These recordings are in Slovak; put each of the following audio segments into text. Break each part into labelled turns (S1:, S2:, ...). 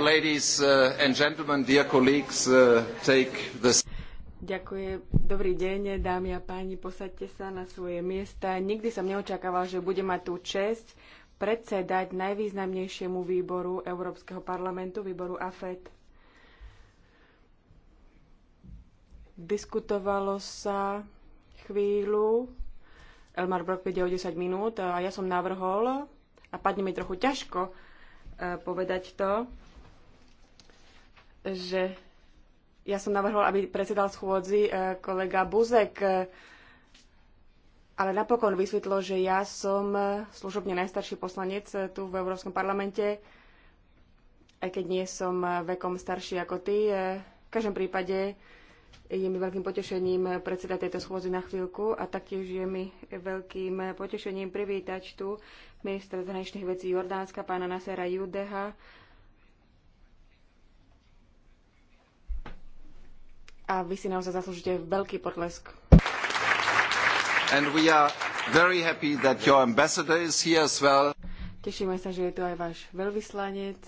S1: ladies uh, and gentlemen, dear colleagues, uh, take this...
S2: Ďakujem. Dobrý deň, dámy a páni, posaďte sa na svoje miesta. Nikdy som neočakával, že budem mať tú čest predsedať najvýznamnejšiemu výboru Európskeho parlamentu, výboru AFET. Diskutovalo sa chvíľu, Elmar Brock o 10 minút a ja som navrhol, a padne mi trochu ťažko, povedať to, že ja som navrhol, aby predsedal schôdzi e, kolega Buzek, e, ale napokon vysvetlo, že ja som e, služobne najstarší poslanec tu v Európskom parlamente, aj keď nie som vekom starší ako ty. V každom prípade je mi veľkým potešením predseda tejto schôdzi na chvíľku a taktiež je mi veľkým potešením privítať tu ministra zahraničných vecí Jordánska, pána Nasera Judeha. A vy si naozaj zaslúžite veľký potlesk.
S1: And we are very happy that your ambassador is here as well.
S2: Tešíme sa, že je tu aj váš veľvyslanec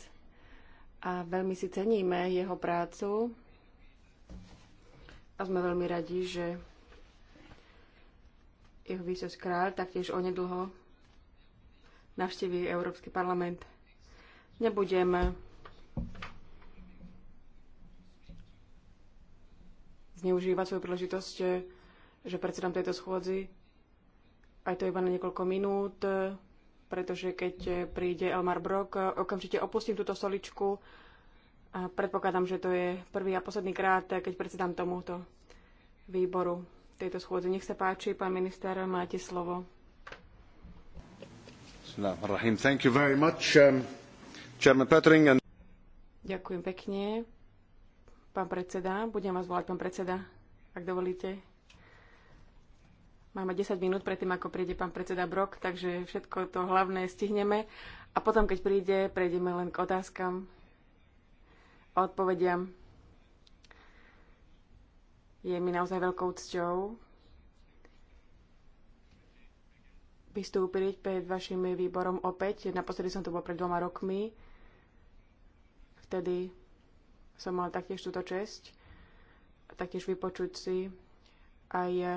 S2: a veľmi si ceníme jeho prácu. A sme veľmi radi, že jeho výsosť kráľ taktiež onedlho navštívi Európsky parlament. Nebudem zneužívať svoju príležitosť, eh, že predsedám tejto schôdzi. Aj to iba na niekoľko minút, pretože keď eh, príde Elmar Brok, eh, okamžite opustím túto soličku a predpokladám, že to je prvý a posledný krát, keď predsedám tomuto výboru tejto schôdze. Nech sa páči, pán minister, máte slovo. Um, Ďakujem pekne. Pán predseda, budem vás volať pán predseda, ak dovolíte. Máme 10 minút predtým, ako príde pán predseda Brok, takže všetko to hlavné stihneme. A potom, keď príde, prejdeme len k otázkam a odpovediam. Je mi naozaj veľkou cťou vystúpiť pred vašim výborom opäť. Naposledy som to bol pred dvoma rokmi. Vtedy som mal taktiež túto česť a taktiež vypočuť si aj eh,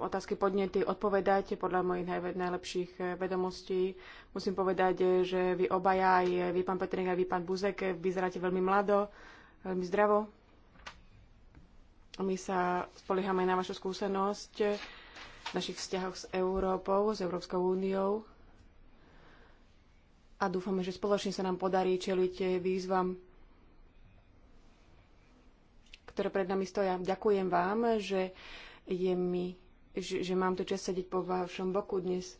S2: otázky podnety odpovedať podľa mojich najlepších eh, vedomostí. Musím povedať, eh, že vy obaja, aj vy pán Petrink, aj vy pán Buzek, vyzeráte veľmi mlado, veľmi zdravo. My sa spoliehame na vašu skúsenosť v našich vzťahoch s Európou, s Európskou úniou a dúfame, že spoločne sa nám podarí čeliť výzvam, ktoré pred nami stoja. Ďakujem vám, že, je mi, že, že mám tu čas sedieť po vašom boku dnes.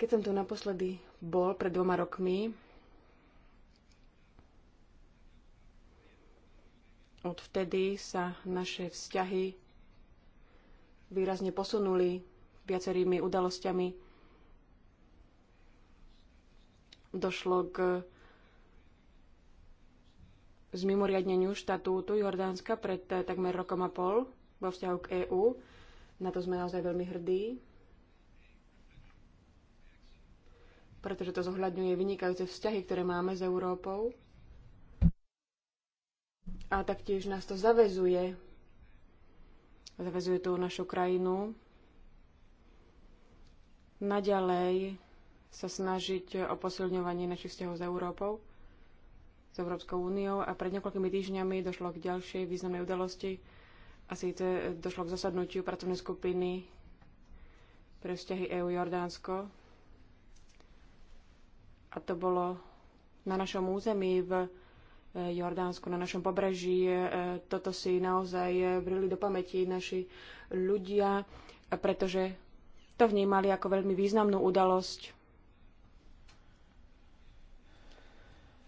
S2: Keď som tu naposledy bol pred dvoma rokmi, odvtedy sa naše vzťahy výrazne posunuli viacerými udalosťami. Došlo k zmimoriadneniu štatútu Jordánska pred eh, takmer rokom a pol vo vzťahu k EÚ. Na to sme naozaj veľmi hrdí, pretože to zohľadňuje vynikajúce vzťahy, ktoré máme s Európou. A taktiež nás to zavezuje zavezuje tú našu krajinu naďalej sa snažiť o posilňovanie našich vzťahov s Európou, s Európskou úniou a pred niekoľkými týždňami došlo k ďalšej významnej udalosti a síce došlo k zasadnutiu pracovnej skupiny pre vzťahy EU-Jordánsko a to bolo na našom území v Eh, Jordánsku, na našom pobreží. Eh, toto si naozaj vrili eh, do pamäti naši ľudia, pretože to vnímali ako veľmi významnú udalosť.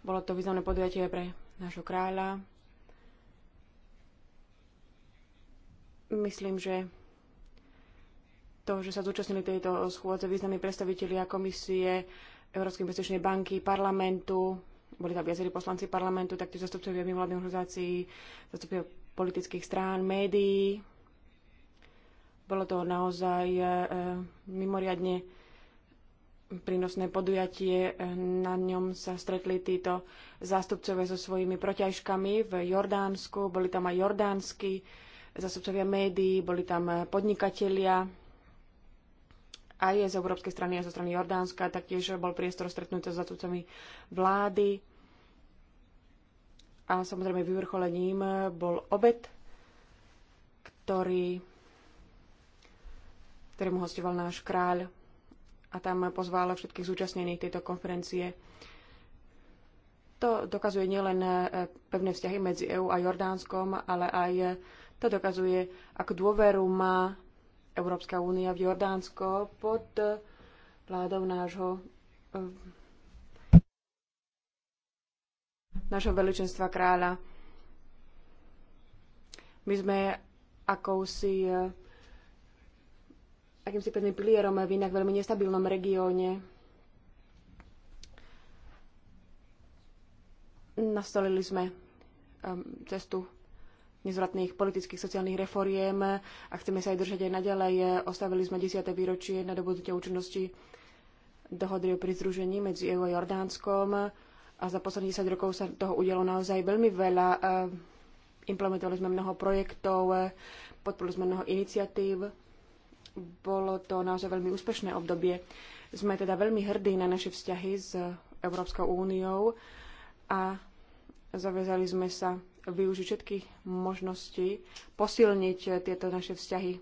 S2: Bolo to významné podujatie pre nášho kráľa. Myslím, že to, že sa zúčastnili tejto schôdze významní predstavitelia komisie, Európskej investičnej banky, parlamentu, boli tam viacerí poslanci parlamentu, taktiež zastupcovia mimovládnych organizácií, zastupcovia politických strán, médií. Bolo to naozaj e, mimoriadne prínosné podujatie. E, na ňom sa stretli títo zástupcovia so svojimi protiažkami v Jordánsku. Boli tam aj jordánsky zástupcovia médií, boli tam podnikatelia, aj z európskej strany, aj zo strany Jordánska. Taktiež bol priestor stretnúť sa s zatúcami vlády. A samozrejme vyvrcholením bol obed, ktorý, ktorému hostoval náš kráľ a tam pozval všetkých zúčastnených tejto konferencie. To dokazuje nielen e, pevné vzťahy medzi EÚ a Jordánskom, ale aj to dokazuje, ako dôveru má Európska únia v Jordánsko pod eh, vládou nášho eh, nášho veličenstva kráľa. My sme akousi eh, akýmsi pevným pilierom v inak veľmi nestabilnom regióne. Nastolili sme cestu nezvratných politických sociálnych reforiem a chceme sa aj držať aj naďalej. Ostavili sme 10. výročie na dobudutia účinnosti dohody o prizružení medzi EU a Jordánskom a za posledných 10 rokov sa toho udialo naozaj veľmi veľa. Eh, implementovali sme mnoho projektov, podporili sme mnoho iniciatív. Bolo to naozaj veľmi úspešné obdobie. Sme teda veľmi hrdí na naše vzťahy s Európskou úniou a zavezali sme sa využiť všetky možnosti, posilniť eh, tieto naše vzťahy.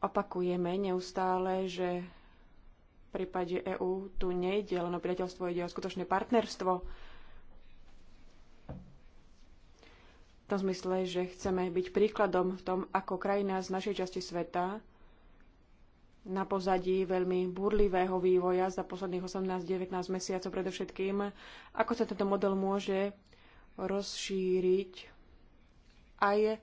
S2: Opakujeme neustále, že v prípade EÚ tu nejde len o priateľstvo, ide o skutočné partnerstvo. V tom zmysle, že chceme byť príkladom v tom, ako krajina z našej časti sveta na pozadí veľmi burlivého vývoja za posledných 18-19 mesiacov predovšetkým, ako sa tento model môže rozšíriť aj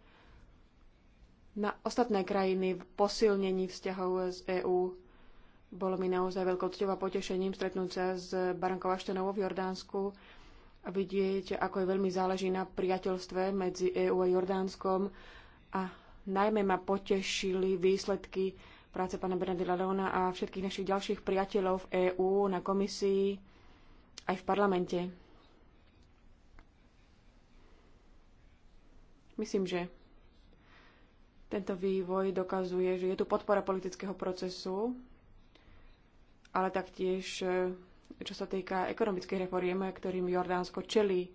S2: na ostatné krajiny v posilnení vzťahov z EÚ. Bolo mi naozaj veľkou cťou a potešením stretnúť sa s Barankou Aštenovou v Jordánsku a vidieť, ako je veľmi záleží na priateľstve medzi EÚ a Jordánskom a najmä ma potešili výsledky práce pána Bernadila Leona a všetkých našich ďalších priateľov v EÚ, na komisii, aj v parlamente. Myslím, že tento vývoj dokazuje, že je tu podpora politického procesu, ale taktiež, e, čo sa týka ekonomických reforiem, ktorým Jordánsko čelí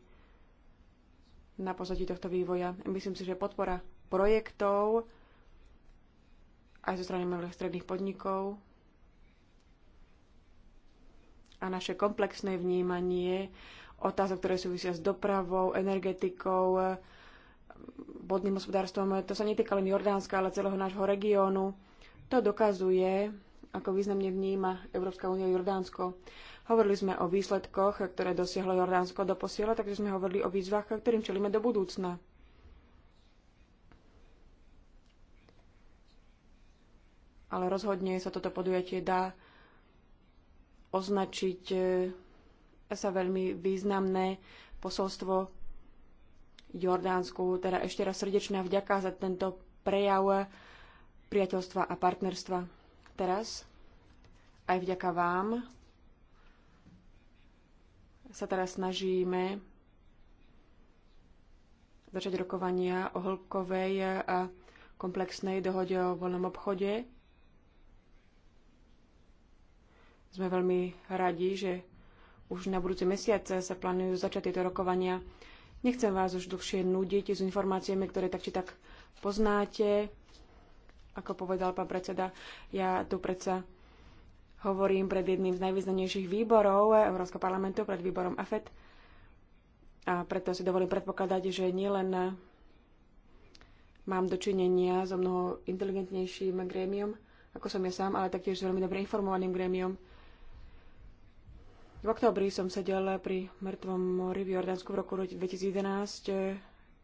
S2: na pozadí tohto vývoja. Myslím si, že podpora projektov aj zo strany malých stredných podnikov a naše komplexné vnímanie otázok, ktoré súvisia s dopravou, energetikou, vodným hospodárstvom. To sa netýka len Jordánska, ale celého nášho regiónu. To dokazuje, ako významne vníma Európska únia Jordánsko. Hovorili sme o výsledkoch, ktoré dosiahlo Jordánsko do posiela, takže sme hovorili o výzvach, ktorým čelíme do budúcna. Ale rozhodne sa toto podujatie dá označiť e, sa veľmi významné posolstvo Jordánsku. Teda ešte raz srdečná vďaka za tento prejav priateľstva a partnerstva. Teraz aj vďaka vám sa teraz snažíme začať rokovania o hĺbkovej a komplexnej dohode o voľnom obchode. Sme veľmi radi, že už na budúci mesiac sa plánujú začať tieto rokovania. Nechcem vás už dlhšie nudiť s informáciami, ktoré tak či tak poznáte. Ako povedal pán predseda, ja tu predsa hovorím pred jedným z najvýznamnejších výborov Európskeho parlamentu, pred výborom AFET. A preto si dovolím predpokladať, že nielen mám dočinenia so mnoho inteligentnejším grémiom, ako som ja sám, ale taktiež s veľmi dobre informovaným grémiom, v oktobri som sedel pri mŕtvom mori v Jordánsku v roku 2011.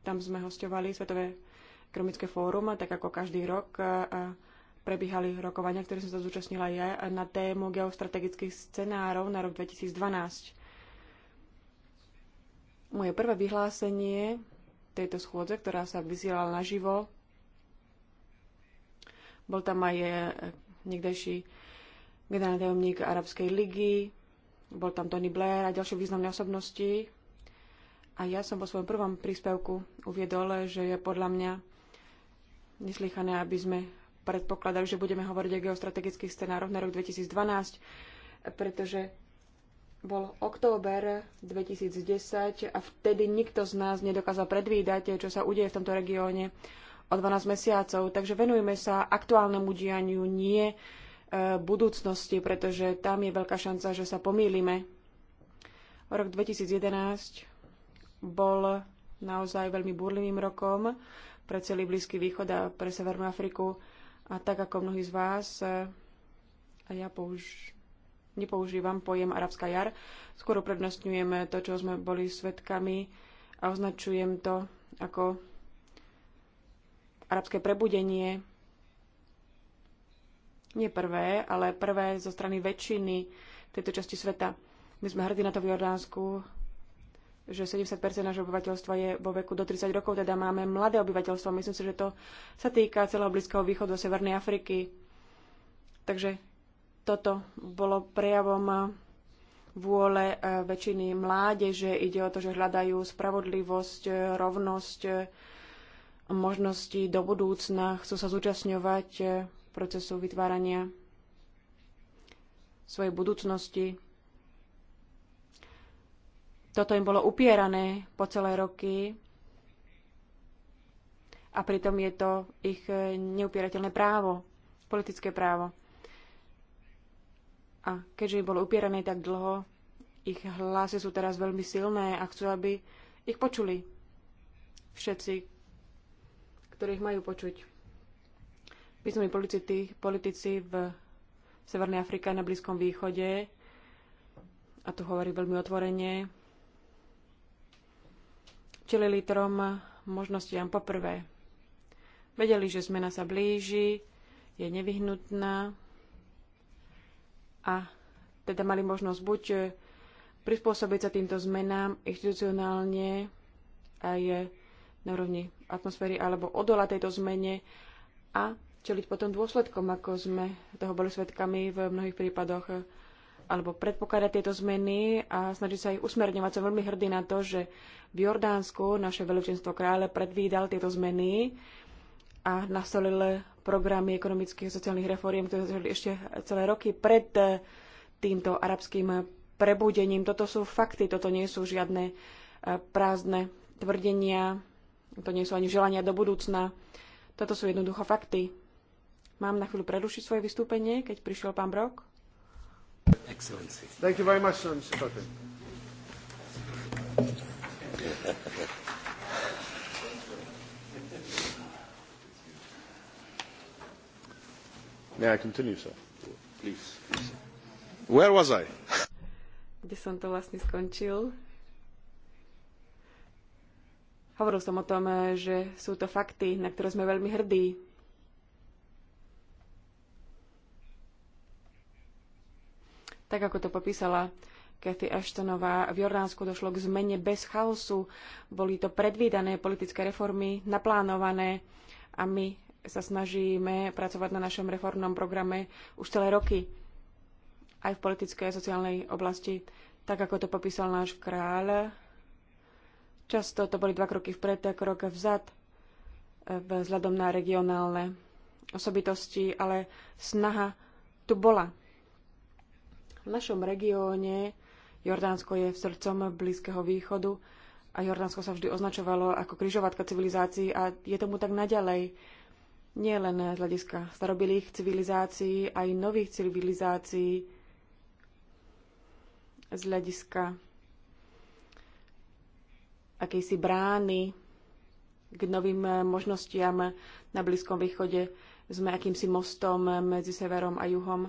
S2: Tam sme hostovali Svetové ekonomické fórum, tak ako každý rok prebiehali rokovania, ktoré som sa zúčastnila ja na tému geostrategických scenárov na rok 2012. Moje prvé vyhlásenie tejto schôdze, ktorá sa vysielala naživo, bol tam aj eh, niekdejší generálny tajomník Arabskej ligy, bol tam Tony Blair a ďalšie významné osobnosti. A ja som vo svojom prvom príspevku uviedol, že je podľa mňa neslychané, aby sme predpokladali, že budeme hovoriť o geostrategických scenároch na rok 2012, pretože bol október 2010 a vtedy nikto z nás nedokázal predvídať, čo sa udeje v tomto regióne o 12 mesiacov. Takže venujeme sa aktuálnemu dianiu, nie Eh, budúcnosti, pretože tam je veľká šanca, že sa pomýlime. Rok 2011 bol naozaj veľmi burlivým rokom pre celý Blízky východ a pre Severnú Afriku. A tak ako mnohí z vás, eh, a ja použ- nepoužívam pojem arabská jar, skôr uprednostňujem to, čo sme boli svetkami a označujem to ako arabské prebudenie, nie prvé, ale prvé zo strany väčšiny tejto časti sveta. My sme hrdí na to v Jordánsku, že 70% nášho obyvateľstva je vo veku do 30 rokov, teda máme mladé obyvateľstvo. Myslím si, že to sa týka celého Blízkeho východu, Severnej Afriky. Takže toto bolo prejavom vôle eh, väčšiny mládeže. Ide o to, že hľadajú spravodlivosť, eh, rovnosť, eh, možnosti do budúcna, chcú sa zúčastňovať procesu vytvárania svojej budúcnosti. Toto im bolo upierané po celé roky a pritom je to ich eh, neupierateľné právo, politické právo. A keďže im bolo upierané tak dlho, ich hlasy sú teraz veľmi silné a chcú, aby ich počuli všetci, ktorých majú počuť významní politici, politici v Severnej Afrike a na Blízkom východe, a tu hovorí veľmi otvorene, čelili trom možnostiam poprvé. Vedeli, že zmena sa blíži, je nevyhnutná a teda mali možnosť buď prispôsobiť sa týmto zmenám inštitucionálne aj na úrovni atmosféry, alebo odolať tejto zmene a čeliť potom dôsledkom, ako sme toho boli svetkami v mnohých prípadoch, eh, alebo predpokladať tieto zmeny a snažiť sa ich usmerňovať. Som veľmi hrdý na to, že v Jordánsku naše veličenstvo kráľa predvídal tieto zmeny a nastolil programy ekonomických a sociálnych reforiem, ktoré začali ešte celé roky pred eh, týmto arabským prebudením. Toto sú fakty, toto nie sú žiadne eh, prázdne tvrdenia, to nie sú ani želania do budúcna. Toto sú jednoducho fakty. Mám na chvíľu prerušiť svoje vystúpenie, keď prišiel pán Brok.
S1: Excellency. Thank you very much, Mr.
S3: May I continue, sir? Please. Where was I?
S2: Kde som to vlastne skončil? Hovoril som o tom, že sú to fakty, na ktoré sme veľmi hrdí tak ako to popísala Kathy Ashtonová, v Jordánsku došlo k zmene bez chaosu. Boli to predvídané politické reformy, naplánované a my sa snažíme pracovať na našom reformnom programe už celé roky aj v politickej a sociálnej oblasti, tak ako to popísal náš kráľ. Často to boli dva kroky vpred a krok vzad e, vzhľadom na regionálne osobitosti, ale snaha tu bola v našom regióne Jordánsko je v srdcom Blízkeho východu a Jordánsko sa vždy označovalo ako križovatka civilizácií a je tomu tak naďalej. Nie len z hľadiska starobilých civilizácií, aj nových civilizácií z hľadiska akejsi brány k novým možnostiam na Blízkom východe. Sme akýmsi mostom medzi severom a juhom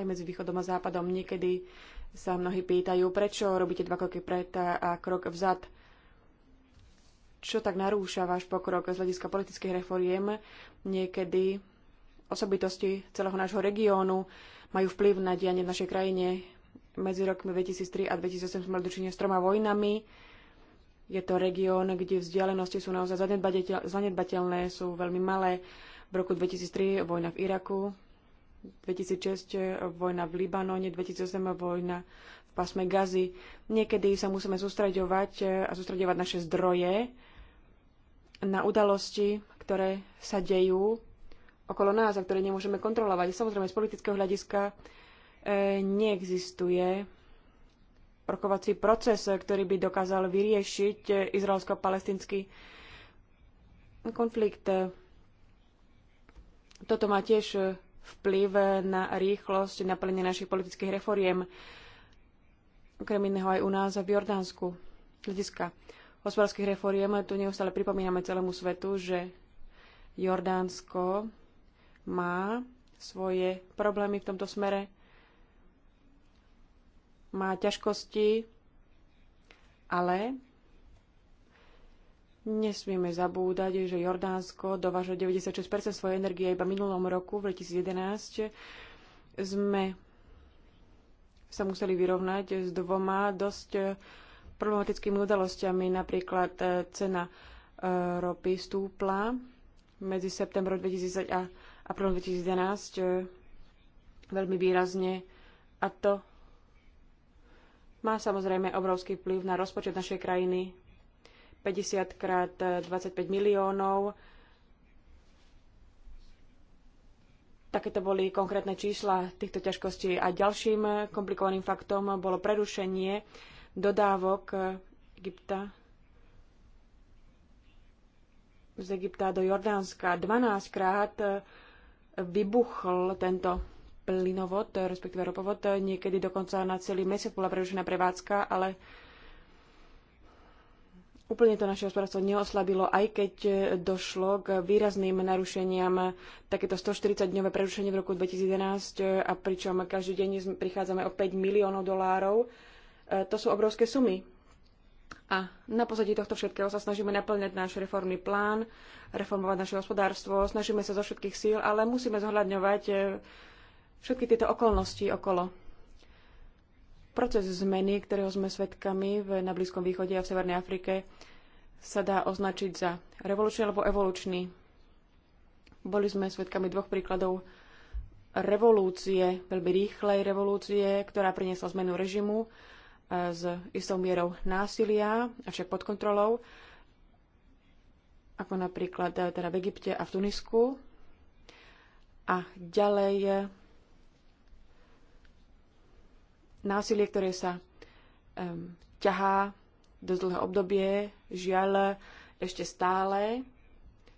S2: aj medzi východom a západom. Niekedy sa mnohí pýtajú, prečo robíte dva kroky pred a krok vzad. Čo tak narúša váš pokrok z hľadiska politických reforiem? Niekedy osobitosti celého nášho regiónu majú vplyv na dianie v našej krajine. Medzi rokmi 2003 a 2008 sme mali s troma vojnami. Je to región, kde vzdialenosti sú naozaj zanedbateľné, sú veľmi malé. V roku 2003 vojna v Iraku, 2006 eh, vojna v Libanone, 2008 vojna v pásme Gazy. Niekedy sa musíme sústraďovať eh, a sústraďovať naše zdroje na udalosti, ktoré sa dejú okolo nás a ktoré nemôžeme kontrolovať. Samozrejme, z politického hľadiska e, neexistuje rokovací proces, ktorý by dokázal vyriešiť izraelsko-palestinský konflikt. Toto má tiež vplyv na rýchlosť naplnenia našich politických reforiem, okrem iného aj u nás v Jordánsku. Hľadiska hospodárskych reforiem tu neustále pripomíname celému svetu, že Jordánsko má svoje problémy v tomto smere, má ťažkosti, ale Nesmieme zabúdať, že Jordánsko dováža 96 svojej energie iba minulom roku, v 2011, sme sa museli vyrovnať s dvoma dosť problematickými udalosťami. Napríklad e, cena e, ropy stúpla medzi septembrom 2010 a aprílom 2011 e, veľmi výrazne a to má samozrejme obrovský vplyv na rozpočet našej krajiny 50 krát 25 e, miliónov. Takéto boli konkrétne čísla týchto ťažkostí. A ďalším e, komplikovaným faktom bolo prerušenie dodávok e, Egypta z Egypta do Jordánska. 12 krát vybuchl tento plynovod, respektíve ropovod. Niekedy dokonca na celý mesiac bola prerušená prevádzka, ale Úplne to naše hospodárstvo neoslabilo, aj keď e, došlo k výrazným narušeniam. Takéto 140-dňové prerušenie v roku 2011 e, a pričom každý deň prichádzame o 5 miliónov dolárov. E, to sú obrovské sumy. A na pozadí tohto všetkého sa snažíme naplňať náš reformný plán, reformovať naše hospodárstvo, snažíme sa zo všetkých síl, ale musíme zohľadňovať všetky tieto okolnosti okolo. Proces zmeny, ktorého sme svedkami v, na Blízkom východe a v Severnej Afrike, sa dá označiť za revolučný alebo evolučný. Boli sme svedkami dvoch príkladov revolúcie, veľmi rýchlej revolúcie, ktorá priniesla zmenu režimu e, s istou mierou násilia, avšak pod kontrolou, ako napríklad e, teda v Egypte a v Tunisku. A ďalej e, násilie, ktoré sa um, ťahá dosť dlhého obdobie, Žiaľ, ešte stále,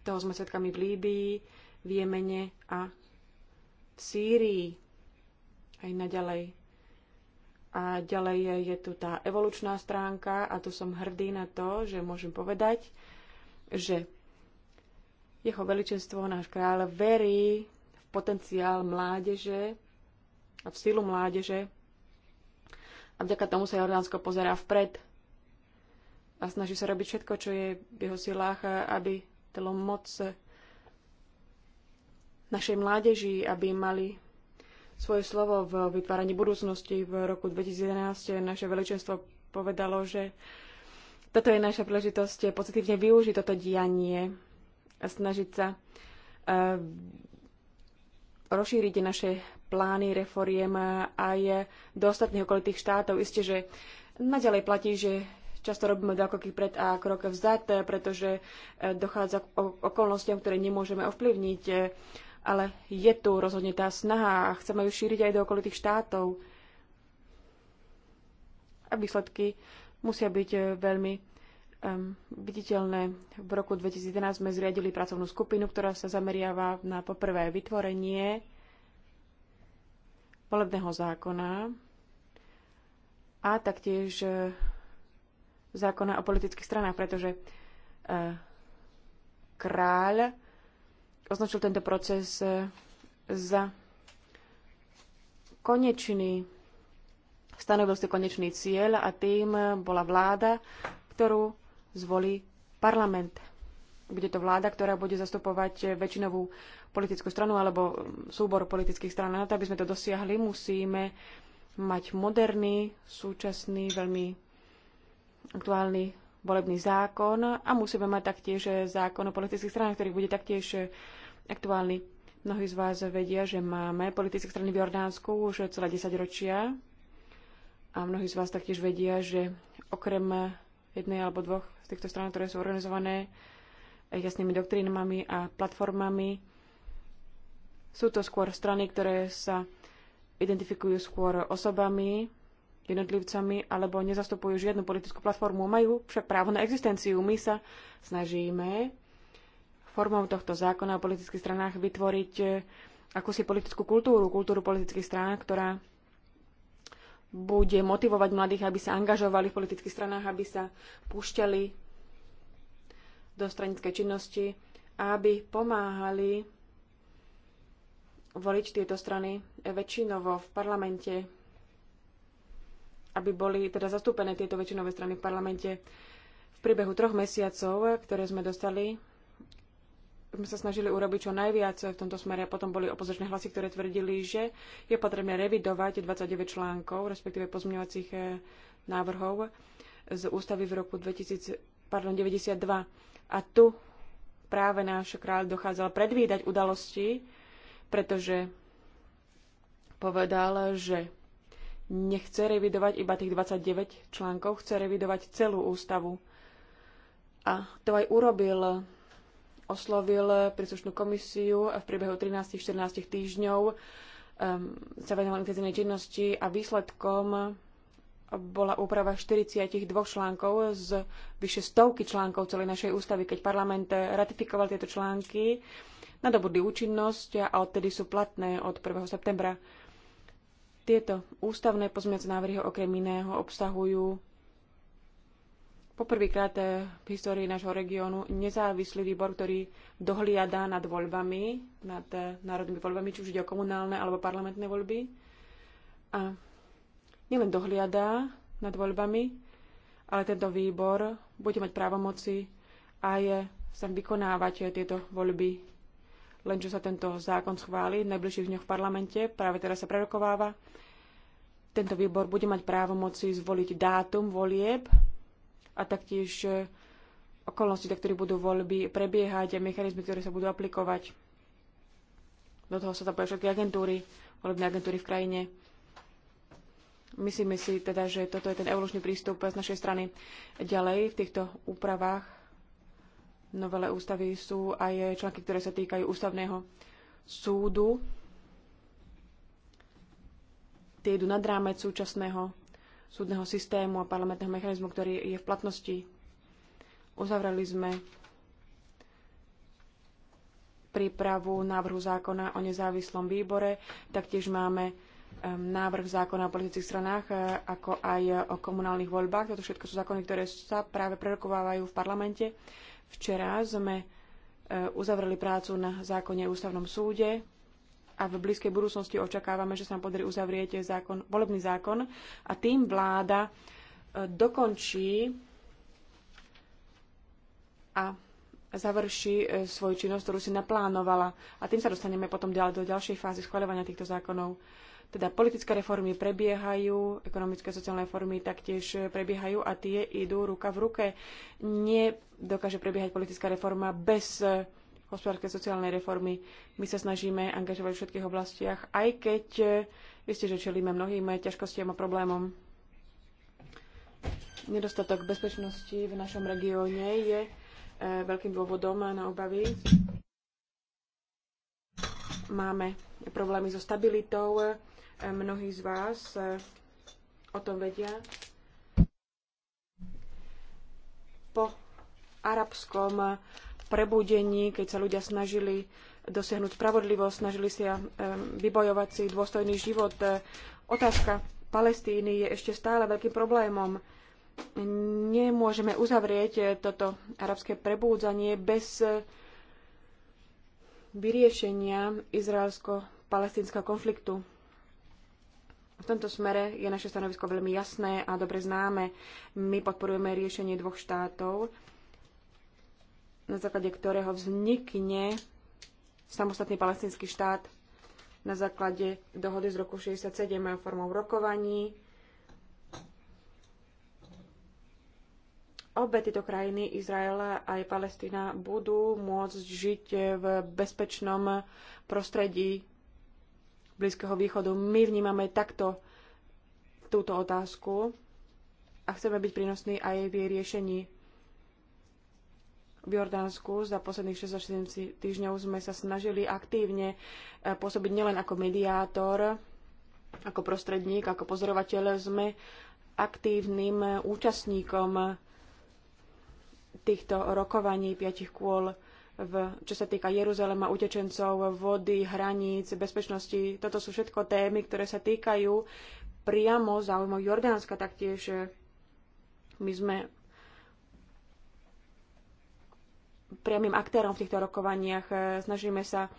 S2: toho sme svetkami v Líbii, v Jemene a v Sýrii aj naďalej. A ďalej je, je tu tá evolučná stránka a tu som hrdý na to, že môžem povedať, že jeho veličenstvo, náš kráľ, verí v potenciál mládeže a v silu mládeže. A vďaka tomu sa Jordánsko pozerá vpred a snaží sa robiť všetko, čo je v jeho silách, aby telo moc našej mládeži, aby mali svoje slovo v vytváraní budúcnosti. V roku 2011 naše veličenstvo povedalo, že toto je naša príležitosť pozitívne využiť toto dianie a snažiť sa eh, rozšíriť naše plány reforiem aj do ostatných okolitých štátov. Isté, že naďalej platí, že často robíme dva kroky pred a krok vzad, eh, pretože eh, dochádza k okolnostiam, ktoré nemôžeme ovplyvniť. Eh, ale je tu rozhodne tá snaha a chceme ju šíriť aj do okolitých štátov. A výsledky musia byť veľmi um, viditeľné. V roku 2011 sme zriadili pracovnú skupinu, ktorá sa zameriava na poprvé vytvorenie volebného zákona a taktiež zákona o politických stranách, pretože e, kráľ označil tento proces e, za konečný, stanovil si konečný cieľ a tým bola vláda, ktorú zvolí parlament. Bude to vláda, ktorá bude zastupovať väčšinovú politickú stranu alebo súbor politických stran. Na to, aby sme to dosiahli, musíme mať moderný, súčasný, veľmi aktuálny volebný zákon a musíme mať taktiež zákon o politických stranách, ktorý bude taktiež aktuálny. Mnohí z vás vedia, že máme politické strany v Jordánsku už celé 10 ročia a mnohí z vás taktiež vedia, že okrem jednej alebo dvoch z týchto stran, ktoré sú organizované jasnými doktrínami a platformami, sú to skôr strany, ktoré sa identifikujú skôr osobami, jednotlivcami alebo nezastupujú žiadnu politickú platformu, majú však právo na existenciu. My sa snažíme formou tohto zákona o politických stranách vytvoriť eh, akúsi politickú kultúru, kultúru politických strán, ktorá bude motivovať mladých, aby sa angažovali v politických stranách, aby sa púšťali do stranickej činnosti a aby pomáhali voliť tieto strany väčšinovo v parlamente aby boli teda zastúpené tieto väčšinové strany v parlamente. V priebehu troch mesiacov, ktoré sme dostali, sme sa snažili urobiť čo najviac v tomto smere. a Potom boli opozičné hlasy, ktoré tvrdili, že je potrebné revidovať 29 článkov, respektíve pozmňovacích eh, návrhov z ústavy v roku 2000, pardon, 92. A tu práve náš kráľ dochádzal predvídať udalosti, pretože povedal, že nechce revidovať iba tých 29 článkov, chce revidovať celú ústavu. A to aj urobil. Oslovil príslušnú komisiu a v priebehu 13-14 týždňov um, sa venoval intenzívnej činnosti a výsledkom bola úprava 42 článkov z vyše stovky článkov celej našej ústavy. Keď parlament ratifikoval tieto články, na dobudy účinnosť a odtedy sú platné od 1. septembra. Tieto ústavné pozmiac návrhy okrem iného obsahujú poprvýkrát eh, v histórii nášho regiónu nezávislý výbor, ktorý dohliada nad voľbami, nad eh, národnými voľbami, či už ide o komunálne alebo parlamentné voľby. A nielen dohliada nad voľbami, ale tento výbor bude mať právomoci aj eh, sa vykonávať tieto voľby len čo sa tento zákon schváli v najbližších dňoch v parlamente, práve teraz sa prerokováva. Tento výbor bude mať právo moci zvoliť dátum volieb a taktiež e, okolnosti, za ktorých budú voľby prebiehať a mechanizmy, ktoré sa budú aplikovať. Do toho sa zapoja všetky agentúry, volebné agentúry v krajine. Myslíme si teda, že toto je ten evolučný prístup z našej strany ďalej v týchto úpravách novele ústavy sú aj články, ktoré sa týkajú ústavného súdu. Tie idú nad rámec súčasného súdneho systému a parlamentného mechanizmu, ktorý je v platnosti. Uzavreli sme prípravu návrhu zákona o nezávislom výbore. Taktiež máme návrh zákona o politických stranách, e, ako aj o komunálnych voľbách. Toto všetko sú zákony, ktoré sa práve prerokovávajú v parlamente. Včera sme e, uzavreli prácu na zákone o ústavnom súde a v blízkej budúcnosti očakávame, že sa nám podarí uzavrieť zákon, volebný zákon a tým vláda e, dokončí a završí e, svoju činnosť, ktorú si naplánovala. A tým sa dostaneme potom ďalej do ďalšej fázy schváľovania týchto zákonov. Teda politické reformy prebiehajú, ekonomické a sociálne reformy taktiež prebiehajú a tie idú ruka v ruke. dokáže prebiehať politická reforma bez hospodárskej sociálnej reformy. My sa snažíme angažovať v všetkých oblastiach, aj keď e, ste že čelíme mnohým ťažkostiam a problémom. Nedostatok bezpečnosti v našom regióne je e, veľkým dôvodom na obavy. Máme problémy so stabilitou, mnohí z vás eh, o tom vedia. Po arabskom eh, prebudení, keď sa ľudia snažili dosiahnuť spravodlivosť, snažili sa eh, vybojovať si dôstojný život, otázka Palestíny je ešte stále veľkým problémom. Nemôžeme uzavrieť toto arabské prebúdzanie bez vyriešenia izraelsko-palestínskeho konfliktu. V tomto smere je naše stanovisko veľmi jasné a dobre známe. My podporujeme riešenie dvoch štátov, na základe ktorého vznikne samostatný palestinský štát na základe dohody z roku 67 formou rokovaní. Obe tieto krajiny, Izrael aj Palestína, budú môcť žiť v bezpečnom prostredí Blízkeho východu. My vnímame takto túto otázku a chceme byť prínosní aj v jej riešení. V Jordánsku za posledných 6-7 týždňov sme sa snažili aktívne e, pôsobiť nielen ako mediátor, ako prostredník, ako pozorovateľ. Sme aktívnym e, účastníkom týchto rokovaní piatich kôl v, čo sa týka Jeruzalema, utečencov, vody, hraníc, bezpečnosti. Toto sú všetko témy, ktoré sa týkajú priamo záujmov Jordánska taktiež. Eh, my sme priamým aktérom v týchto rokovaniach. Eh, snažíme sa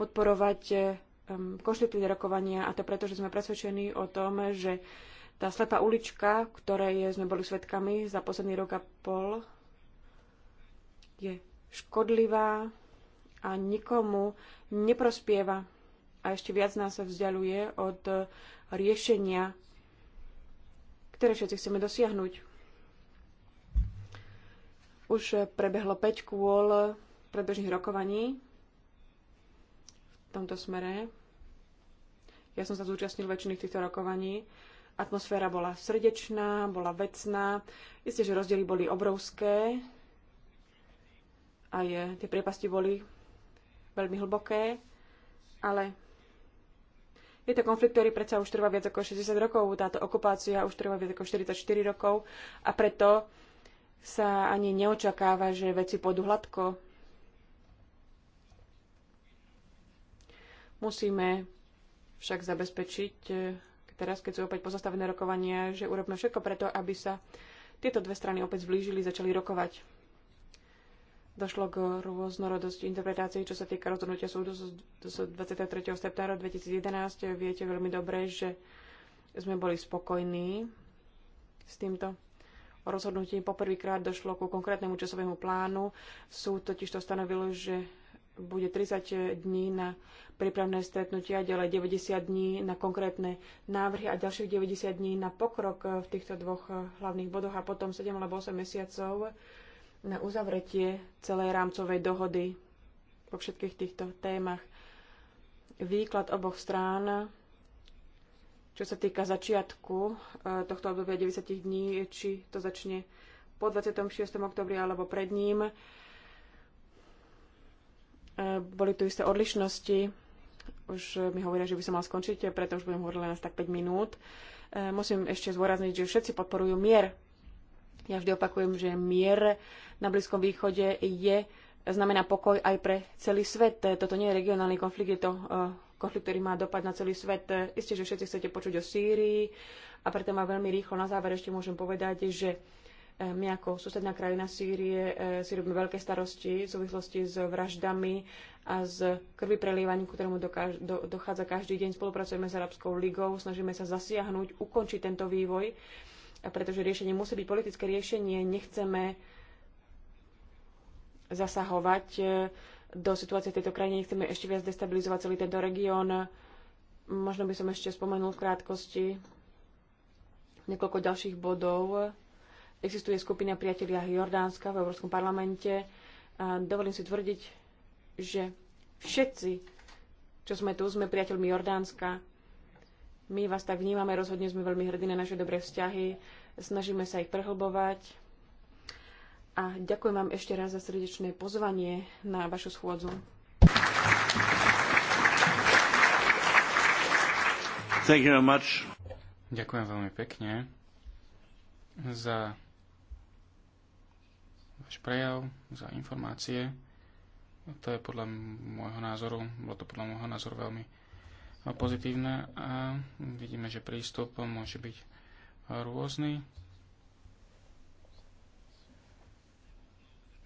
S2: podporovať eh, konštruktívne rokovania a to preto, že sme presvedčení o tom, že tá slepá ulička, ktorej sme boli svedkami za posledný rok a pol, je škodlivá a nikomu neprospieva a ešte viac nás sa vzdialuje od riešenia, ktoré všetci chceme dosiahnuť. Už prebehlo 5 kôl predbežných rokovaní v tomto smere. Ja som sa zúčastnil väčšiny týchto rokovaní. Atmosféra bola srdečná, bola vecná. Isté, že rozdiely boli obrovské, a je, tie priepasti boli veľmi hlboké, ale je to konflikt, ktorý predsa už trvá viac ako 60 rokov, táto okupácia už trvá viac ako 44 rokov a preto sa ani neočakáva, že veci pôjdu hladko. Musíme však zabezpečiť, eh, teraz keď sú opäť pozastavené rokovania, že urobíme všetko preto, aby sa tieto dve strany opäť zblížili, začali rokovať došlo k rôznorodosti interpretácií, čo sa týka rozhodnutia súdu z 23. septára 2011. Viete veľmi dobre, že sme boli spokojní s týmto rozhodnutím. Poprvýkrát došlo ku konkrétnemu časovému plánu. Súd totiž to stanovil, že bude 30 dní na prípravné stretnutia, ďalej 90 dní na konkrétne návrhy a ďalších 90 dní na pokrok v týchto dvoch hlavných bodoch a potom 7 alebo 8 mesiacov na uzavretie celej rámcovej dohody po všetkých týchto témach. Výklad oboch strán, čo sa týka začiatku e, tohto obdobia 90 dní, či to začne po 26. oktobri alebo pred ním. E, boli tu isté odlišnosti. Už mi hovoria, že by som mal skončiť, preto už budem hovoriť len asi tak 5 minút. E, musím ešte zvorazniť, že všetci podporujú mier ja vždy opakujem, že mier na Blízkom východe je, znamená pokoj aj pre celý svet. Toto nie je regionálny konflikt, je to eh, konflikt, ktorý má dopad na celý svet. Isté, že všetci chcete počuť o Sýrii a preto ma veľmi rýchlo na záver ešte môžem povedať, že eh, my ako susedná krajina Sýrie eh, si robíme veľké starosti v súvislosti s vraždami a s krvi prelievaním, ktorému dokáž, do, dochádza každý deň. Spolupracujeme s Arabskou ligou, snažíme sa zasiahnuť, ukončiť tento vývoj a pretože riešenie musí byť politické riešenie. Nechceme zasahovať e, do situácie v tejto krajine, nechceme ešte viac destabilizovať celý tento región. Možno by som ešte spomenul v krátkosti niekoľko ďalších bodov. Existuje skupina priatelia Jordánska v Európskom parlamente a dovolím si tvrdiť, že všetci, čo sme tu, sme priateľmi Jordánska my vás tak vnímame, rozhodne sme veľmi hrdí na naše dobré vzťahy, snažíme sa ich prehlbovať. A ďakujem vám ešte raz za srdečné pozvanie na vašu schôdzu. Thank you very much.
S3: Ďakujem veľmi pekne za váš prejav, za informácie. To je podľa môjho názoru, bolo to podľa môjho názoru veľmi pozitívne a vidíme, že prístup môže byť rôzny.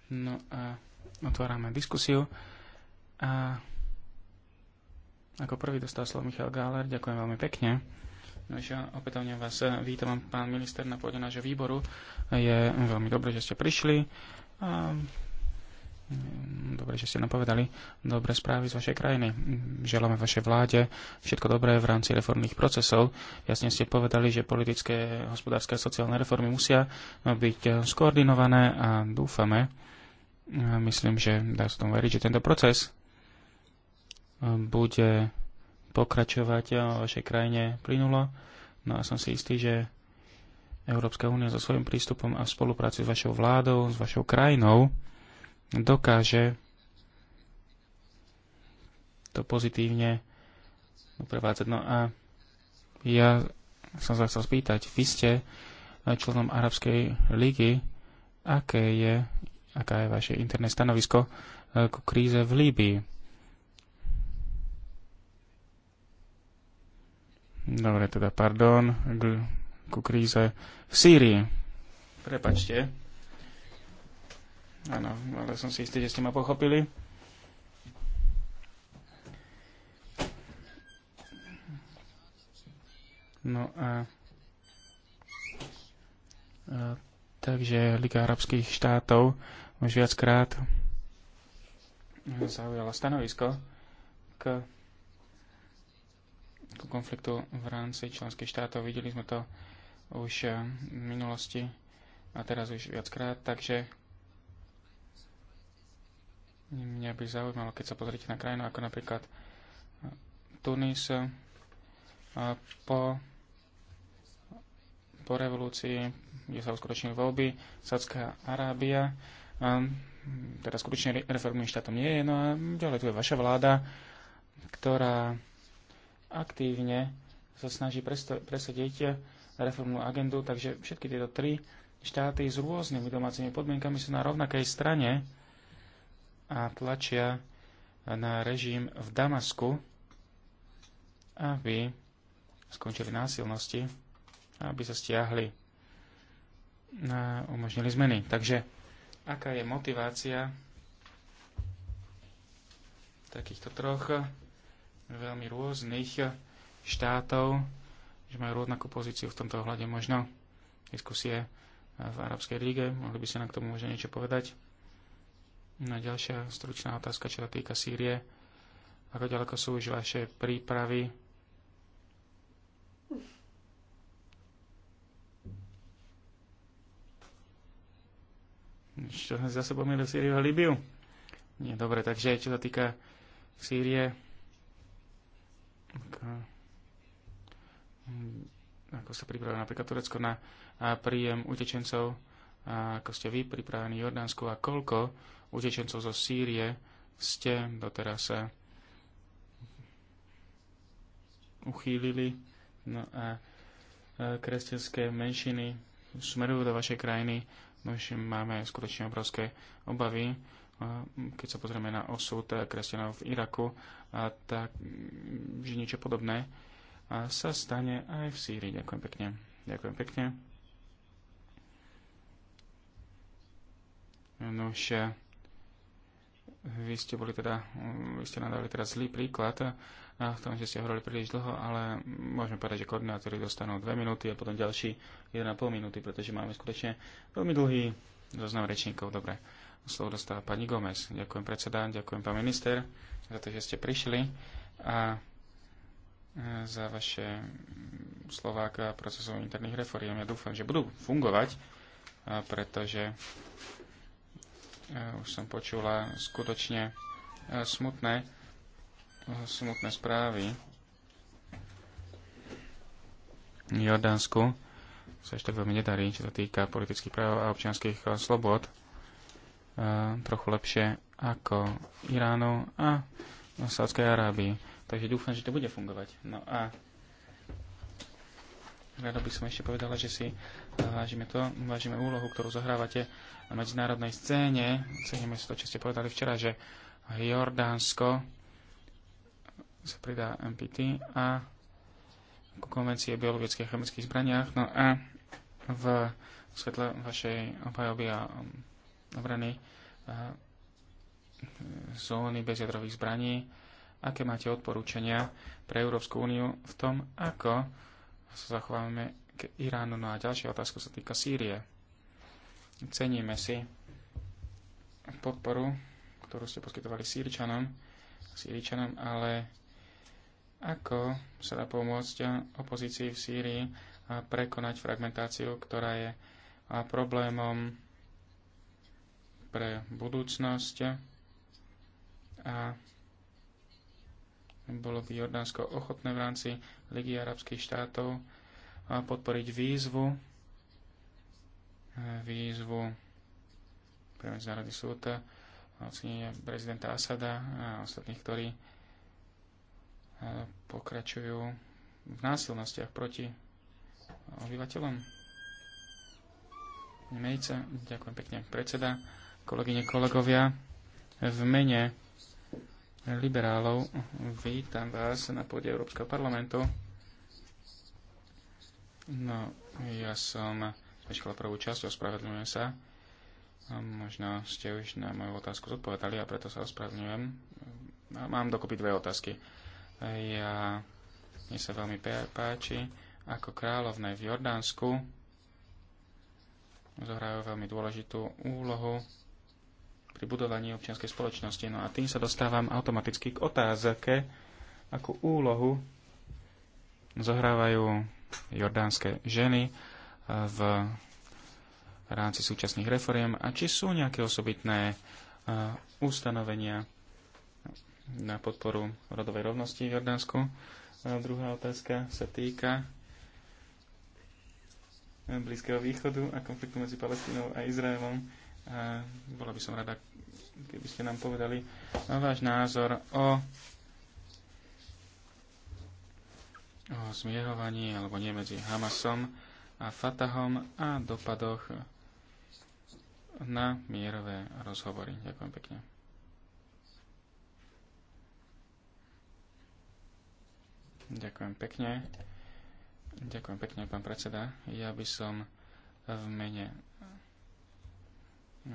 S3: No a otvárame diskusiu. A ako prvý dostal slovo Michal Gáler, ďakujem veľmi pekne. No opätovne vás vítam, pán minister, na pôde nášho výboru. Je veľmi dobré, že ste prišli. A Mm, dobre, že ste nám povedali dobré správy z vašej krajiny. Mm, želáme vašej vláde všetko dobré v rámci reformných procesov. Jasne ste povedali, že politické, hospodárske a sociálne reformy musia byť eh, skoordinované a dúfame, a myslím, že dá sa tomu veriť, že tento proces eh, bude pokračovať eh, o vašej krajine plynulo. No a som si istý, že Európska únia so svojím prístupom a v spolupráci s vašou vládou, s vašou krajinou, dokáže to pozitívne uprevádzať. No a ja som sa chcel spýtať, vy ste členom Arabskej ligy, aké je, aká je vaše interné stanovisko eh, k kríze v Líbii? Dobre, teda pardon, ku kríze v Sýrii. Prepačte. Áno, ale som si istý, že ste ma pochopili. No a, a takže Liga arabských štátov už viackrát zaujala stanovisko k, k konfliktu v rámci členských štátov. Videli sme to už eh, v minulosti a teraz už viackrát, takže Mňa by zaujímalo, keď sa pozrite na krajinu ako napríklad eh, Tunis eh, po, po revolúcii, kde sa uskutočnili voľby, Sádzka Arábia, eh, teda skutočne reformným štátom nie je, no a ďalej tu je vaša vláda, ktorá aktívne sa snaží presadiť reformnú agendu, takže všetky tieto tri štáty s rôznymi domácimi podmienkami sú na rovnakej strane a tlačia na režim v Damasku, aby skončili násilnosti, aby sa stiahli a umožnili zmeny. Takže aká je motivácia takýchto troch veľmi rôznych štátov, že majú rovnakú pozíciu v tomto ohľade možno diskusie v Arabskej ríge. Mohli by ste nám k tomu možno niečo povedať? Na no, ďalšia stručná otázka, čo sa týka Sýrie. Ako ďaleko sú už vaše prípravy? Čo sme zase pomýlili Sýriu a Libiu? Nie, dobre, takže čo sa týka Sýrie, ako, eh, ako sa pripravuje napríklad Turecko na eh, príjem utečencov, ako ste vy pripravení Jordánsku a koľko utečencov zo Sýrie ste doteraz sa uchýlili no a kresťanské menšiny smerujú do vašej krajiny. No, máme skutočne obrovské obavy keď sa pozrieme na osud kresťanov v Iraku, a tak, že niečo podobné a sa stane aj v Sýrii. Ďakujem pekne. Ďakujem pekne. Nož, vy ste boli teda, mm, vy ste nadali teraz zlý príklad eh, v tom, že ste hovorili príliš dlho, ale môžeme povedať, že koordinátori dostanú 2 minúty a potom ďalší 1,5 minúty, pretože máme skutočne veľmi dlhý zoznam rečníkov. Dobre, slovo dostáva pani Gomez. Ďakujem predseda, ďakujem pán minister za to, že ste prišli a eh, za vaše mm, Slováka procesov interných reforiem. Ja dúfam, že budú fungovať, eh, pretože Eh, už som počula skutočne eh, smutné, eh, smutné správy. V Jordánsku sa ešte veľmi nedarí, čo sa týka politických práv a občianských slobod. Trochu lepšie ako Iránu a Sádskej Arábii. Takže dúfam, že to bude fungovať. No a rado by som ešte povedala, že si vážime to, vážime úlohu, ktorú zohrávate na medzinárodnej scéne. Ceníme si to, čo ste povedali včera, že Jordánsko sa pridá MPT a ku konvencie o biologických a chemických zbraniach. No a v svetle vašej obhajoby a um, obrany zóny bez jadrových zbraní, aké máte odporúčania pre Európsku úniu v tom, ako sa zachováme k Iránu. No a ďalšia otázka sa týka Sýrie. Ceníme si podporu, ktorú ste poskytovali Sýričanom, Sýričanom ale ako sa dá pomôcť opozícii v Sýrii prekonať fragmentáciu, ktorá je problémom pre budúcnosť a bolo by Jordánsko ochotné v rámci Ligy arabských štátov podporiť výzvu, výzvu pre Medzinárodný súd ocenenia prezidenta Asada a ostatných, ktorí e, pokračujú v násilnostiach proti obyvateľom. Mejca, ďakujem pekne, predseda, kolegyne, kolegovia. V mene liberálov vítam vás na pôde Európskeho parlamentu. No, ja som zmeškala prvú časť, ospravedlňujem sa. A možno ste už na moju otázku zodpovedali a preto sa ospravedlňujem. A mám dokopy dve otázky. Ja, mne sa veľmi páči, ako kráľovné v Jordánsku zohrajú veľmi dôležitú úlohu pri budovaní občianskej spoločnosti. No a tým sa dostávam automaticky k otázke, akú úlohu zohrávajú jordánske ženy e, v rámci súčasných reforiem a či sú nejaké osobitné e, ustanovenia na podporu rodovej rovnosti v Jordánsku. A e, druhá otázka sa týka Blízkeho východu a konfliktu medzi Palestínou a Izraelom. A bola by som rada, keby ste nám povedali váš názor o o zmierovaní alebo nie medzi Hamasom a Fatahom a dopadoch na mierové rozhovory. Ďakujem pekne. Ďakujem pekne. Ďakujem pekne, pán predseda. Ja by som v mene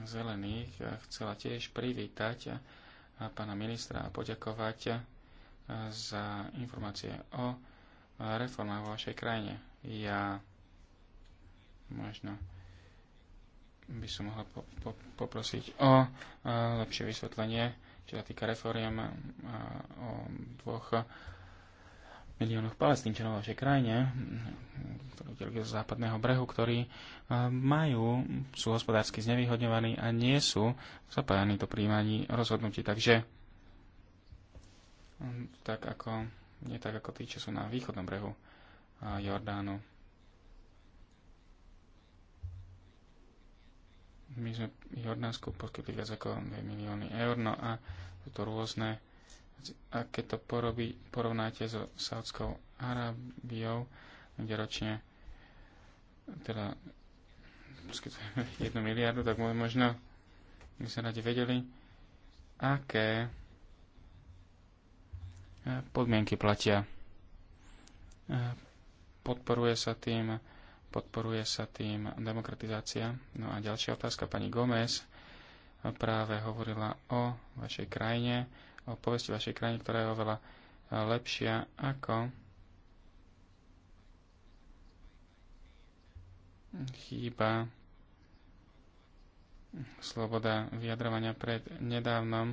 S3: zelených chcela tiež privítať pána ministra a poďakovať za informácie o reformách vo vašej krajine. Ja možno by som mohla po, po, poprosiť o e, lepšie vysvetlenie, čo sa týka reforiem a e, o dvoch miliónoch palestínčanov vo vašej krajine, ktorí z západného brehu, ktorí e, majú, sú hospodársky znevýhodňovaní a nie sú zapájani do príjmaní rozhodnutí. Takže tak ako nie tak ako tí, čo sú na východnom brehu Jordánu. My sme Jordánsku poskytli viac ako 2 milióny eur, no a sú to rôzne. A keď to porobí, porovnáte so Saudskou Arábiou, kde ročne teda 1 miliardu, tak možno by sa radi vedeli, aké podmienky platia. E, podporuje sa tým, podporuje sa tým demokratizácia. No a ďalšia otázka pani Gomez práve hovorila o vašej krajine, o povesti vašej krajiny, ktorá je oveľa e, lepšia ako chýba sloboda vyjadrovania pred nedávnom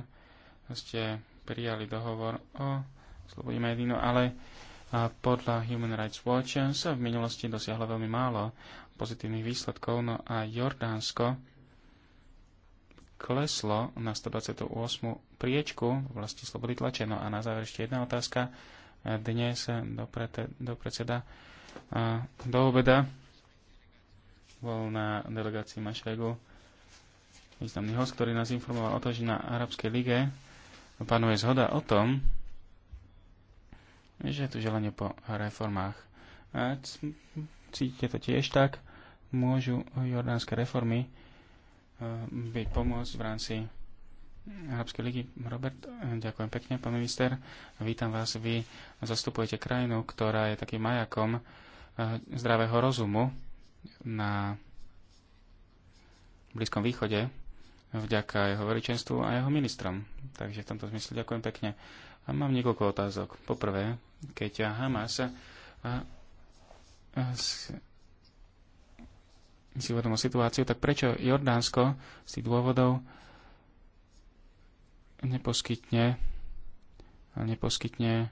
S3: ste prijali dohovor o slobode médií, no ale podľa Human Rights Watch sa v minulosti dosiahlo veľmi málo pozitívnych výsledkov, no a Jordánsko kleslo na 128. priečku v oblasti slobody tlače. No a na záver ešte jedna otázka. Dnes do, prete, do predseda do obeda bol na delegácii Mašregu významný host, ktorý nás informoval o to, že na Arabskej lige panuje zhoda o tom, že je tu želanie po reformách. A cítite to tiež tak? Môžu jordánske reformy e, byť pomoc v rámci Arabskej ligy. Robert, ďakujem pekne, pán minister. Vítam vás. Vy zastupujete krajinu, ktorá je takým majakom e, zdravého rozumu na Blízkom východe vďaka jeho veličenstvu a jeho ministrom. Takže v tomto zmysle ďakujem pekne. A mám niekoľko otázok. Poprvé, keď Hamas a, a s, si uvedomil situáciu, tak prečo Jordánsko z tých dôvodov neposkytne neposkytne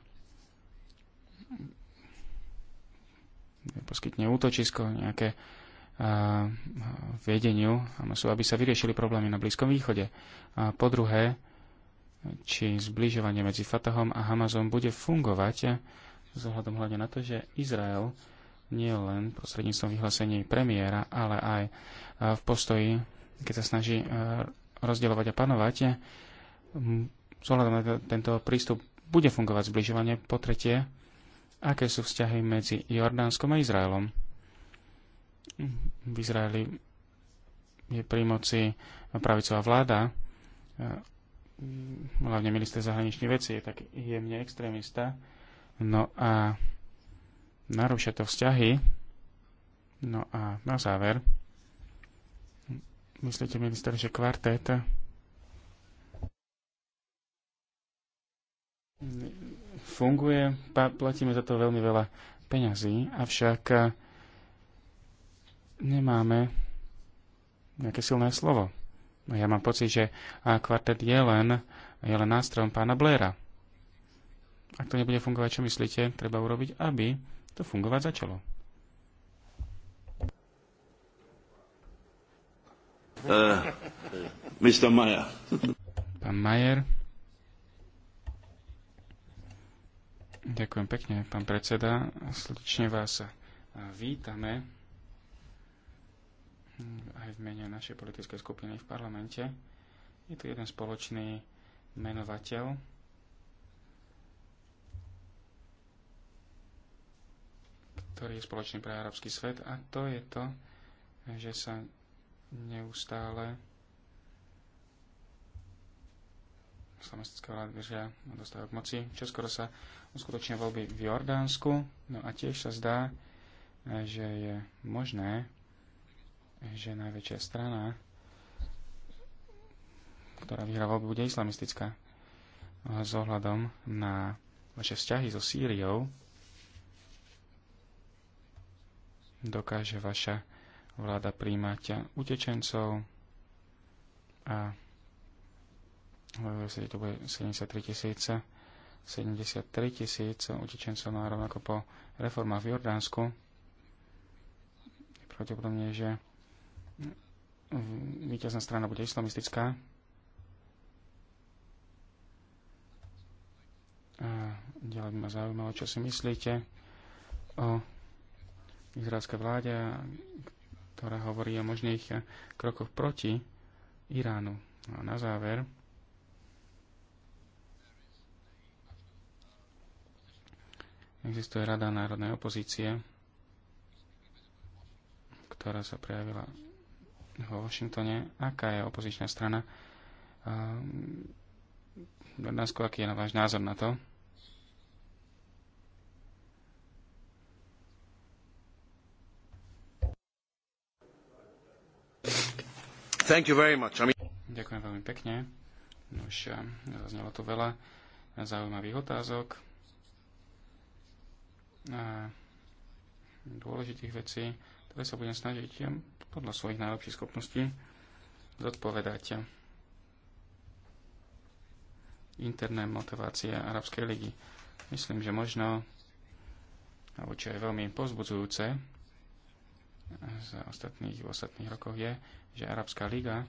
S3: neposkytne útočisko nejaké a, vedeniu Hamasu, aby sa vyriešili problémy na Blízkom východe. A po druhé, či zbližovanie medzi Fatahom a Hamazom bude fungovať eh, vzhľadom hlavne na to, že Izrael nie len prostredníctvom vyhlásení premiéra, ale aj eh, v postoji, keď sa snaží eh, rozdeľovať a panovať, vzhľadom na tento prístup bude fungovať zbližovanie. Po tretie, aké sú vzťahy medzi Jordánskom a Izraelom? V Izraeli je pri moci pravicová vláda, Mm, hlavne minister zahraničných vecí, je tak jemne extrémista. No a narúša to vzťahy. No a na záver, myslíte minister, že kvartét funguje, platíme za to veľmi veľa peňazí, avšak eh, nemáme nejaké silné slovo. No ja mám pocit, že kvartet je len, je len nástrojom pána Blaira. Ak to nebude fungovať, čo myslíte, treba urobiť, aby to fungovať začalo.
S2: Uh, eh, Mr.
S3: Mayer. Pán Majer. Ďakujem pekne, pán predseda. Srdečne vás vítame aj v mene našej politickej skupiny v parlamente. Je tu jeden spoločný menovateľ. ktorý je spoločný pre arabský svet a to je to, že sa neustále islamistická vláda držia a dostávajú k moci. Čoskoro sa uskutočnia voľby v Jordánsku, no a tiež sa zdá, že je možné že najväčšia strana, ktorá vyhrá voľbu, bude islamistická. S ohľadom na vaše vzťahy so Sýriou dokáže vaša vláda príjmať utečencov a že to bude 73 tisíc 73 tisíc utečencov, no a rovnako po reformách v Jordánsku pravdepodobne, že Výťazná strana bude islamistická. A ďalej by ma zaujímalo, čo si myslíte o izraelskej vláde, ktorá hovorí o možných krokoch proti Iránu. No a na záver, existuje Rada národnej opozície, ktorá sa prejavila vo Washingtone, aká je opozičná strana v ehm, Dánsku, aký je na váš názor na to?
S2: Thank you very much. I
S3: mean... Ďakujem veľmi pekne. No už ehm, zaznelo tu veľa zaujímavých otázok a dôležitých vecí, ktoré sa budem snažiť ehm, podľa svojich najlepších schopností zodpovedať interné motivácie Arabskej ligy. Myslím, že možno, alebo čo je veľmi pozbudzujúce za ostatných, v ostatných rokoch je, že Arabská liga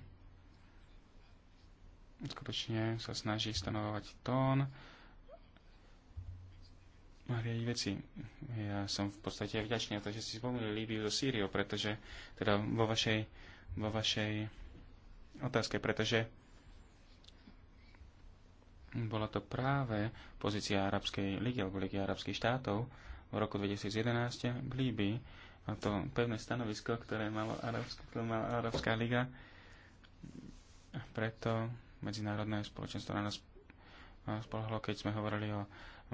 S3: skutočne sa snaží stanovovať tón, riadiť veci. Ja som v podstate vďačný za to, že ste spomínali Líbiu so Sýriou, pretože teda vo vašej, vo vašej otázke, pretože bola to práve pozícia Arabskej ligy alebo Ligy arabských štátov v roku 2011 v Líbii a to pevné stanovisko, ktoré malo Arabská, ktoré mala Arabská liga a preto medzinárodné spoločenstvo na nás spolahlo, keď sme hovorili o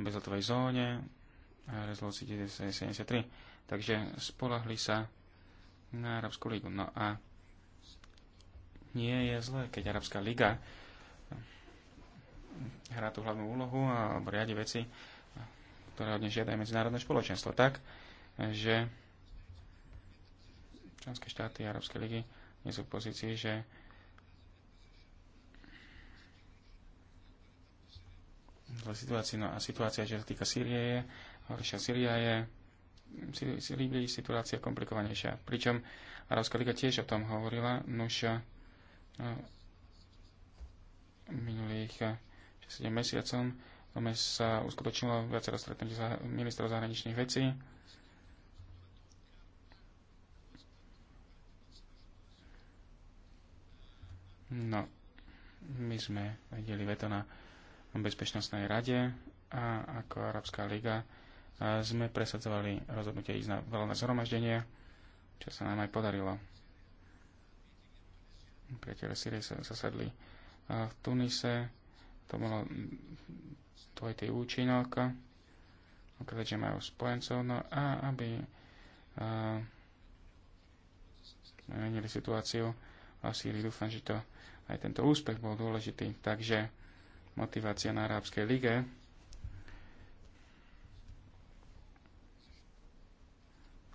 S3: bezletovej zóne rezolúcii 1973. Takže spolahli sa na Arabskú ligu. No a nie je zlé, keď Arabská liga hrá tú hlavnú úlohu a riadi veci, ktoré od nej žiada aj medzinárodné spoločenstvo. Tak, že členské štáty Arabskej ligy nie sú v pozícii, že situácii. No a situácia, že sa týka Sýrie, je, horšia Sýria je, Líbii situácia komplikovanejšia. Pričom Arabská liga tiež o tom hovorila, nuž eh, minulých 6 eh, 7 mesiacom Tome no, sa eh, uskutočnilo viacero stretnutí za ministrov zahraničných vecí. No, my sme vedeli veto na Bezpečnostnej rade a ako Arabská liga sme presadzovali rozhodnutie ísť na veľné zhromaždenie, čo sa nám aj podarilo. Priateľe Syrie sa zasadli v Tunise, to bolo dvojitý účinok, že majú spojencov, no a aby menili situáciu v Sýrii. Dúfam, že to aj tento úspech bol dôležitý. Takže motivácia na Arábskej lige.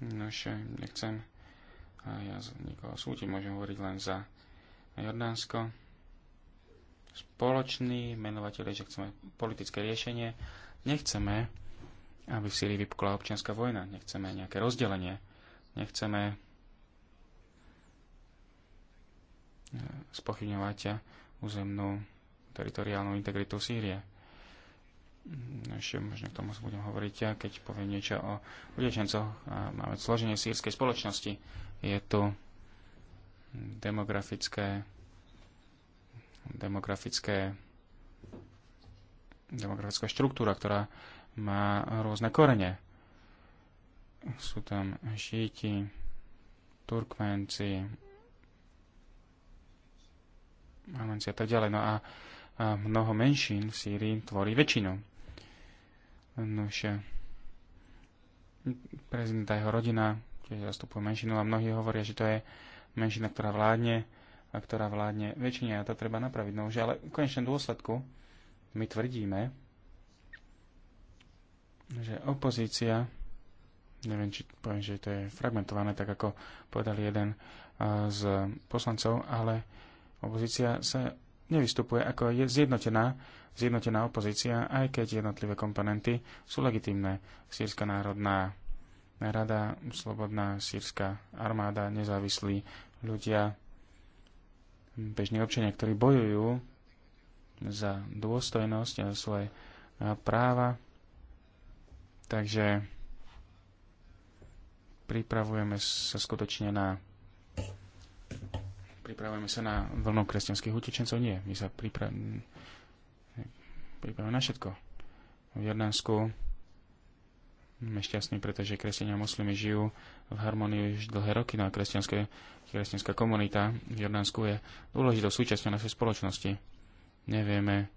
S3: No ešte nechcem a ja nikoho súti, môžem hovoriť len za Jordánsko. Spoločný menovateľ je, že chceme politické riešenie. Nechceme, aby v Syrii vypukla občianská vojna. Nechceme nejaké rozdelenie. Nechceme e, spochybňovať územnú teritoriálnu integritu Sýrie. Mm, ešte možno k tomu budem hovoriť ja, keď poviem niečo o utečencoch. Máme zloženie sírskej spoločnosti. Je tu demografické demografické demografická štruktúra, ktorá má rôzne korene. Sú tam šíti, Turkmenci, Armenci a tak ďalej. No a a mnoho menšín v Sýrii tvorí väčšinu. Nože, prezident a jeho rodina tiež zastupujú menšinu a mnohí hovoria, že to je menšina, ktorá vládne a ktorá vládne väčšine a to treba napraviť. Nože, ale v konečnom dôsledku my tvrdíme, že opozícia, neviem, či poviem, že to je fragmentované, tak ako povedal jeden z poslancov, ale opozícia sa nevystupuje ako je zjednotená, zjednotená opozícia, aj keď jednotlivé komponenty sú legitimné. Sýrska národná rada, slobodná sírska armáda, nezávislí ľudia, bežní občania, ktorí bojujú za dôstojnosť a svoje práva. Takže pripravujeme sa skutočne na pripravujeme sa na vlnu kresťanských utečencov. Nie, my sa pripra- pripravujeme na všetko. V Jordánsku sme šťastní, pretože kresťania a moslimi žijú v harmonii už dlhé roky, no a kresťanská komunita v Jordánsku je dôležitou súčasťou našej spoločnosti. Nevieme,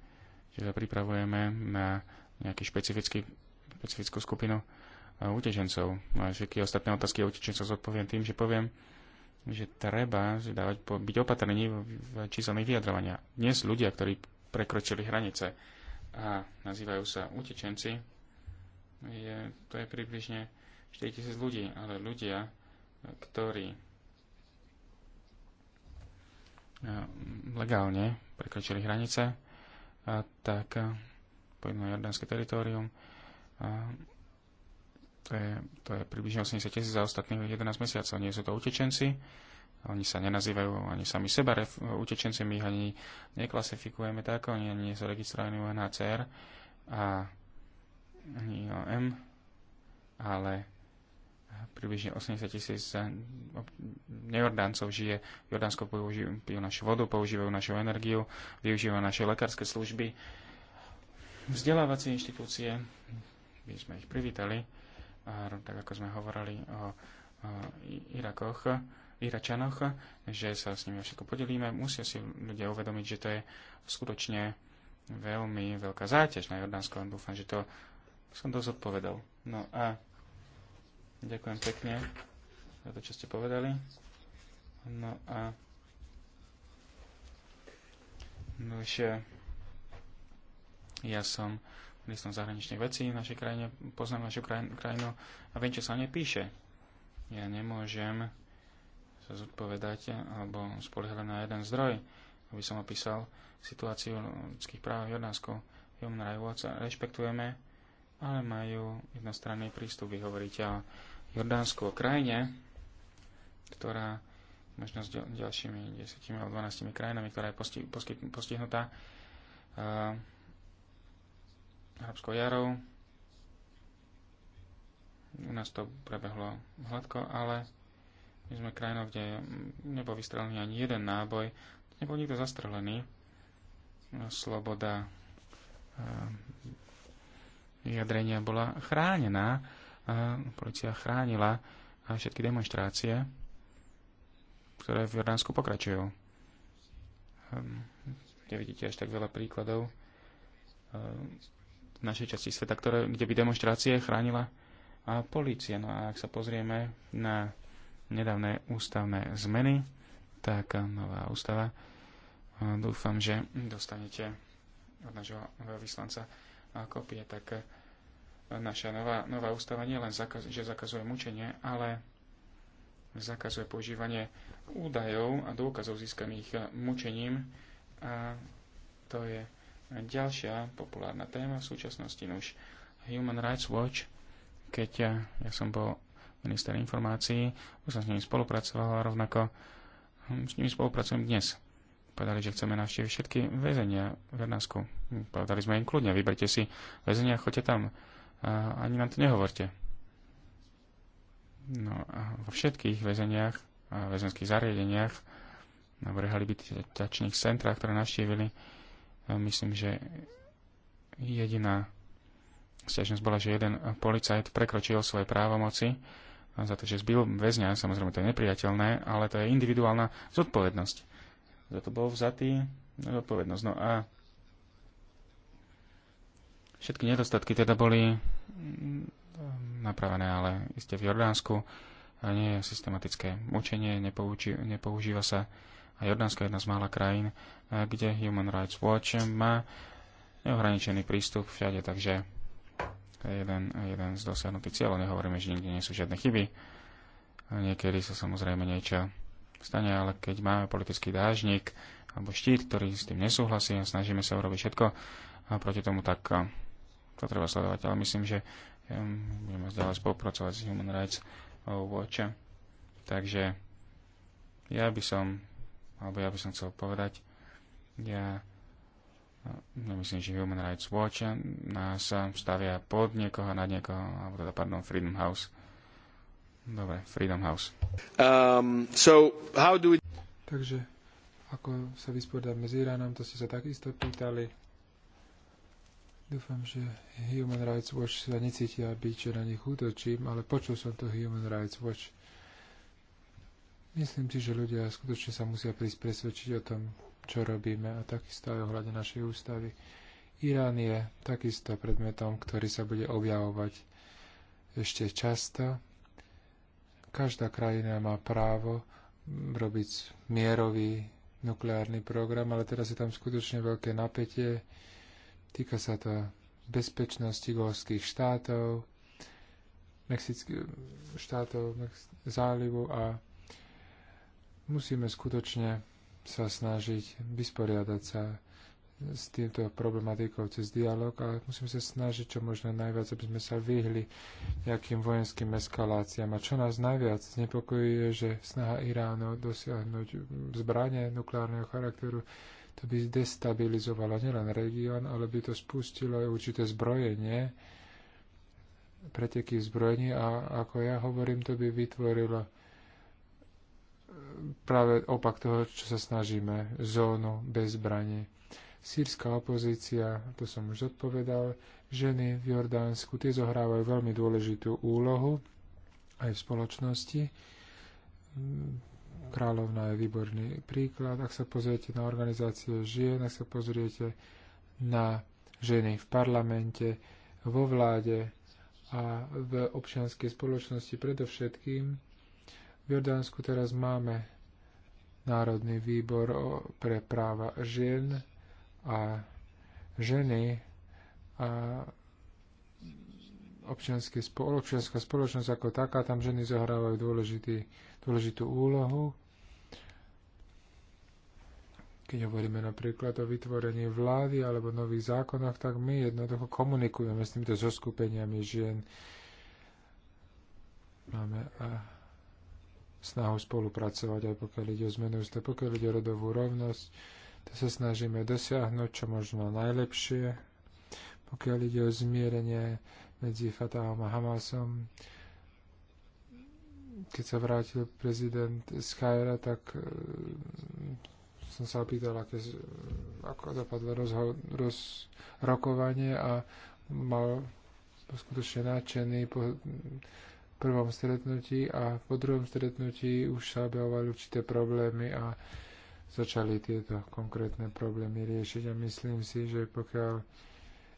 S3: že sa pripravujeme na nejakú špecifickú skupinu utečencov. No a všetky ostatné otázky o utečencov zodpoviem tým, že poviem, že treba dávať, byť opatrný v číselných vyjadrovania. Dnes ľudia, ktorí prekročili hranice a nazývajú sa utečenci, je, to je približne 4000 ľudí, ale ľudia, ktorí e, legálne prekročili hranice, tak na e, jordánske teritorium, to je, to je približne 80 tisíc za ostatných 11 mesiacov. Nie sú to utečenci. Oni sa nenazývajú ani sami seba ref, utečenci. My ich ani neklasifikujeme tak. Oni nie sú registrovaní UNHCR a OM, ale približne 80 tisíc nejordáncov žije. Jordánsko používajú pijú našu vodu, používajú našu energiu, využívajú naše lekárske služby, vzdelávacie inštitúcie. My sme ich privítali tak ako sme hovorili o Irakoch, Iračanoch, že sa s nimi všetko podelíme. Musia si ľudia uvedomiť, že to je skutočne veľmi veľká záťaž na Jordánsko. dúfam, že to som dosť odpovedal. No a ďakujem pekne za to, čo ste povedali. No a no, že ja som listom zahraničných vecí v našej krajine, poznám našu krajinu a viem, čo sa nepíše. Ja nemôžem sa zodpovedať alebo spoliehať na jeden zdroj, aby som opísal situáciu ľudských práv v Jordánsku. Human Rights Watch rešpektujeme, ale majú jednostranný prístup. Vy hovoríte o Jordánsku, o krajine, ktorá možno s ďalšími 10 alebo 12 krajinami, ktorá je postihnutá arabskou jarou. U nás to prebehlo hladko, ale my sme krajinou, kde nebol vystrelený ani jeden náboj, nebol nikto zastrelený. Sloboda eh, vyjadrenia bola chránená, Polícia chránila všetky demonstrácie, ktoré v Jordánsku pokračujú. Nevidíte ehm, až tak veľa príkladov ehm, v našej časti sveta, ktoré, kde by demonstrácie chránila a polícia. No a ak sa pozrieme na nedávne ústavné zmeny, tak nová ústava, dúfam, že dostanete od nášho vyslanca kopie, tak naša nová, nová ústava nie len, zakaz, že zakazuje mučenie, ale zakazuje používanie údajov a dôkazov získaných mučením a to je Ďalšia populárna téma v súčasnosti už Human Rights Watch, keď ja, ja som bol minister informácií, už som s nimi spolupracoval a rovnako hm, s nimi spolupracujem dnes. Povedali, že chceme navštíviť všetky väzenia v Hernánsku. Hm, povedali sme im kľudne, vyberte si väzenia, choďte tam. A ani nám to nehovorte. No a vo všetkých väzeniach a väzenských zariadeniach, na rehabilitačných centrách, ktoré navštívili, myslím, že jediná stiažnosť bola, že jeden policajt prekročil svoje právomoci za to, že zbil väzňa. Samozrejme, to je nepriateľné, ale to je individuálna zodpovednosť. Za to bol vzatý zodpovednosť. No a všetky nedostatky teda boli napravené, ale iste v Jordánsku nie je systematické mučenie, nepoužíva sa a Jordánska je jedna z mála krajín, e, kde Human Rights Watch má neohraničený prístup všade, takže to je jeden, jeden z dosiahnutých cieľov. Nehovoríme, že nikde nie sú žiadne chyby. Niekedy sa samozrejme niečo stane, ale keď máme politický dážnik alebo štít, ktorý s tým nesúhlasí a snažíme sa urobiť všetko a proti tomu, tak e, to treba sledovať. Ale myslím, že budeme ďalej spolupracovať s Human Rights Watch. Takže ja by som alebo ja by som chcel povedať, ja nemyslím, no, že Human Rights Watch nás stavia pod niekoho, nad niekoho, alebo teda, pardon, Freedom House. Dobre, Freedom House.
S1: Um, so how do we... Takže, ako sa vysporiadame s Iránom, to ste sa takisto pýtali. Dúfam, že Human Rights Watch sa necítia byť, že na nich útočím, ale počul som to Human Rights Watch Myslím si, že ľudia skutočne sa musia prísť presvedčiť o tom, čo robíme a takisto aj ohľade našej ústavy. Irán je takisto predmetom, ktorý sa bude objavovať ešte často. Každá krajina má právo robiť mierový nukleárny program, ale teraz je tam skutočne veľké napätie. Týka sa to bezpečnosti golských štátov, Mexický, štátov Mex- zálivu a Musíme skutočne sa snažiť vysporiadať sa s týmto problematikou cez dialog a musíme sa snažiť čo možno najviac, aby sme sa vyhli nejakým vojenským eskaláciám. A čo nás najviac znepokojuje, že snaha Iránu dosiahnuť zbranie nukleárneho charakteru, to by destabilizovalo nielen región, ale by to spustilo aj určité zbrojenie, preteky zbrojení a ako ja hovorím, to by vytvorilo práve opak toho, čo sa snažíme, zónu bez zbraní. Sýrska opozícia, to som už odpovedal, ženy v Jordánsku, tie zohrávajú veľmi dôležitú úlohu aj v spoločnosti. Kráľovna je výborný príklad. Ak sa pozriete na organizácie žien, ak sa pozriete na ženy v parlamente, vo vláde a v občianskej spoločnosti predovšetkým, v Jordánsku teraz máme Národný výbor pre práva žien a ženy a občianská spoločnosť ako taká, tam ženy zohrávajú dôležitý, dôležitú úlohu. Keď hovoríme napríklad o vytvorení vlády alebo nových zákonoch, tak my jednoducho komunikujeme s týmito zoskupeniami žien. Máme a eh, snahu spolupracovať, aj pokiaľ ide o zmenu, pokiaľ ide o rodovú rovnosť, to sa snažíme dosiahnuť čo možno najlepšie. Pokiaľ ide o zmierenie medzi Fatahom a Hamasom, keď sa vrátil prezident z tak e, som sa opýtal, aké, ako dopadlo rozho- roz- rokovanie a mal skutočne nadšený po, prvom stretnutí a po druhom stretnutí už sa objavovali určité problémy a začali tieto konkrétne problémy riešiť a myslím si, že pokiaľ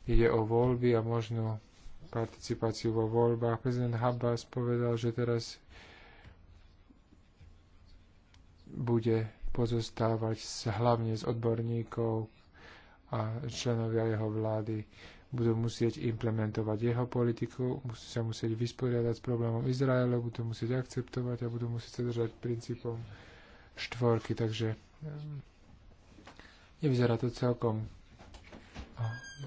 S1: ide o voľby a možno participáciu vo voľbách, prezident Habas povedal, že teraz bude pozostávať hlavne z odborníkov a členovia jeho vlády budú musieť implementovať jeho politiku, musí sa musieť vysporiadať s problémom Izraela, budú musieť akceptovať a budú musieť sa držať princípom štvorky. Takže ehm, nevyzerá to celkom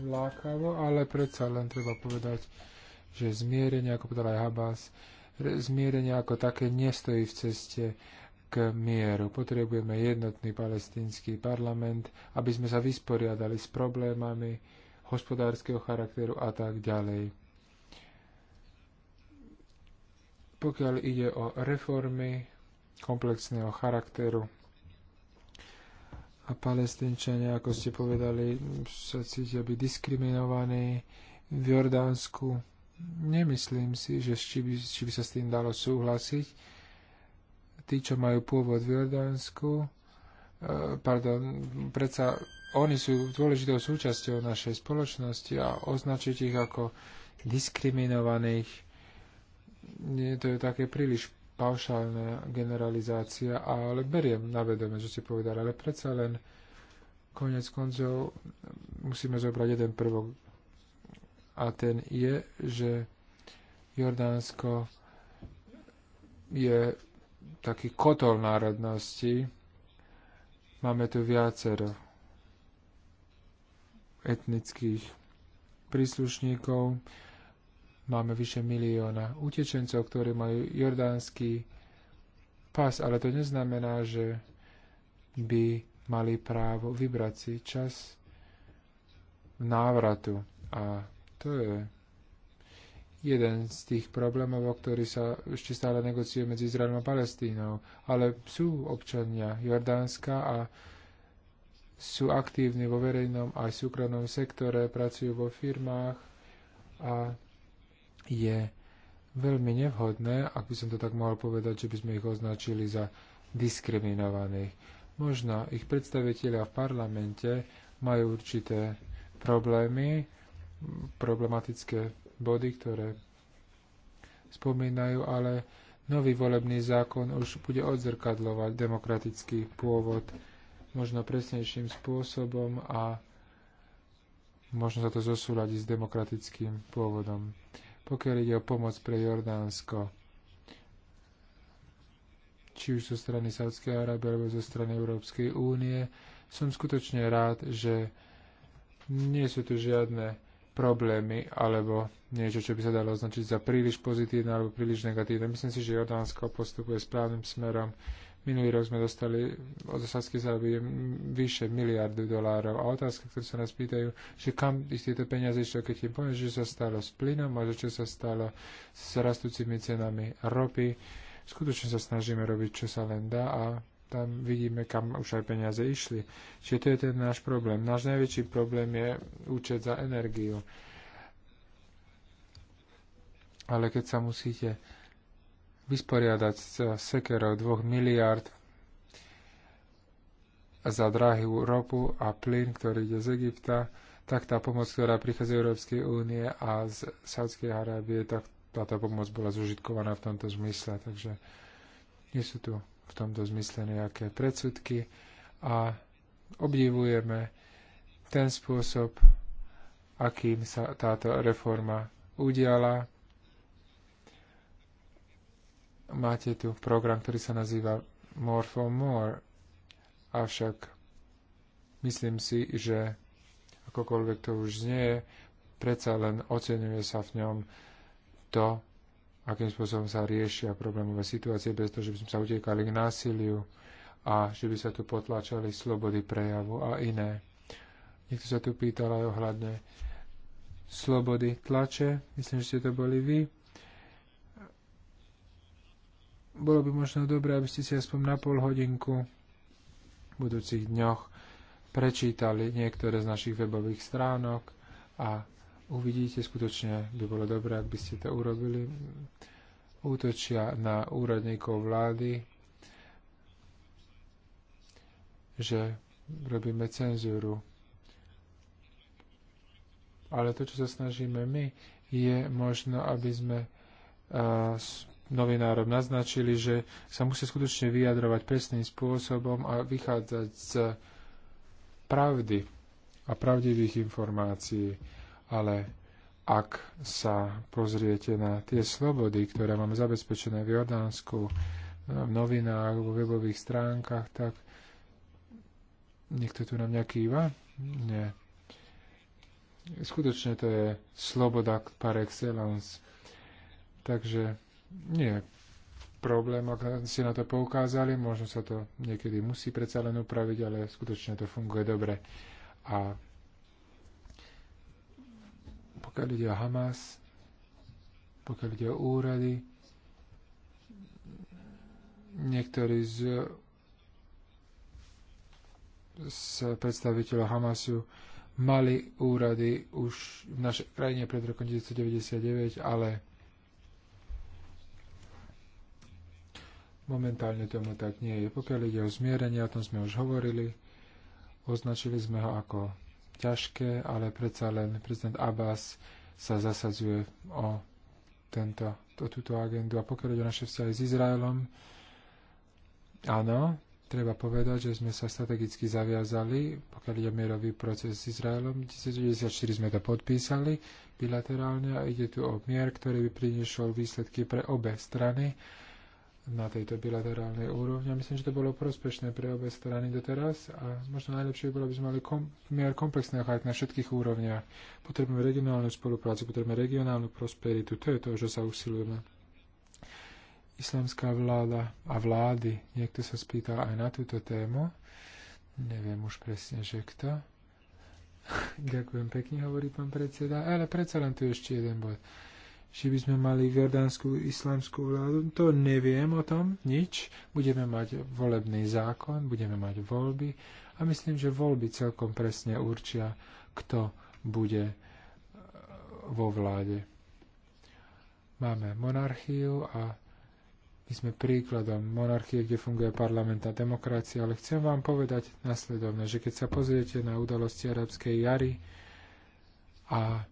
S1: lákavo, ale predsa len treba povedať, že zmierenie, ako povedal aj Habas, zmierenie ako také nestojí v ceste k mieru. Potrebujeme jednotný palestínsky parlament, aby sme sa vysporiadali s problémami, hospodárskeho charakteru a tak ďalej. Pokiaľ ide o reformy komplexného charakteru, a palestinčania, ako ste povedali, sa cítia byť diskriminovaní v Jordánsku. Nemyslím si, že či by, či by sa s tým dalo súhlasiť. Tí, čo majú pôvod v Jordánsku, eh, pardon, predsa oni sú dôležitou súčasťou našej spoločnosti a označiť ich ako diskriminovaných, nie, to je také príliš paušálna generalizácia, ale beriem na vedomie, že si povedal, ale predsa len konec koncov musíme zobrať jeden prvok a ten je, že Jordánsko je taký kotol národnosti. Máme tu viacero etnických príslušníkov. Máme vyše milióna utečencov, ktorí majú jordánsky pas, ale to neznamená, že by mali právo vybrať si čas návratu. A to je jeden z tých problémov, o ktorých sa ešte stále negociuje medzi Izraelom a Palestínou. Ale sú občania Jordánska a sú aktívni vo verejnom aj súkromnom sektore, pracujú vo firmách a je veľmi nevhodné, ak by som to tak mohol povedať, že by sme ich označili za diskriminovaných. Možno ich predstavitelia v parlamente majú určité problémy, problematické body, ktoré spomínajú, ale nový volebný zákon už bude odzrkadlovať demokratický pôvod možno presnejším spôsobom a možno sa to zosúľadiť s demokratickým pôvodom. Pokiaľ ide o pomoc pre Jordánsko, či už zo strany Sádskej Arábie alebo zo strany Európskej únie, som skutočne rád, že nie sú tu žiadne problémy alebo niečo, čo by sa dalo označiť za príliš pozitívne alebo príliš negatívne. Myslím si, že Jordánsko postupuje správnym smerom Minulý rok sme dostali od osadských záujem vyše miliardu dolárov. A otázka, ktorú sa nás pýtajú, že kam ich tieto peniaze išlo, keď im poviem, že sa stalo s plynom a že čo sa stalo s rastúcimi cenami ropy. Skutočne sa snažíme robiť, čo sa len dá a tam vidíme, kam už aj peniaze išli. Čiže to je ten náš problém. Náš najväčší problém je účet za energiu. Ale keď sa musíte vysporiadať sa sekerov 2 miliard za drahú ropu a plyn, ktorý ide z Egypta, tak tá pomoc, ktorá prichádza z Európskej únie a z Sádskej Arábie, tak táto pomoc bola zužitkovaná v tomto zmysle. Takže nie sú tu v tomto zmysle nejaké predsudky a obdivujeme ten spôsob, akým sa táto reforma udiala máte tu program, ktorý sa nazýva More for More, avšak myslím si, že akokoľvek to už znie, predsa len oceňuje sa v ňom to, akým spôsobom sa riešia problémové situácie, bez toho, že by sme sa utiekali k násiliu a že by sa tu potlačali slobody prejavu a iné. Niekto sa tu pýtal aj ohľadne slobody tlače, myslím, že ste to boli vy bolo by možno dobré, aby ste si aspoň na pol hodinku v budúcich dňoch prečítali niektoré z našich webových stránok a uvidíte, skutočne by bolo dobré, ak by ste to urobili. Útočia na úradníkov vlády, že robíme cenzúru. Ale to, čo sa snažíme my, je možno, aby sme uh, novinárom naznačili, že sa musí skutočne vyjadrovať presným spôsobom a vychádzať z pravdy a pravdivých informácií. Ale ak sa pozriete na tie slobody, ktoré máme zabezpečené v Jordánsku, v novinách, vo webových stránkach, tak niekto tu nám nejakýva? Nie. Skutočne to je sloboda par excellence. Takže nie je problém, ak si na to poukázali, možno sa to niekedy musí predsa len upraviť, ale skutočne to funguje dobre. A pokiaľ ide o Hamas, pokiaľ ide o úrady, niektorí z, z predstaviteľov Hamasu mali úrady už v našej krajine pred rokom 1999, ale Momentálne tomu tak nie je. Pokiaľ ide o zmierenie, o tom sme už hovorili, označili sme ho ako ťažké, ale predsa len prezident Abbas sa zasadzuje o, tento, o túto agendu. A pokiaľ ide o naše vzťahy s Izraelom, áno, treba povedať, že sme sa strategicky zaviazali, pokiaľ ide o mierový proces s Izraelom. 1994 sme to podpísali bilaterálne a ide tu o mier, ktorý by priniesol výsledky pre obe strany na tejto bilaterálnej úrovni a myslím, že to bolo prospešné pre obe strany doteraz a možno najlepšie bolo, aby sme mali kom, mier komplexného charakter na všetkých úrovniach. Potrebujeme regionálnu spoluprácu, potrebujeme regionálnu prosperitu, to je to, že sa usilujeme. Islamská vláda a vlády, niekto sa spýtal aj na túto tému, neviem už presne, že kto. Ďakujem pekne, hovorí pán predseda, ale predsa len tu ešte jeden bod že by sme mali jordánsku islamskú vládu, to neviem o tom nič. Budeme mať volebný zákon, budeme mať voľby a myslím, že voľby celkom presne určia, kto bude e, vo vláde. Máme monarchiu a my sme príkladom monarchie, kde funguje parlamentná demokracia, ale chcem vám povedať nasledovne, že keď sa pozriete na udalosti arabskej jary a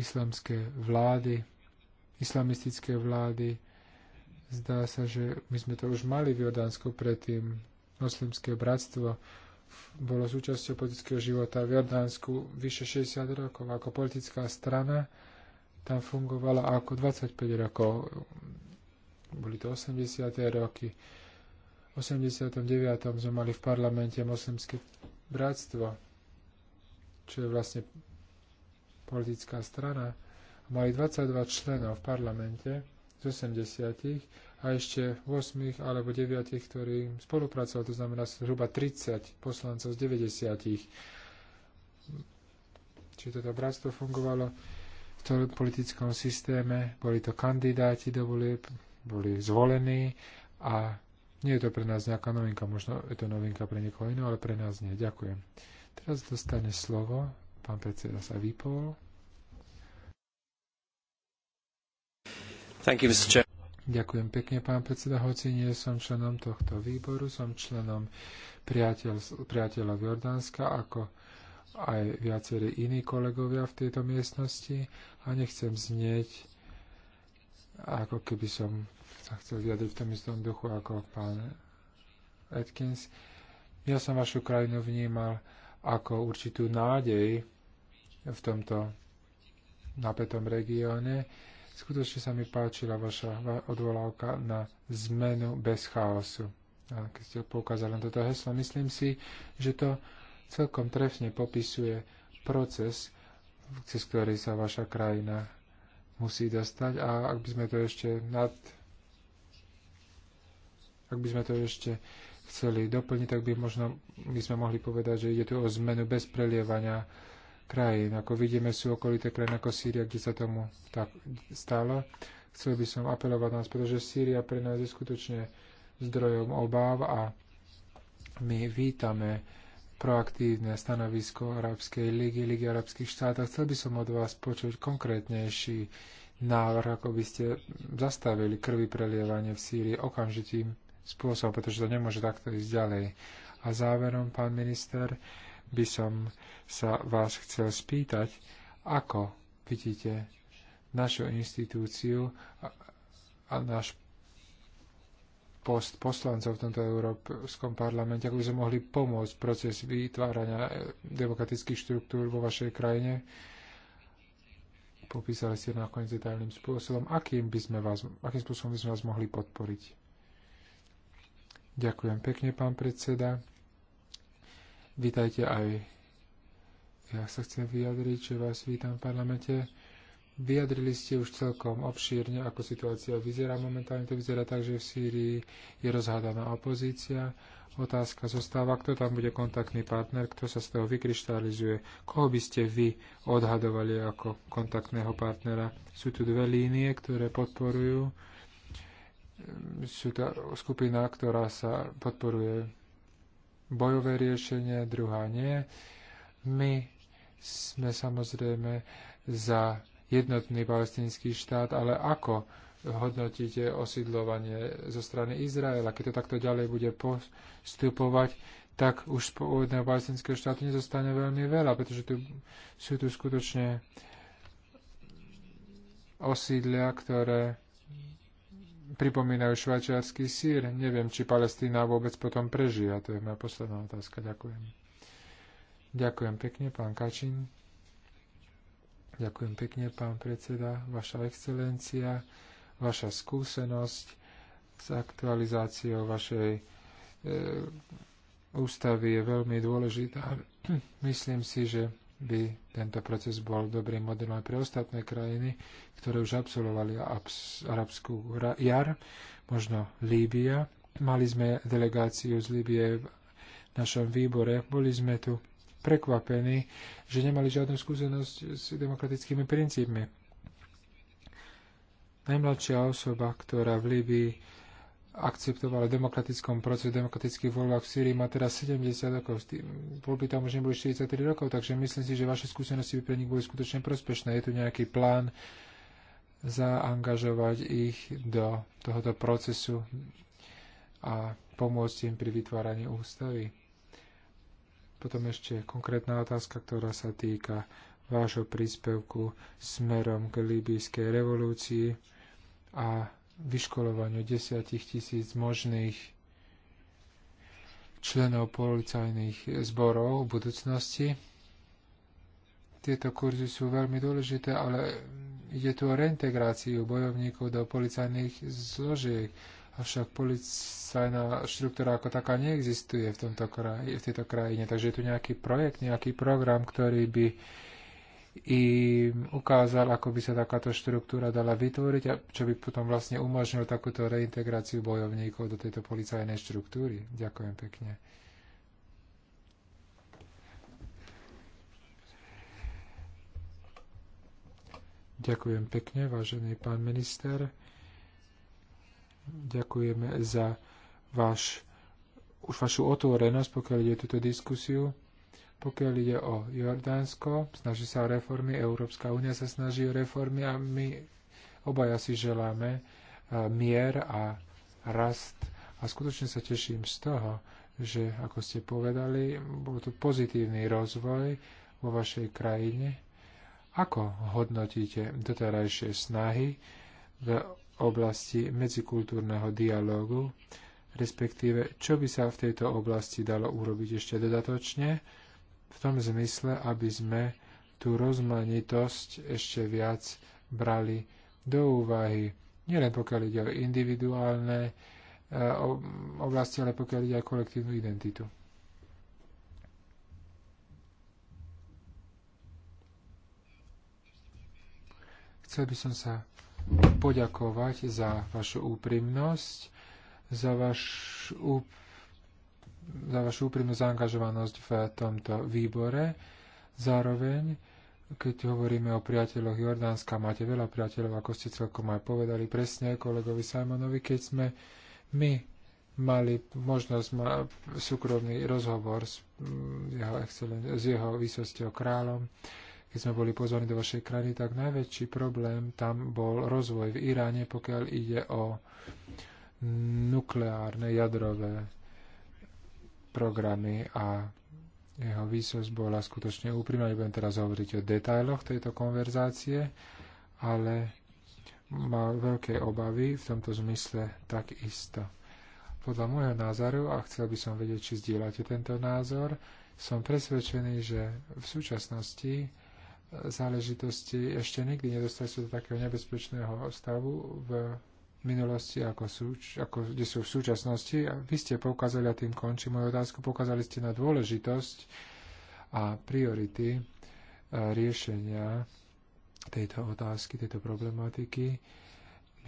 S1: islamské vlády, islamistické vlády. Zdá sa, že my sme to už mali v Jordánsku predtým. Moslimské bratstvo bolo súčasťou politického života v Jordánsku vyše 60 rokov. Ako politická strana tam fungovala ako 25 rokov. Boli to 80. roky. V 89. sme mali v parlamente moslimské bratstvo, čo je vlastne politická strana Mali 22 členov v parlamente z 80 a ešte 8 alebo 9, ktorí spolupracovali, to znamená zhruba 30 poslancov z 90. Či toto bratstvo fungovalo v tom politickom systéme, boli to kandidáti do volieb, boli zvolení a nie je to pre nás nejaká novinka, možno je to novinka pre niekoho iného, ale pre nás nie. Ďakujem. Teraz dostane slovo pán predseda sa vypol. You, Ďakujem pekne, pán predseda. Hoci nie som členom tohto výboru, som členom priateľ, priateľov Jordánska, ako aj viacerí iní kolegovia v tejto miestnosti a nechcem znieť, ako keby som sa chcel vyjadriť v tom istom duchu ako pán Atkins. Ja som vašu krajinu vnímal ako určitú nádej v tomto napätom regióne Skutočne sa mi páčila vaša odvolávka na zmenu bez chaosu. A keď ste poukázali na toto heslo, myslím si, že to celkom trefne popisuje proces, cez ktorý sa vaša krajina musí dostať a ak by sme to ešte nad ak by sme to ešte chceli doplniť, tak by možno by sme mohli povedať, že ide tu o zmenu bez prelievania krajín. Ako vidíme, sú okolité krajiny ako Sýria, kde sa tomu tak stalo. Chcel by som apelovať nás, pretože Sýria pre nás je skutočne zdrojom obáv a my vítame proaktívne stanovisko Arabskej ligy, Ligy arabských štátov. Chcel by som od vás počuť konkrétnejší návrh, ako by ste zastavili krvi prelievanie v Sýrii okamžitým spôsobom, pretože to nemôže takto ísť ďalej. A záverom, pán minister, by som sa vás chcel spýtať, ako vidíte našu inštitúciu a náš post poslancov v tomto Európskom parlamente, ako by sme mohli pomôcť proces vytvárania e, demokratických štruktúr vo vašej krajine. Popísali ste nakoniec detailným spôsobom, akým, by sme vás, akým spôsobom by sme vás mohli podporiť. Ďakujem pekne, pán predseda. Vítajte aj. Ja sa chcem vyjadriť, že vás vítam v parlamente. Vyjadrili ste už celkom obšírne, ako situácia vyzerá. Momentálne to vyzerá tak, že v Sýrii je rozhádaná opozícia. Otázka zostáva, kto tam bude kontaktný partner, kto sa z toho vykryštalizuje. Koho by ste vy odhadovali ako kontaktného partnera? Sú tu dve línie, ktoré podporujú. Sú to skupina, ktorá sa podporuje bojové riešenie, druhá nie. My sme samozrejme za jednotný palestinský štát, ale ako hodnotíte osidlovanie zo strany Izraela? Keď to takto ďalej bude postupovať, tak už z pôvodného palestinského štátu nezostane veľmi veľa, pretože tu sú tu skutočne osídlia, ktoré pripomínajú švajčiarsky sír. Neviem, či Palestína vôbec potom prežije. A to je moja posledná otázka. Ďakujem. Ďakujem pekne, pán Kačin. Ďakujem pekne, pán predseda, vaša excelencia, vaša skúsenosť s aktualizáciou vašej e, ústavy je veľmi dôležitá. Myslím si, že by tento proces bol dobrým modelom aj pre ostatné krajiny, ktoré už absolvovali arabskú jar, možno Líbia. Mali sme delegáciu z Líbie v našom výbore, boli sme tu prekvapení, že nemali žiadnu skúsenosť s demokratickými princípmi. Najmladšia osoba, ktorá v Líbii v demokratickom procesu demokratických voľbách v Sýrii, má teraz 70 rokov, voľby tam už neboli 43 rokov, takže myslím si, že vaše skúsenosti by pre nich boli skutočne prospešné. Je tu nejaký plán zaangažovať ich do tohoto procesu a pomôcť im pri vytváraní ústavy. Potom ešte konkrétna otázka, ktorá sa týka vášho príspevku smerom k líbyjskej revolúcii a vyškolovaniu desiatich tisíc možných členov policajných zborov v budúcnosti. Tieto kurzy sú veľmi dôležité, ale ide tu o reintegráciu bojovníkov do policajných zložiek. Avšak policajná štruktúra ako taká neexistuje v, tomto kraji, v tejto krajine. Takže je tu nejaký projekt, nejaký program, ktorý by uh, i ukázal, ako by sa takáto štruktúra dala vytvoriť a čo by potom vlastne umožnil takúto reintegráciu bojovníkov do tejto policajnej štruktúry. Ďakujem pekne. Ďakujem pekne, vážený pán minister. Ďakujeme za váš, už vašu otvorenosť, pokiaľ ide o túto diskusiu. Pokiaľ ide o Jordánsko, snaží sa o reformy, Európska únia sa snaží o reformy a my obaja si želáme e, mier a rast. A skutočne sa teším z toho, že, ako ste povedali, bol to pozitívny rozvoj vo vašej krajine. Ako hodnotíte doterajšie snahy v oblasti medzikultúrneho dialogu, respektíve čo by sa v tejto oblasti dalo urobiť ešte dodatočne, v tom zmysle, aby sme tú rozmanitosť ešte viac brali do úvahy. Nielen pokiaľ ide o individuálne e, oblasti, ale pokiaľ ide o kolektívnu identitu. Chcel by som sa poďakovať za vašu úprimnosť, za váš úprimnosť za vašu úprimnú zaangažovanosť v tomto výbore. Zároveň, keď hovoríme o priateľoch Jordánska, máte veľa priateľov, ako ste celkom aj povedali presne kolegovi Simonovi, keď sme my mali možnosť mať súkromný rozhovor s mm, jeho, s jeho výsosťou kráľom, keď sme boli pozvaní do vašej krajiny, tak najväčší problém tam bol rozvoj v Iráne, pokiaľ ide o nukleárne jadrové programy a jeho výsosť bola skutočne úprimná. Nebudem teraz hovoriť o detailoch tejto konverzácie, ale mal veľké obavy v tomto zmysle takisto. Podľa môjho názoru, a chcel by som vedieť, či zdieľate tento názor, som presvedčený, že v súčasnosti záležitosti ešte nikdy nedostali sa do takého nebezpečného stavu v minulosti, ako súč, ako, kde sú v súčasnosti. A vy ste poukázali, a tým končím moju otázku, poukázali ste na dôležitosť a priority e, riešenia tejto otázky, tejto problematiky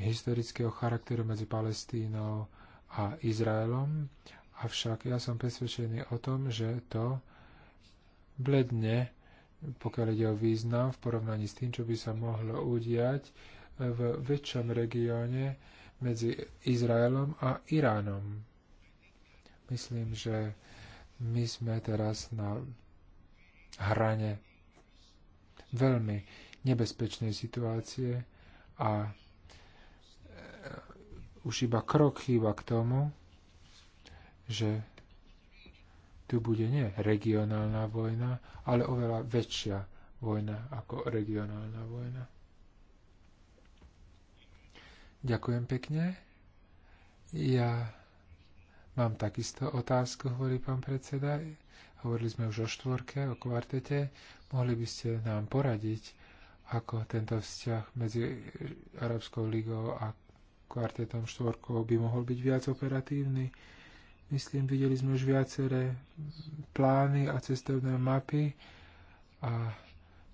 S1: historického charakteru medzi Palestínou a Izraelom. Avšak ja som presvedčený o tom, že to bledne, pokiaľ ide o význam v porovnaní s tým, čo by sa mohlo udiať, v väčšom regióne medzi Izraelom a Iránom. Myslím, že my sme teraz na hrane veľmi nebezpečnej situácie a e, už iba krok chýba k tomu, že tu bude nie regionálna vojna, ale oveľa väčšia vojna ako regionálna vojna. Ďakujem pekne. Ja mám takisto otázku, hovorí pán predseda. Hovorili sme už o štvorke, o kvartete. Mohli by ste nám poradiť, ako tento vzťah medzi Arabskou ligou a kvartetom štvorkou by mohol byť viac operatívny. Myslím, videli sme už viaceré plány a cestovné mapy a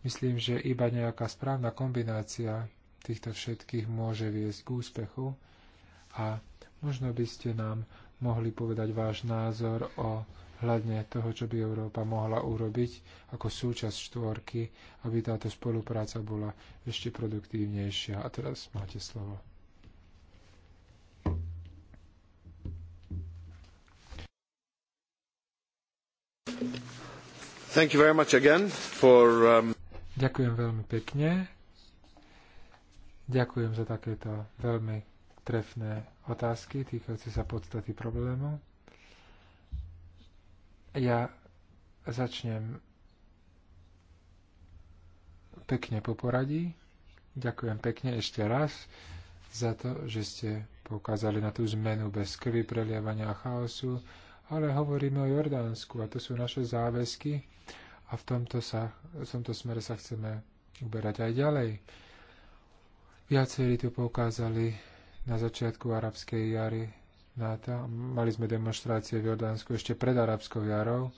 S1: myslím, že iba nejaká správna kombinácia týchto všetkých môže viesť k úspechu. A možno by ste nám mohli povedať váš názor o hľadne toho, čo by Európa mohla urobiť ako súčasť štvorky, aby táto spolupráca bola ešte produktívnejšia. A teraz máte slovo.
S2: Thank you very much again for, um...
S1: Ďakujem veľmi pekne Ďakujem za takéto veľmi trefné otázky týkajúce sa podstaty problému. Ja začnem pekne po poradí. Ďakujem pekne ešte raz za to, že ste poukázali na tú zmenu bez krvi, prelievania a chaosu, ale hovoríme o Jordánsku a to sú naše záväzky a v tomto, sa, v tomto smere sa chceme uberať aj ďalej. Viacerí tu poukázali na začiatku arabskej jary na to. Mali sme demonstrácie v Jordánsku ešte pred arabskou jarou.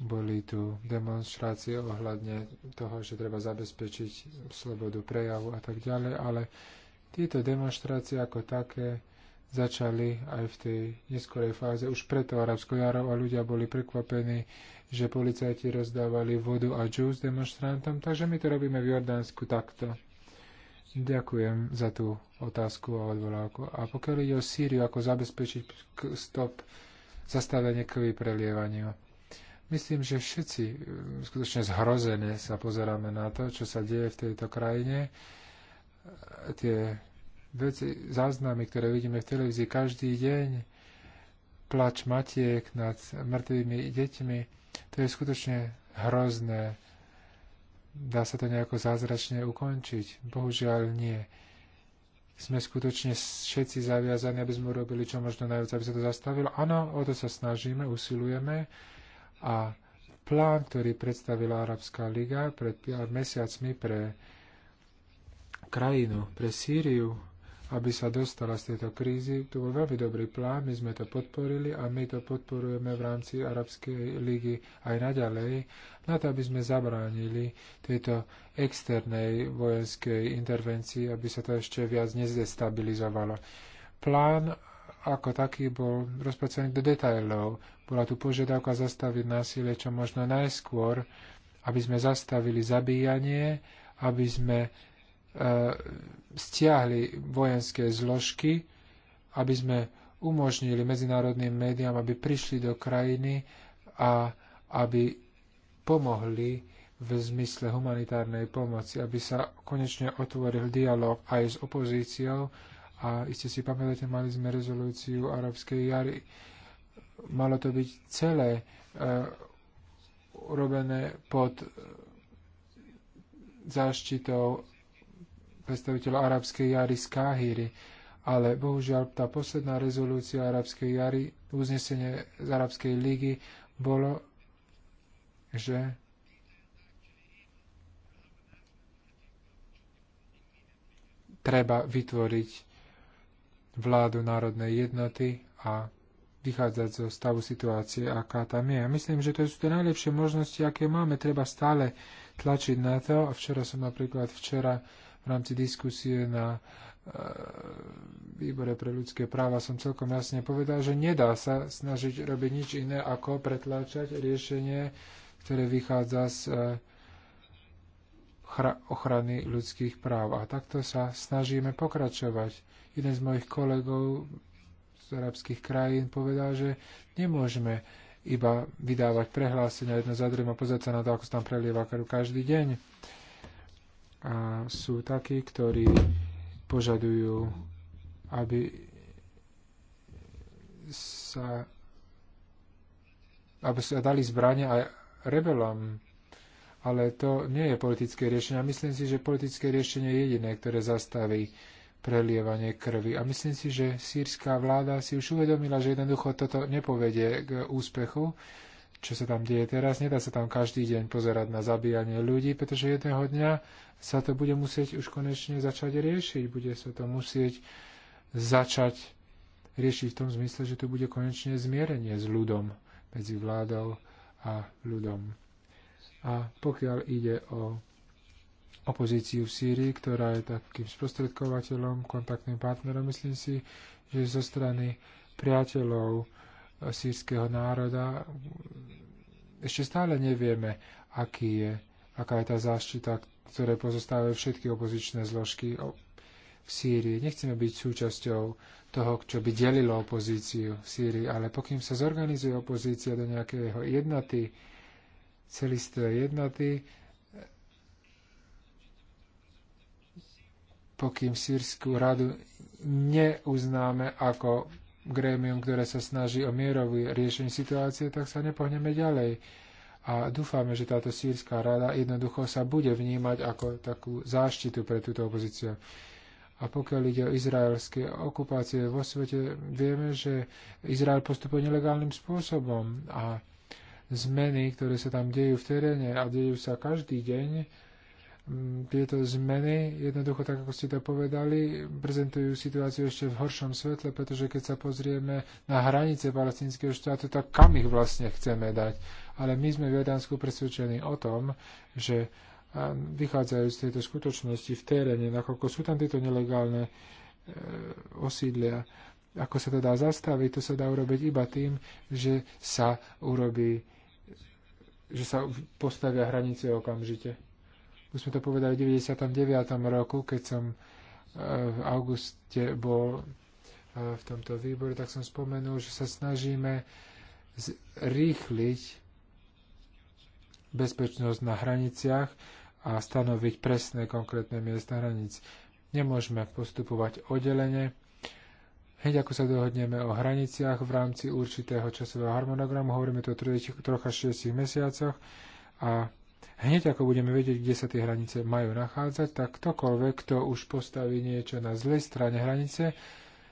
S1: Boli tu demonstrácie ohľadne toho, že treba zabezpečiť slobodu prejavu a tak ďalej, ale tieto demonstrácie ako také začali aj v tej neskorej fáze už preto arabskou jarou a ľudia boli prekvapení, že policajti rozdávali vodu a džús demonstrantom, takže my to robíme v Jordánsku takto. Ďakujem za tú otázku a odvolávku. A pokiaľ ide o Sýriu, ako zabezpečiť stop zastavenie krvi prelievaniu. Myslím, že všetci e, skutočne zhrozené sa pozeráme na to, čo sa deje v tejto krajine. E, tie veci, záznamy, ktoré vidíme v televízii každý deň, plač matiek nad mŕtvými deťmi, to je skutočne hrozné. Dá sa to nejako zázračne ukončiť? Bohužiaľ nie. Sme skutočne všetci zaviazaní, aby sme urobili čo možno najviac, aby sa to zastavilo. Áno, o to sa snažíme, usilujeme a plán, ktorý predstavila Arabská liga pred mesiacmi pre krajinu, pre Sýriu, aby sa dostala z tejto krízy. To bol veľmi dobrý plán, my sme to podporili a my to podporujeme v rámci Arabskej ligy aj naďalej, na to, aby sme zabránili tejto externej vojenskej intervencii, aby sa to ešte viac nezdestabilizovalo. Plán ako taký bol rozpracovaný do detajlov. Bola tu požiadavka zastaviť násilie čo možno najskôr, aby sme zastavili zabíjanie, aby sme E, stiahli vojenské zložky, aby sme umožnili medzinárodným médiám, aby prišli do krajiny a aby pomohli v zmysle humanitárnej pomoci, aby sa konečne otvoril dialog aj s opozíciou. A iste si pamätáte, mali sme rezolúciu arabskej jary. Malo to byť celé e, urobené pod záštitou predstaviteľ arabskej jary z Káhyry. Ale bohužiaľ tá posledná rezolúcia arabskej jary, uznesenie z arabskej ligy, bolo, že treba vytvoriť vládu národnej jednoty a vychádzať zo stavu situácie, aká tam je. myslím, že to sú tie najlepšie možnosti, aké máme. Treba stále tlačiť na to. A včera som napríklad včera v rámci diskusie na e, výbore pre ľudské práva som celkom jasne povedal, že nedá sa snažiť robiť nič iné, ako pretláčať riešenie, ktoré vychádza z e, ochrany ľudských práv. A takto sa snažíme pokračovať. Jeden z mojich kolegov z arabských krajín povedal, že nemôžeme iba vydávať prehlásenia jedno za druhým a pozrieť sa na to, ako sa tam prelieva krv každý deň a sú takí, ktorí požadujú, aby sa aby sa dali zbrania aj rebelom. Ale to nie je politické riešenie. A myslím si, že politické riešenie je jediné, ktoré zastaví prelievanie krvi. A myslím si, že sírska vláda si už uvedomila, že jednoducho toto nepovedie k úspechu čo sa tam deje teraz. Nedá sa tam každý deň pozerať na zabíjanie ľudí, pretože jedného dňa sa to bude musieť už konečne začať riešiť. Bude sa to musieť začať riešiť v tom zmysle, že tu bude konečne zmierenie s ľudom, medzi vládou a ľudom. A pokiaľ ide o opozíciu v Sýrii, ktorá je takým sprostredkovateľom, kontaktným partnerom, myslím si, že zo strany priateľov sírskeho národa. Ešte stále nevieme, aký je, aká je tá záštita, ktoré pozostávajú všetky opozičné zložky v Sýrii. Nechceme byť súčasťou toho, čo by delilo opozíciu v Sýrii, ale pokým sa zorganizuje opozícia do nejakého jednoty, celistvé jednoty, pokým sírskú radu neuznáme ako grémium, ktoré sa snaží o mierové riešenie situácie, tak sa nepohneme ďalej. A dúfame, že táto sírska rada jednoducho sa bude vnímať ako takú záštitu pre túto opozíciu. A pokiaľ ide o izraelské okupácie vo svete, vieme, že Izrael postupuje nelegálnym spôsobom a zmeny, ktoré sa tam dejú v teréne a dejú sa každý deň, Mm, tieto zmeny, jednoducho tak, ako ste to povedali, prezentujú situáciu ešte v horšom svetle, pretože keď sa pozrieme na hranice palestinského štátu, tak kam ich vlastne chceme dať. Ale my sme v Jordánsku presvedčení o tom, že vychádzajú z tejto skutočnosti v teréne, nakoľko sú tam tieto nelegálne e, osídlia. Ako sa to dá zastaviť, to sa dá urobiť iba tým, že sa urobí, že sa postavia hranice okamžite už sme to povedali v 99. roku, keď som e, v auguste bol e, v tomto výbore, tak som spomenul, že sa snažíme zrýchliť bezpečnosť na hraniciach a stanoviť presné konkrétne miesta hraníc. Nemôžeme postupovať oddelenie. Hneď ako sa dohodneme o hraniciach v rámci určitého časového harmonogramu, hovoríme tu o troch až 6 mesiacoch a hneď ako budeme vedieť, kde sa tie hranice majú nachádzať, tak ktokoľvek, kto už postaví niečo na zlej strane hranice,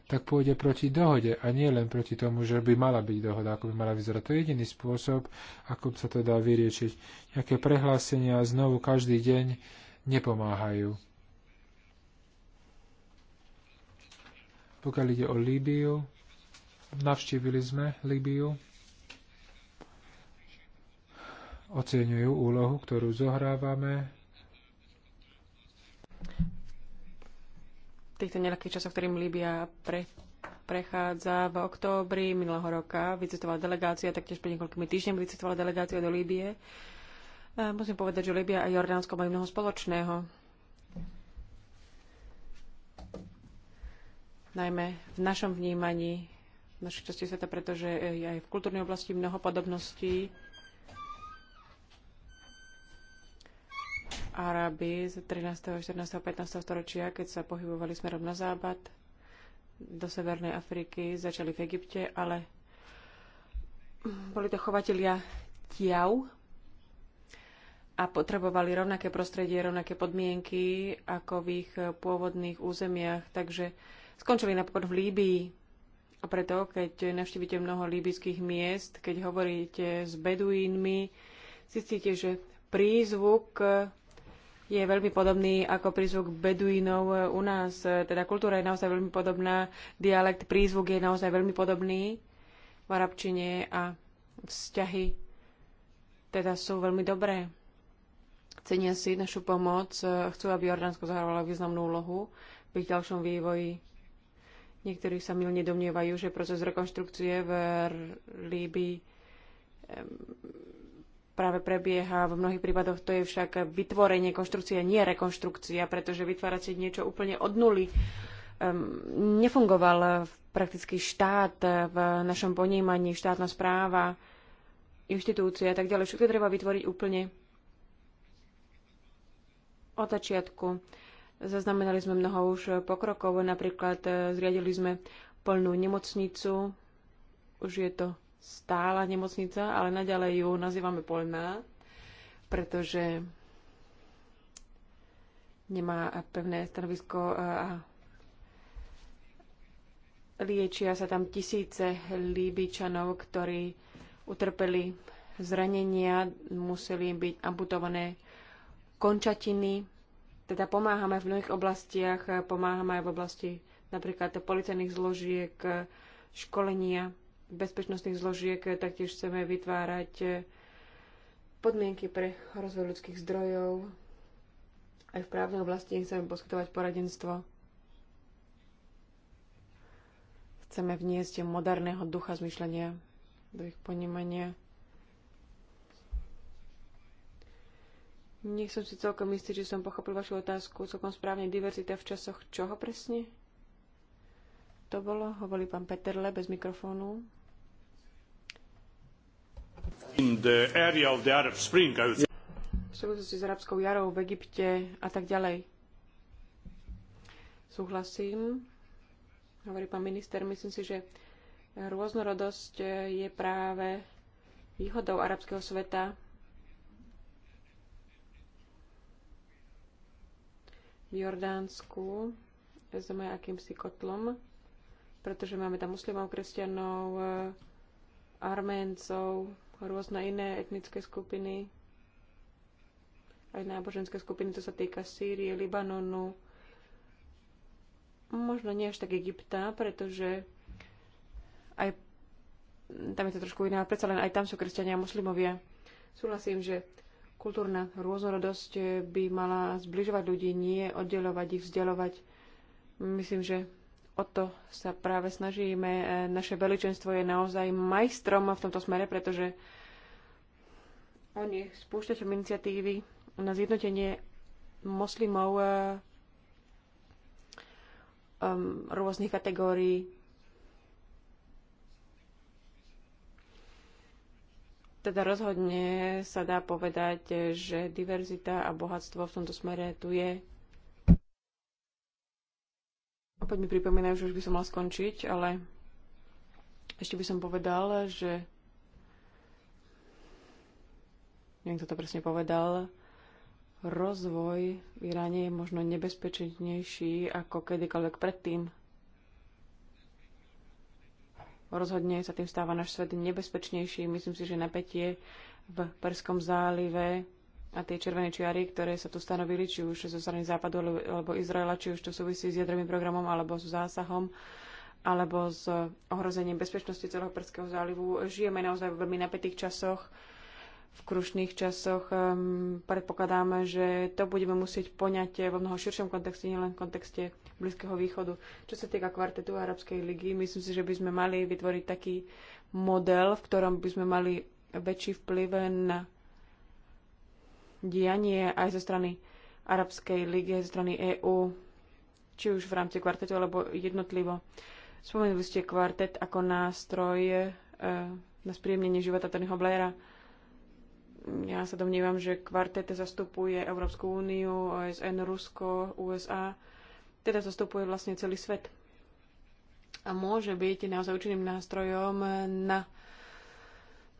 S1: tak pôjde proti dohode a nie len proti tomu, že by mala byť dohoda, ako by mala vyzerať. To je jediný spôsob, ako sa to dá vyriešiť. Nejaké prehlásenia znovu každý deň nepomáhajú. Pokiaľ ide o Líbiu, navštívili sme Líbiu oceňujú úlohu, ktorú zohrávame.
S2: V týchto nelakých časoch, ktorým Líbia pre, prechádza v októbri minulého roka, vycestovala delegácia, taktiež pred niekoľkými týždňami vycestovala delegácia do Líbie. musím povedať, že Líbia a Jordánsko majú mnoho spoločného. Najmä v našom vnímaní, v našej časti sveta, pretože je aj v kultúrnej oblasti mnoho podobností. Arabi z 13., 14., 15. storočia, keď sa pohybovali smerom na západ do Severnej Afriky, začali v Egypte, ale boli to chovatelia tiav a potrebovali rovnaké prostredie, rovnaké podmienky ako v ich pôvodných územiach, takže skončili napokon v Líbii. A preto, keď navštívite mnoho líbyských miest, keď hovoríte s beduínmi, zistíte, že prízvuk je veľmi podobný ako prízvuk beduínov u nás. Teda kultúra je naozaj veľmi podobná, dialekt, prízvuk je naozaj veľmi podobný v arabčine a vzťahy teda sú veľmi dobré. Cenia si našu pomoc, chcú, aby Jordánsko zahrávalo významnú úlohu v ich ďalšom vývoji. Niektorí sa milne domnievajú, že proces rekonštrukcie v Líbii práve prebieha. V mnohých prípadoch to je však vytvorenie konštrukcie, nie rekonštrukcia, pretože vytvárať si niečo úplne od nuly um, nefungoval prakticky štát v našom ponímaní, štátna správa, inštitúcie a tak ďalej. Všetko treba vytvoriť úplne od začiatku. Zaznamenali sme mnoho už pokrokov, napríklad eh, zriadili sme plnú nemocnicu, už je to stála nemocnica, ale naďalej ju nazývame Polná, pretože nemá pevné stanovisko eh, a liečia sa tam tisíce Líbičanov, ktorí utrpeli zranenia, museli byť amputované končatiny. Teda pomáhame v mnohých oblastiach, eh, pomáhame aj v oblasti napríklad policajných zložiek, eh, školenia bezpečnostných zložiek taktiež chceme vytvárať eh, podmienky pre rozvoj ľudských zdrojov. Aj v právnej oblasti chceme poskytovať poradenstvo. Chceme vniesť moderného ducha zmyšlenia do ich ponímania. Nech som si celkom istý, že som pochopil vašu otázku celkom správne. Diverzita v časoch čoho presne? To bolo, hovorí pán Peterle bez mikrofónu. V súvislosti s arabskou jarou v Egypte a tak ďalej. Súhlasím, hovorí pán minister, myslím si, že rôznorodosť je práve výhodou arabského sveta. V Jordánsku sme akýmsi kotlom, pretože máme tam muslimov, kresťanov, eh, arméncov, rôzne iné etnické skupiny, aj náboženské skupiny, to sa týka Sýrie, Libanonu, možno nie až tak Egypta, pretože aj tam je to trošku iná, predsa len aj tam sú kresťania a muslimovia. Súhlasím, že kultúrna rôznorodosť by mala zbližovať ľudí, nie oddelovať ich, vzdelovať. Myslím, že O to sa práve snažíme. E, naše veličenstvo je naozaj majstrom v tomto smere, pretože oni spúšťačom iniciatívy na zjednotenie moslimov um, rôznych kategórií. Teda rozhodne sa dá povedať, že diverzita a bohatstvo v tomto smere tu je. Opäť mi pripomínajú, že už by som mal skončiť, ale ešte by som povedal, že neviem, kto to presne povedal, rozvoj v Iráne je možno nebezpečnejší ako kedykoľvek predtým. Rozhodne sa tým stáva náš svet nebezpečnejší. Myslím si, že napätie v Perskom zálive a tie červené čiary, ktoré sa tu stanovili, či už zo strany Západu alebo Izraela, či už to súvisí s jadrovým programom alebo s zásahom alebo s ohrozením bezpečnosti celého Perského zálivu. Žijeme naozaj v veľmi napätých časoch, v krušných časoch. Ehm, predpokladáme, že to budeme musieť poňať vo mnoho širšom kontexte, nielen v kontexte Blízkeho východu. Čo sa týka kvartetu Arabskej ligy, myslím si, že by sme mali vytvoriť taký model, v ktorom by sme mali väčší vplyv na dianie aj zo strany Arabskej ligy, aj zo strany EÚ, či už v rámci kvartetu alebo jednotlivo. Spomenuli ste kvartet ako nástroj e, na spríjemnenie života Tonyho Blaira. Ja sa domnívam, že kvartet zastupuje Európsku úniu, OSN, Rusko, USA, teda zastupuje vlastne celý svet. A môže byť naozaj účinným nástrojom na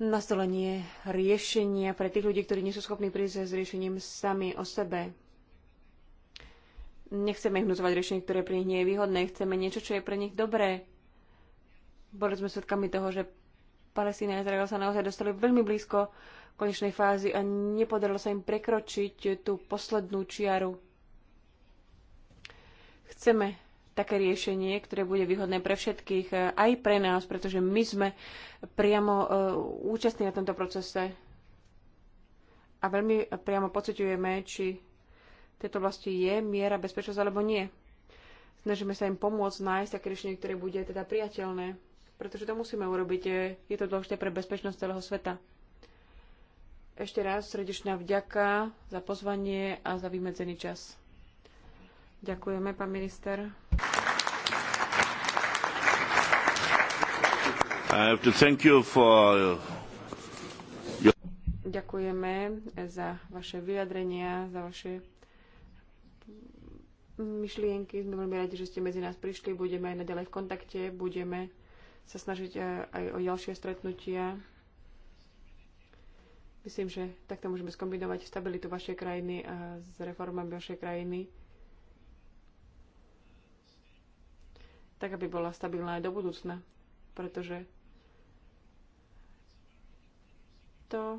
S2: nastolenie riešenia pre tých ľudí, ktorí nie sú schopní prísť s riešením sami o sebe. Nechceme ich nutovať riešenie, ktoré pre nich nie je výhodné. Chceme niečo, čo je pre nich dobré. Boli sme svedkami toho, že Palestína a Izrael sa naozaj dostali veľmi blízko konečnej fázy a nepodarilo sa im prekročiť tú poslednú čiaru. Chceme také riešenie, ktoré bude výhodné pre všetkých, e, aj pre nás, pretože my sme e, priamo e, účastní na tomto procese a veľmi priamo pociťujeme, či v tejto oblasti je miera bezpečnosť alebo nie. Snažíme sa im pomôcť nájsť také riešenie, ktoré bude teda priateľné, pretože to musíme urobiť. Je to dôležité pre bezpečnosť celého sveta. Ešte raz srdečná vďaka za pozvanie a za vymedzený čas. Ďakujeme, pán minister. Ďakujeme za vaše vyjadrenia, za vaše myšlienky. Sme veľmi radi, že ste medzi nás prišli. Budeme aj naďalej v kontakte. Budeme sa snažiť eh, aj o ďalšie stretnutia. Myslím, že takto môžeme skombinovať stabilitu vašej krajiny a s reformami vašej krajiny. Tak, aby bola stabilná aj do budúcna. Pretože to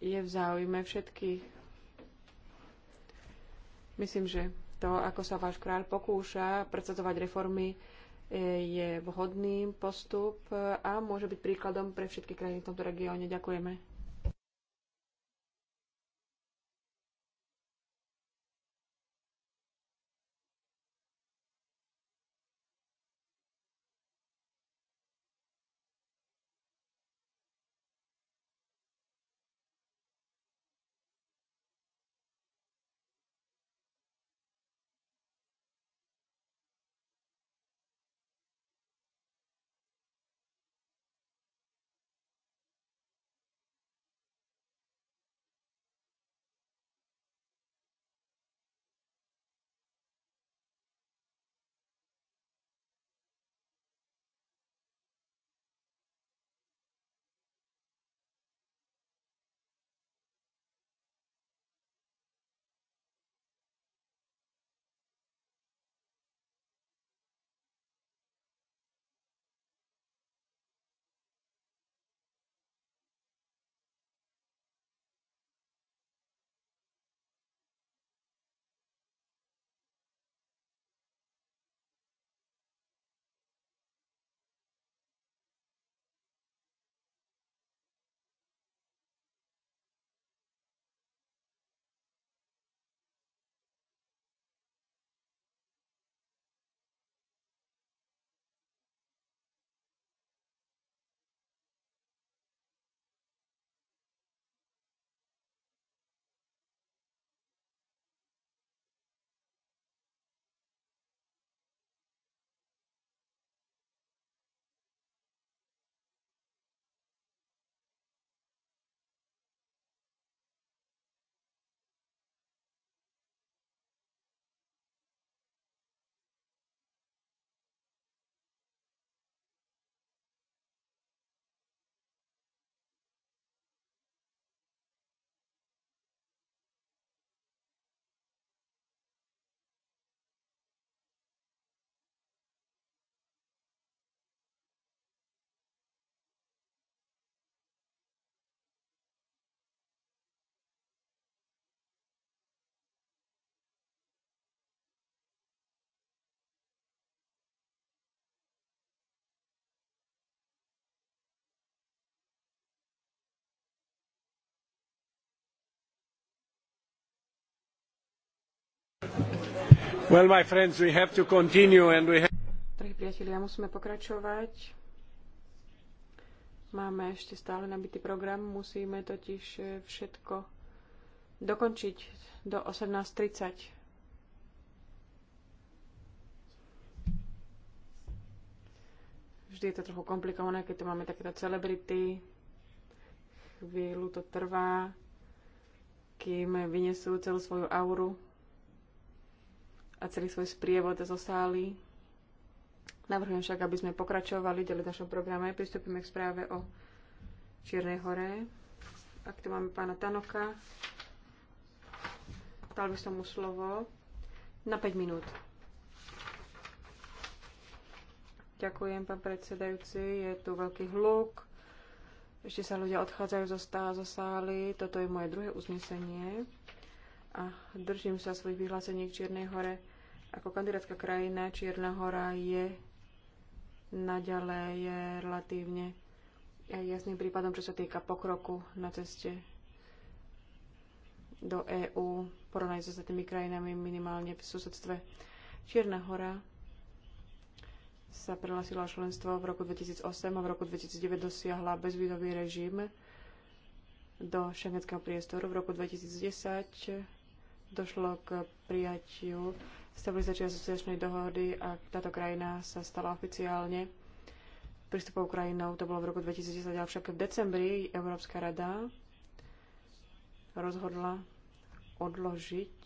S2: je v záujme všetkých. Myslím, že to, ako sa váš kráľ pokúša predsadzovať reformy, e, je vhodný postup a môže byť príkladom pre všetky krajiny v tomto regióne. Ďakujeme.
S3: Well, my friends, we have to continue and we have...
S2: Drahí priatelia, musíme pokračovať. Máme ešte stále nabitý program, musíme totiž eh, všetko dokončiť do 18.30. Vždy je to trochu komplikované, keď tu máme takéto celebrity. Chvíľu to trvá, kým vyniesú celú svoju auru a celý svoj sprievod zo sály. Navrhujem však, aby sme pokračovali ďalej v našom programe. Pristúpime k správe o Čiernej hore. Ak tu máme pána Tanoka, dal by som mu slovo na 5 minút. Ďakujem, pán predsedajúci. Je tu veľký hluk. Ešte sa ľudia odchádzajú zo, stá, zo sály. Toto je moje druhé uznesenie. A držím sa svojich vyhlásení k Čiernej hore. Ako kandidátska krajina Čierna hora je naďalej je relatívne jasným prípadom, čo sa týka pokroku na ceste do EÚ, porovnaní sa s tými krajinami minimálne v susedstve. Čierna hora sa prihlásila členstvo v roku 2008 a v roku 2009 dosiahla bezvýzový režim do šengenského priestoru. V roku 2010 došlo k prijatiu stabilizačnej asociačnej dohody a táto krajina sa stala oficiálne prístupov krajinou. To bolo v roku 2010, ale však v decembri Európska rada rozhodla odložiť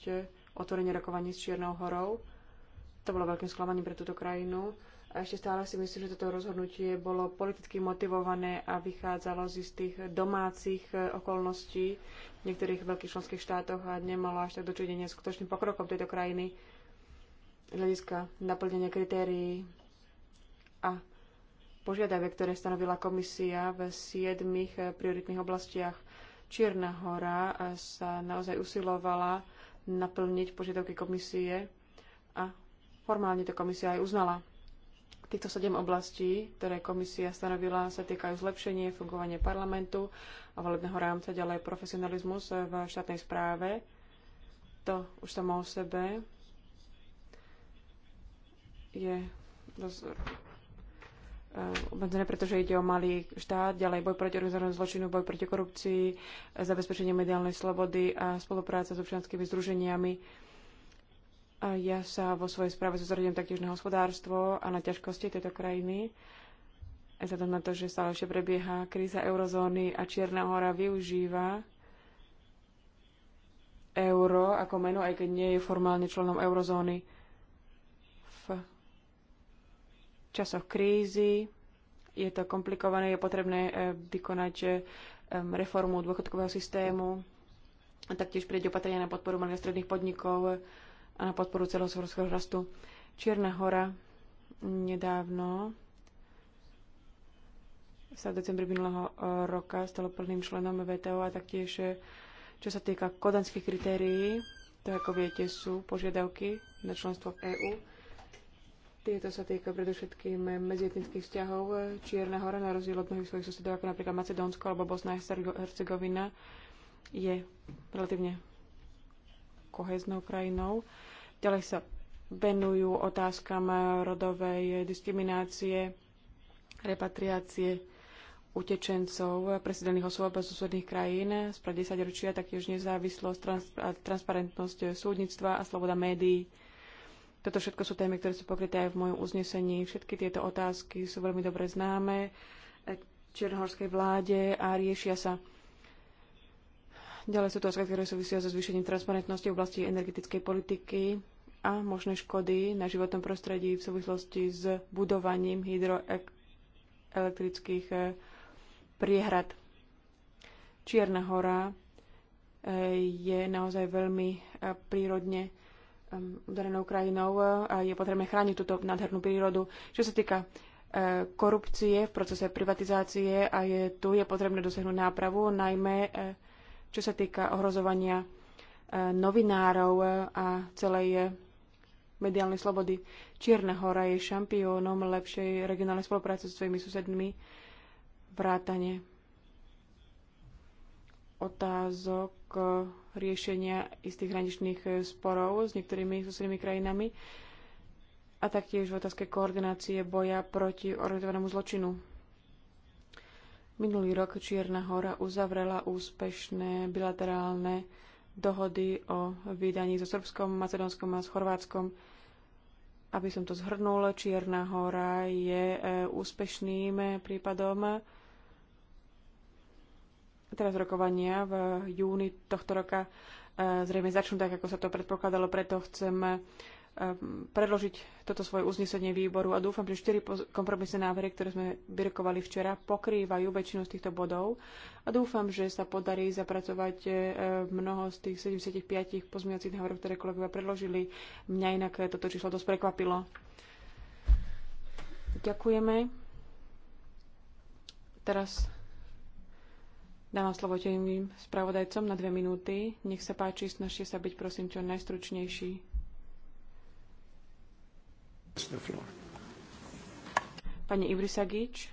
S2: otvorenie rokovaní s Čiernou horou. To bolo veľkým sklamaním pre túto krajinu. A ešte stále si myslím, že toto rozhodnutie bolo politicky motivované a vychádzalo z istých domácich okolností v niektorých veľkých členských štátoch a nemalo až tak dočinenie s skutočným pokrokom tejto krajiny z hľadiska naplnenia kritérií a požiadaviek, ktoré stanovila komisia v siedmých eh, prioritných oblastiach. Čierna hora eh, sa naozaj usilovala naplniť požiadavky komisie a formálne to komisia aj uznala. Týchto sedem oblastí, ktoré komisia stanovila, sa týkajú zlepšenie fungovania parlamentu a volebného rámca, ďalej profesionalizmus eh, v štátnej správe. To už samo o sebe je dosť e, obmedzené, pretože ide o malý štát, ďalej boj proti organizovanému zločinu, boj proti korupcii, zabezpečenie mediálnej slobody a spolupráca s občianskými združeniami. A ja sa vo svojej správe zozradím taktiež na hospodárstvo a na ťažkosti tejto krajiny. Vzhľadom na to, že stále ešte prebieha kríza eurozóny a Čierna hora využíva euro ako meno, aj keď nie je formálne členom eurozóny časoch krízy je to komplikované, je potrebné eh, vykonať eh, reformu dôchodkového systému a taktiež prieť opatrenia na podporu malých a stredných podnikov eh, a na podporu celosvorského rastu. Čierna hora nedávno sa v decembri minulého roka stalo plným členom VTO a taktiež, čo sa týka kodanských kritérií, to ako viete sú požiadavky na členstvo v EÚ tieto sa týka predovšetkým medzietnických vzťahov Čierna hora na rozdiel od mnohých svojich susedov, ako napríklad Macedónsko alebo Bosna a Hercegovina, je relatívne koheznou krajinou. Ďalej sa venujú otázkam rodovej diskriminácie, repatriácie utečencov, presidených osôb z susedných krajín z pred 10 ročia, taktiež nezávislosť, trans- transparentnosť súdnictva a sloboda médií. Toto všetko sú témy, ktoré sú pokryté aj v mojom uznesení. Všetky tieto otázky sú veľmi dobre známe černohorskej vláde a riešia sa. Ďalej sú to otázky, ktoré súvisia so zvýšením transparentnosti v oblasti energetickej politiky a možné škody na životnom prostredí v súvislosti s budovaním hydroelektrických eh, priehrad. Čierna hora eh, je naozaj veľmi eh, prírodne Um, udarenou krajinou uh, a je potrebné chrániť túto nádhernú prírodu. Čo sa týka uh, korupcie v procese privatizácie a je, tu je potrebné dosiahnuť nápravu, najmä uh, čo sa týka ohrozovania novinárov a celej mediálnej slobody. Čierna hora je šampiónom lepšej regionálnej spolupráce so svojimi susedmi vrátane otázok ako riešenia istých hraničných eh, sporov s niektorými susednými krajinami a taktiež v otázke koordinácie boja proti organizovanému zločinu. Minulý rok Čierna hora uzavrela úspešné bilaterálne dohody o vydaní so Srbskom, Macedónskom a s Chorvátskom. Aby som to zhrnul, Čierna hora je eh, úspešným eh, prípadom teraz rokovania v júni tohto roka e, zrejme začnú tak, ako sa to predpokladalo, preto chcem e, predložiť toto svoje uznesenie výboru a dúfam, že štyri kompromisné návrhy, ktoré sme vyrokovali včera, pokrývajú väčšinu z týchto bodov a dúfam, že sa podarí zapracovať e, mnoho z tých 75 pozmeňacích návrhov, ktoré kolegovia predložili. Mňa inak toto číslo dosť prekvapilo. Ďakujeme. Teraz Dávam slovo tým spravodajcom na dve minúty. Nech sa páči, snažte sa byť prosím čo najstručnejší. Pani Ibrisagič.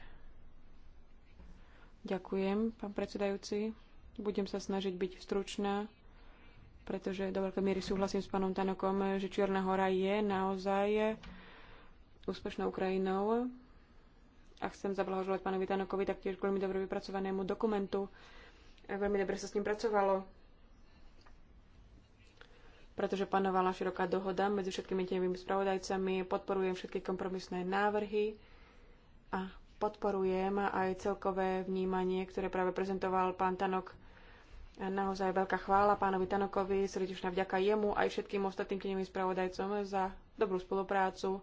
S2: Ďakujem, pán predsedajúci. Budem sa snažiť byť stručná, pretože do veľkej miery súhlasím s pánom Tanokom, že Čierna hora je naozaj úspešnou krajinou a chcem zablahožovať pánovi Tanokovi taktiež k veľmi dobre vypracovanému dokumentu. Veľmi dobre sa s ním pracovalo, pretože panovala široká dohoda medzi všetkými tými spravodajcami. Podporujem všetky kompromisné návrhy a podporujem aj celkové vnímanie, ktoré práve prezentoval pán Tanok. Naozaj veľká chvála pánovi Tanokovi, srdečná vďaka jemu aj všetkým ostatným tým spravodajcom za dobrú spoluprácu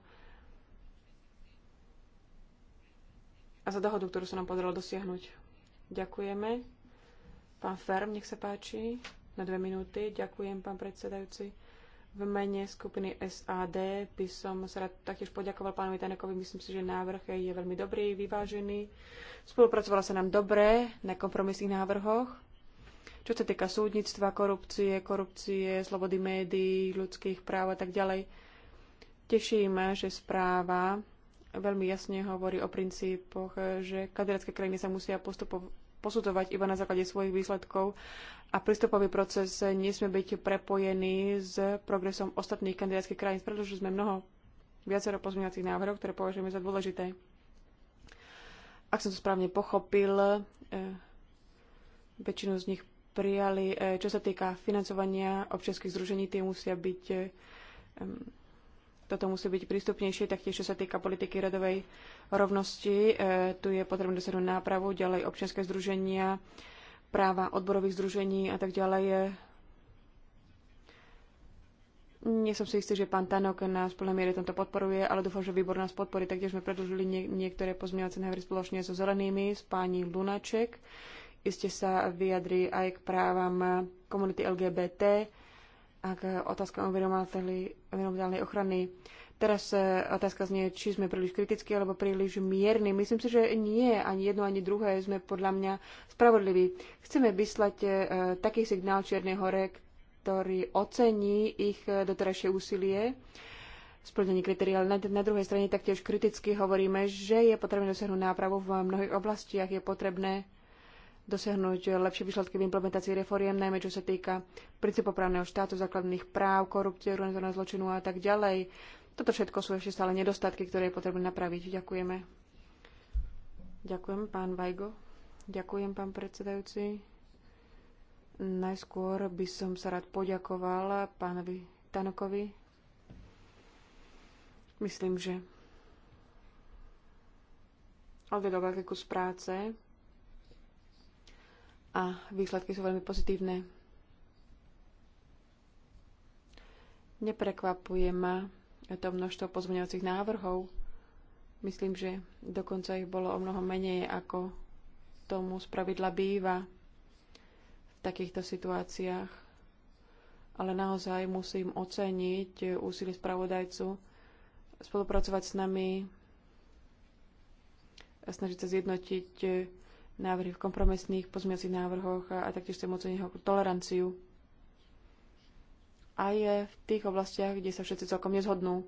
S2: a za dohodu, ktorú sa nám podarilo dosiahnuť. Ďakujeme. Pán Ferm, nech sa páči, na dve minúty. Ďakujem, pán predsedajúci. V mene skupiny SAD by som sa rád taktiež poďakoval pánovi Tanekovi. Myslím si, že návrh je veľmi dobrý, vyvážený. Spolupracovala sa nám dobre na kompromisných návrhoch. Čo sa týka súdnictva, korupcie, korupcie, slobody médií, ľudských práv a tak ďalej. Tešíme, že správa veľmi jasne hovorí o princípoch, že kandidátske krajiny sa musia postupov, posudzovať iba na základe svojich výsledkov a prístupový proces nesmie byť prepojený s progresom ostatných kandidátskych krajín. pretože sme mnoho viacero pozmeňovacích návrhov, ktoré považujeme za dôležité. Ak som to správne pochopil, eh, väčšinu z nich prijali. Eh, čo sa týka financovania občianských združení, tie musia byť eh, toto musí byť prístupnejšie, taktiež čo sa týka politiky radovej rovnosti. E, tu je potrebné dosiahnuť nápravu, ďalej občianske združenia, práva odborových združení a tak ďalej. E, nie som si istý, že pán Tanok nás v plnej miere tomto podporuje, ale dúfam, že výbor nás podporí. Taktiež sme predložili nie- niektoré pozmeňovacie návrhy spoločne so zelenými s pani Lunaček. Iste sa vyjadri aj k právam komunity LGBT a k otázka environmentálnej ochrany. Teraz e, otázka znie, či sme príliš kritickí alebo príliš mierni. Myslím si, že nie, ani jedno, ani druhé sme podľa mňa spravodliví. Chceme vyslať e, taký signál Čiernej hore, ktorý ocení ich e, doterajšie úsilie splnení kritérií, ale na, na druhej strane taktiež kriticky hovoríme, že je potrebné dosiahnuť nápravu v mnohých oblastiach, je potrebné dosiahnuť lepšie výsledky v implementácii reforiem, najmä čo sa týka princípov právneho štátu, základných práv, korupcie, organizovaného zločinu a tak ďalej. Toto všetko sú ešte stále nedostatky, ktoré je potrebné napraviť. Ďakujeme. Ďakujem, pán Vajgo. Ďakujem, pán predsedajúci. Najskôr by som sa rád poďakoval pánovi Tanokovi. Myslím, že odvedol veľký kus práce a výsledky sú veľmi pozitívne. Neprekvapuje ma to množstvo pozmeňovacích návrhov. Myslím, že dokonca ich bolo o mnoho menej, ako tomu pravidla býva v takýchto situáciách. Ale naozaj musím oceniť úsilie spravodajcu, spolupracovať s nami, a snažiť sa zjednotiť návrhy v kompromisných pozmiacich návrhoch a, taktiež chcem oceniť toleranciu aj v tých oblastiach, kde sa všetci celkom nezhodnú.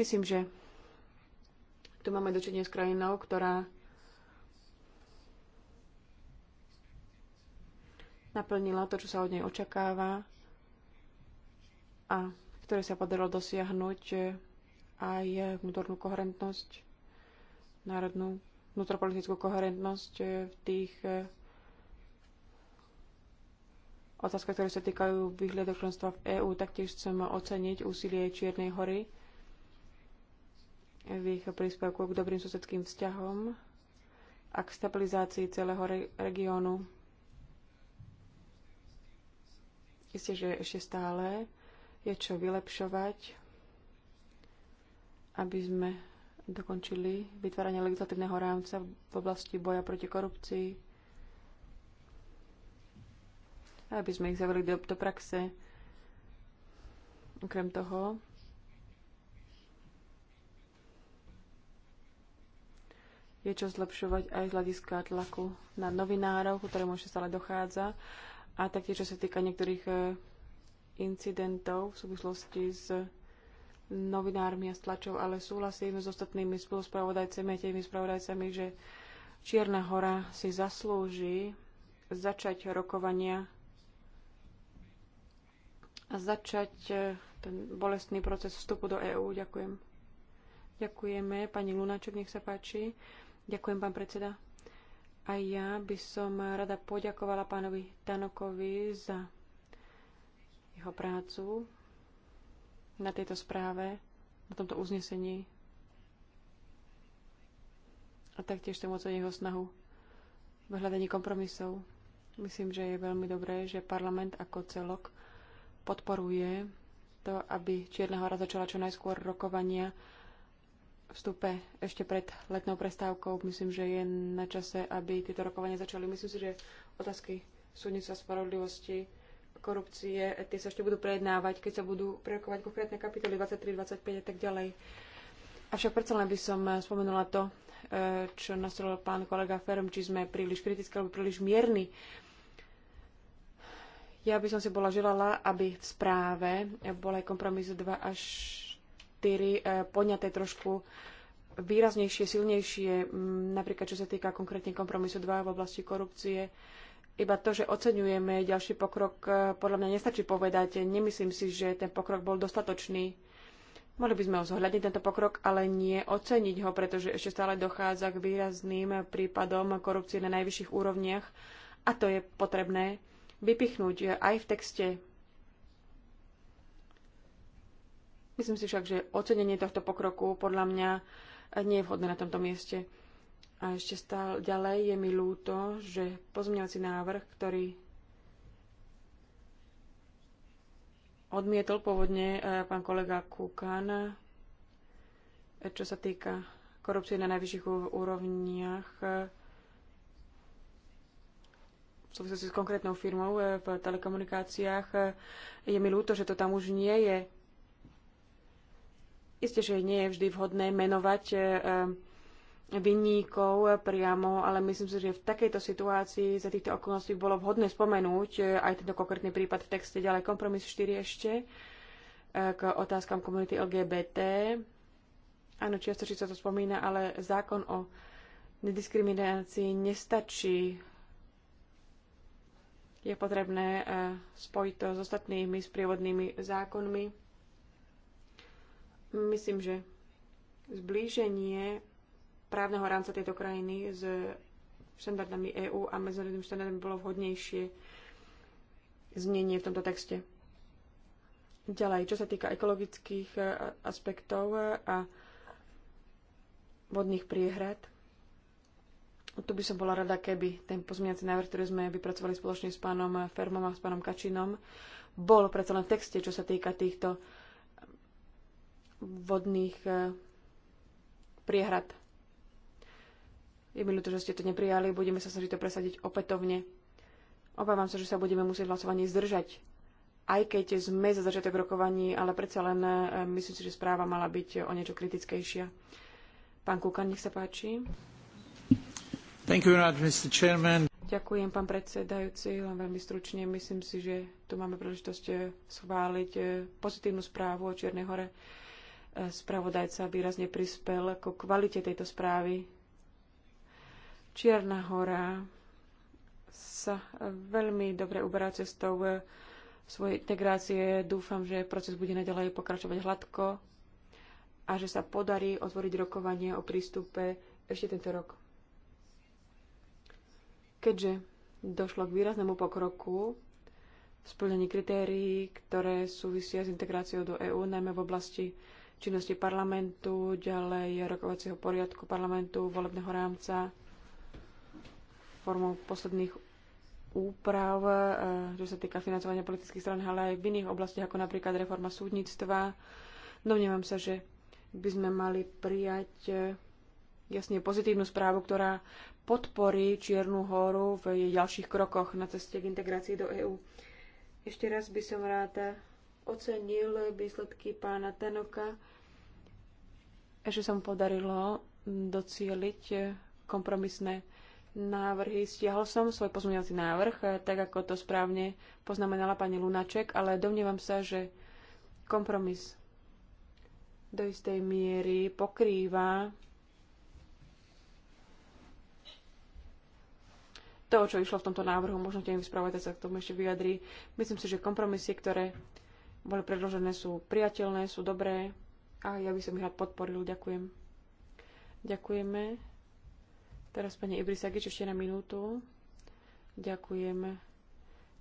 S2: Myslím, že tu máme dočenie s krajinou, ktorá naplnila to, čo sa od nej očakáva a ktoré sa podarilo dosiahnuť aj vnútornú koherentnosť národnú vnútropolitickú koherentnosť e, v tých e, otázkach, ktoré sa týkajú výhľadov členstva v EÚ. Taktiež chcem oceniť úsilie Čiernej hory v ich príspevku k dobrým susedským vzťahom a k stabilizácii celého re- regiónu. Isté, že ešte stále je čo vylepšovať, aby sme dokončili vytváranie legislatívneho rámca v oblasti boja proti korupcii, aby sme ich zavreli do, do praxe. Okrem toho, je čo zlepšovať aj z hľadiska tlaku na novinárov, ku ktorému ešte stále dochádza, a taktiež čo sa týka niektorých eh, incidentov v súvislosti s novinármi a tlačou, ale súhlasím s ostatnými spoluspravodajcami a tými spravodajcami, že Čierna hora si zaslúži začať rokovania a začať eh, ten bolestný proces vstupu do EÚ. Ďakujem. Ďakujeme. Pani Lunáček, nech sa páči. Ďakujem, pán predseda. A ja by som rada poďakovala pánovi Tanokovi za jeho prácu na tejto správe, na tomto uznesení a taktiež chcem oceniť jeho snahu v hľadaní kompromisov. Myslím, že je veľmi dobré, že parlament ako celok podporuje to, aby Čierna hora začala čo najskôr rokovania vstupe ešte pred letnou prestávkou. Myslím, že je na čase, aby tieto rokovania začali. Myslím si, že otázky súdnictva spravodlivosti korupcie, tie sa ešte budú prejednávať, keď sa budú prerokovať konkrétne kapitoly 23, 25 a tak ďalej. Avšak predsa len by som eh, spomenula to, eh, čo nastrelil pán kolega Ferm, či sme príliš kritickí alebo príliš mierni. Ja by som si bola želala, aby v správe bol aj kompromis 2 až 4 eh, poňaté trošku výraznejšie, silnejšie, mm, napríklad čo sa týka konkrétne kompromisu 2 v oblasti korupcie, iba to, že oceňujeme ďalší pokrok, e, podľa mňa nestačí povedať. Nemyslím si, že ten pokrok bol dostatočný. Mohli by sme ho zohľadniť tento pokrok, ale nie oceniť ho, pretože ešte stále dochádza k výrazným prípadom korupcie na najvyšších úrovniach a to je potrebné vypichnúť aj v texte. Myslím si však, že ocenenie tohto pokroku podľa mňa nie je vhodné na tomto mieste. A ešte stále ďalej je mi ľúto, že pozmeňovací návrh, ktorý odmietol pôvodne e, pán kolega Kukan, e, čo sa týka korupcie na najvyšších úrovniach e, v súvislosti s konkrétnou firmou v telekomunikáciách. Je mi ľúto, že to tam už nie je. Isté, že nie je vždy vhodné menovať vinníkov priamo, ale myslím si, že v takejto situácii za týchto okolností bolo vhodné spomenúť e, aj tento konkrétny prípad v texte. Ďalej kompromis 4 ešte e, k otázkam komunity LGBT. Áno, či sa to spomína, ale zákon o nediskriminácii nestačí. Je potrebné e, spojiť to s ostatnými sprievodnými zákonmi. Myslím, že zblíženie právneho rámca tejto krajiny s štandardami EÚ a medzinárodným štandardom bolo vhodnejšie znenie v tomto texte. Ďalej, čo sa týka ekologických e, aspektov a vodných priehrad, tu by som bola rada, keby ten pozmeňací návrh, ktorý sme vypracovali spoločne s pánom Fermom a s pánom Kačinom, bol predsa len v texte, čo sa týka týchto vodných e, priehrad je mi ľúto, že ste to neprijali, budeme sa snažiť to presadiť opätovne. Obávam sa, že sa budeme musieť hlasovanie zdržať. Aj keď sme za začiatok rokovaní, ale predsa len e, myslím si, že správa mala byť o niečo kritickejšia. Pán Kúkan, nech sa páči.
S1: Thank you, Mr. Chairman.
S2: Ďakujem, pán predsedajúci. Len veľmi stručne myslím si, že tu máme príležitosť e, schváliť e, pozitívnu správu o Čiernej hore. Spravodajca výrazne prispel ku kvalite tejto správy Čierna hora sa veľmi dobre uberá cestou eh, svojej integrácie. Dúfam, že proces bude naďalej pokračovať hladko a že sa podarí otvoriť rokovanie o prístupe ešte tento rok. Keďže došlo k výraznému pokroku v splnení kritérií, ktoré súvisia s integráciou do EÚ, najmä v oblasti činnosti parlamentu, ďalej rokovacieho poriadku parlamentu, volebného rámca, formou posledných úprav, e, čo sa týka financovania politických stran, ale aj v iných oblastiach, ako napríklad reforma súdnictva. Domnievam sa, že by sme mali prijať e, jasne pozitívnu správu, ktorá podporí Čiernu horu v jej ďalších krokoch na ceste k integrácii do EÚ. Ešte raz by som rád ocenil výsledky pána Tenoka, že sa mu podarilo docieliť kompromisné návrhy. Stiahol som svoj pozmeňovací návrh, eh, tak ako to správne poznamenala pani Lunaček, ale domnievam sa, že kompromis do istej miery pokrýva to, čo išlo v tomto návrhu. Možno tie vyspravovať sa k tomu ešte vyjadri. Myslím si, že kompromisy, ktoré boli predložené, sú priateľné, sú dobré a ja by som ich rád podporil. Ďakujem. Ďakujeme. Teraz pani Ibrisagič ešte na minútu. Ďakujem.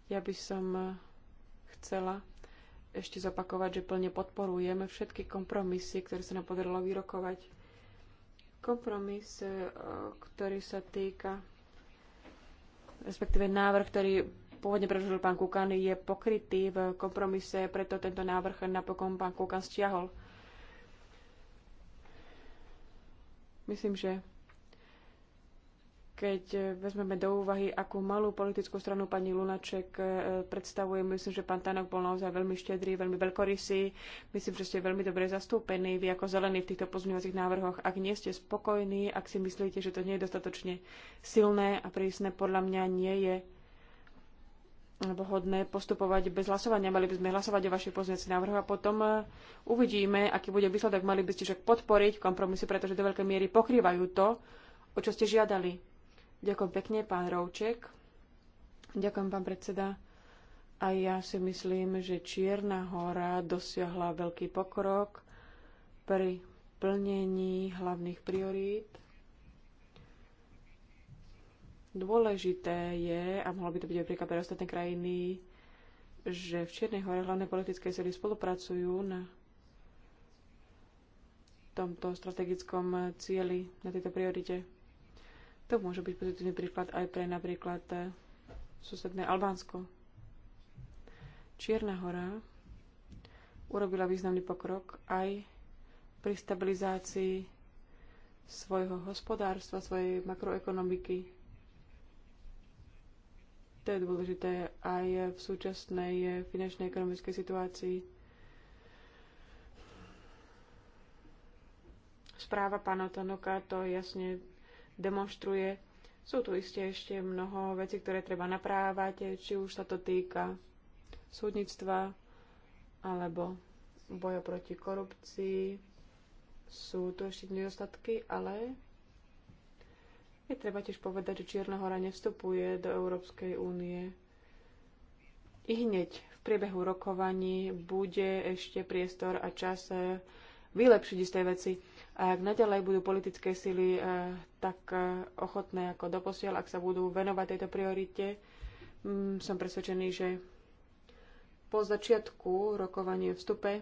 S2: Ja by som chcela ešte zopakovať, že plne podporujeme všetky kompromisy, ktoré sa nám podarilo vyrokovať. Kompromis, e, ktorý sa týka, respektíve návrh, ktorý pôvodne predložil pán Kukan, je pokrytý v kompromise, preto tento návrh napokon pán Kukan stiahol. Myslím, že keď e, vezmeme do úvahy, akú malú politickú stranu pani Lunaček e, predstavuje, myslím, že pán Tanok bol naozaj veľmi štedrý, veľmi veľkorysý. Myslím, že ste veľmi dobre zastúpení. Vy ako zelení v týchto pozmeňovacích návrhoch, ak nie ste spokojní, ak si myslíte, že to nie je dostatočne silné a prísne, podľa mňa nie je vhodné postupovať bez hlasovania. Mali by sme hlasovať o vašich pozmeňovacích návrhoch a potom e, uvidíme, aký bude výsledok. Mali by ste však podporiť kompromisy, pretože do veľkej miery pokrývajú to, o čo ste žiadali. Ďakujem pekne, pán Rouček. Ďakujem, pán predseda. A ja si myslím, že Čierna hora dosiahla veľký pokrok pri plnení hlavných priorít. Dôležité je, a mohlo by to byť aj príklad pre ostatné krajiny, že v Čiernej hore hlavné politické sily spolupracujú na tomto strategickom cieli, na tejto priorite. To môže byť pozitívny príklad aj pre napríklad eh, susedné Albánsko. Čierna hora urobila významný pokrok aj pri stabilizácii svojho hospodárstva, svojej makroekonomiky. To je dôležité aj v súčasnej eh, finančnej ekonomickej situácii. Správa pána Tanoka to jasne demonstruje. Sú tu isté ešte mnoho vecí, ktoré treba naprávať, či už sa to týka súdnictva alebo boja proti korupcii. Sú tu ešte nedostatky, ale je treba tiež povedať, že Čierna hora nevstupuje do Európskej únie. I hneď v priebehu rokovaní bude ešte priestor a čas eh, vylepšiť isté veci a ak naďalej budú politické sily eh, tak eh, ochotné ako doposiaľ, ak sa budú venovať tejto priorite, mm, som presvedčený, že po začiatku rokovania vstupe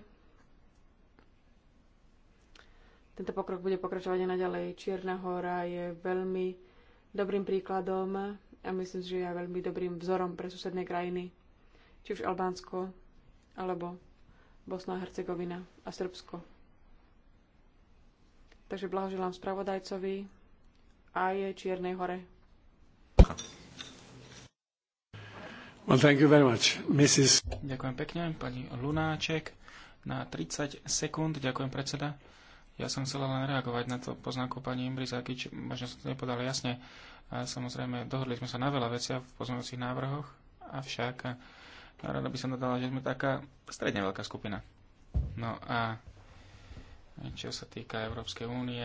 S2: tento pokrok bude pokračovať aj naďalej. Čierna hora je veľmi dobrým príkladom a myslím, že je aj veľmi dobrým vzorom pre susedné krajiny, či už Albánsko alebo Bosna a Hercegovina a Srbsko. Takže blahoželám spravodajcovi a je Čiernej hore.
S1: Well, thank you very much, Mrs.
S3: Ďakujem pekne, pani Lunáček. Na 30 sekúnd, ďakujem predseda. Ja som chcela len reagovať na to poznámku pani Imbrizakič, možno som to nepodal jasne. A samozrejme, dohodli sme sa na veľa vecia v pozmeňujúcich návrhoch, avšak rada by som dodala, že sme taká stredne veľká skupina. No a čo sa týka Európskej únie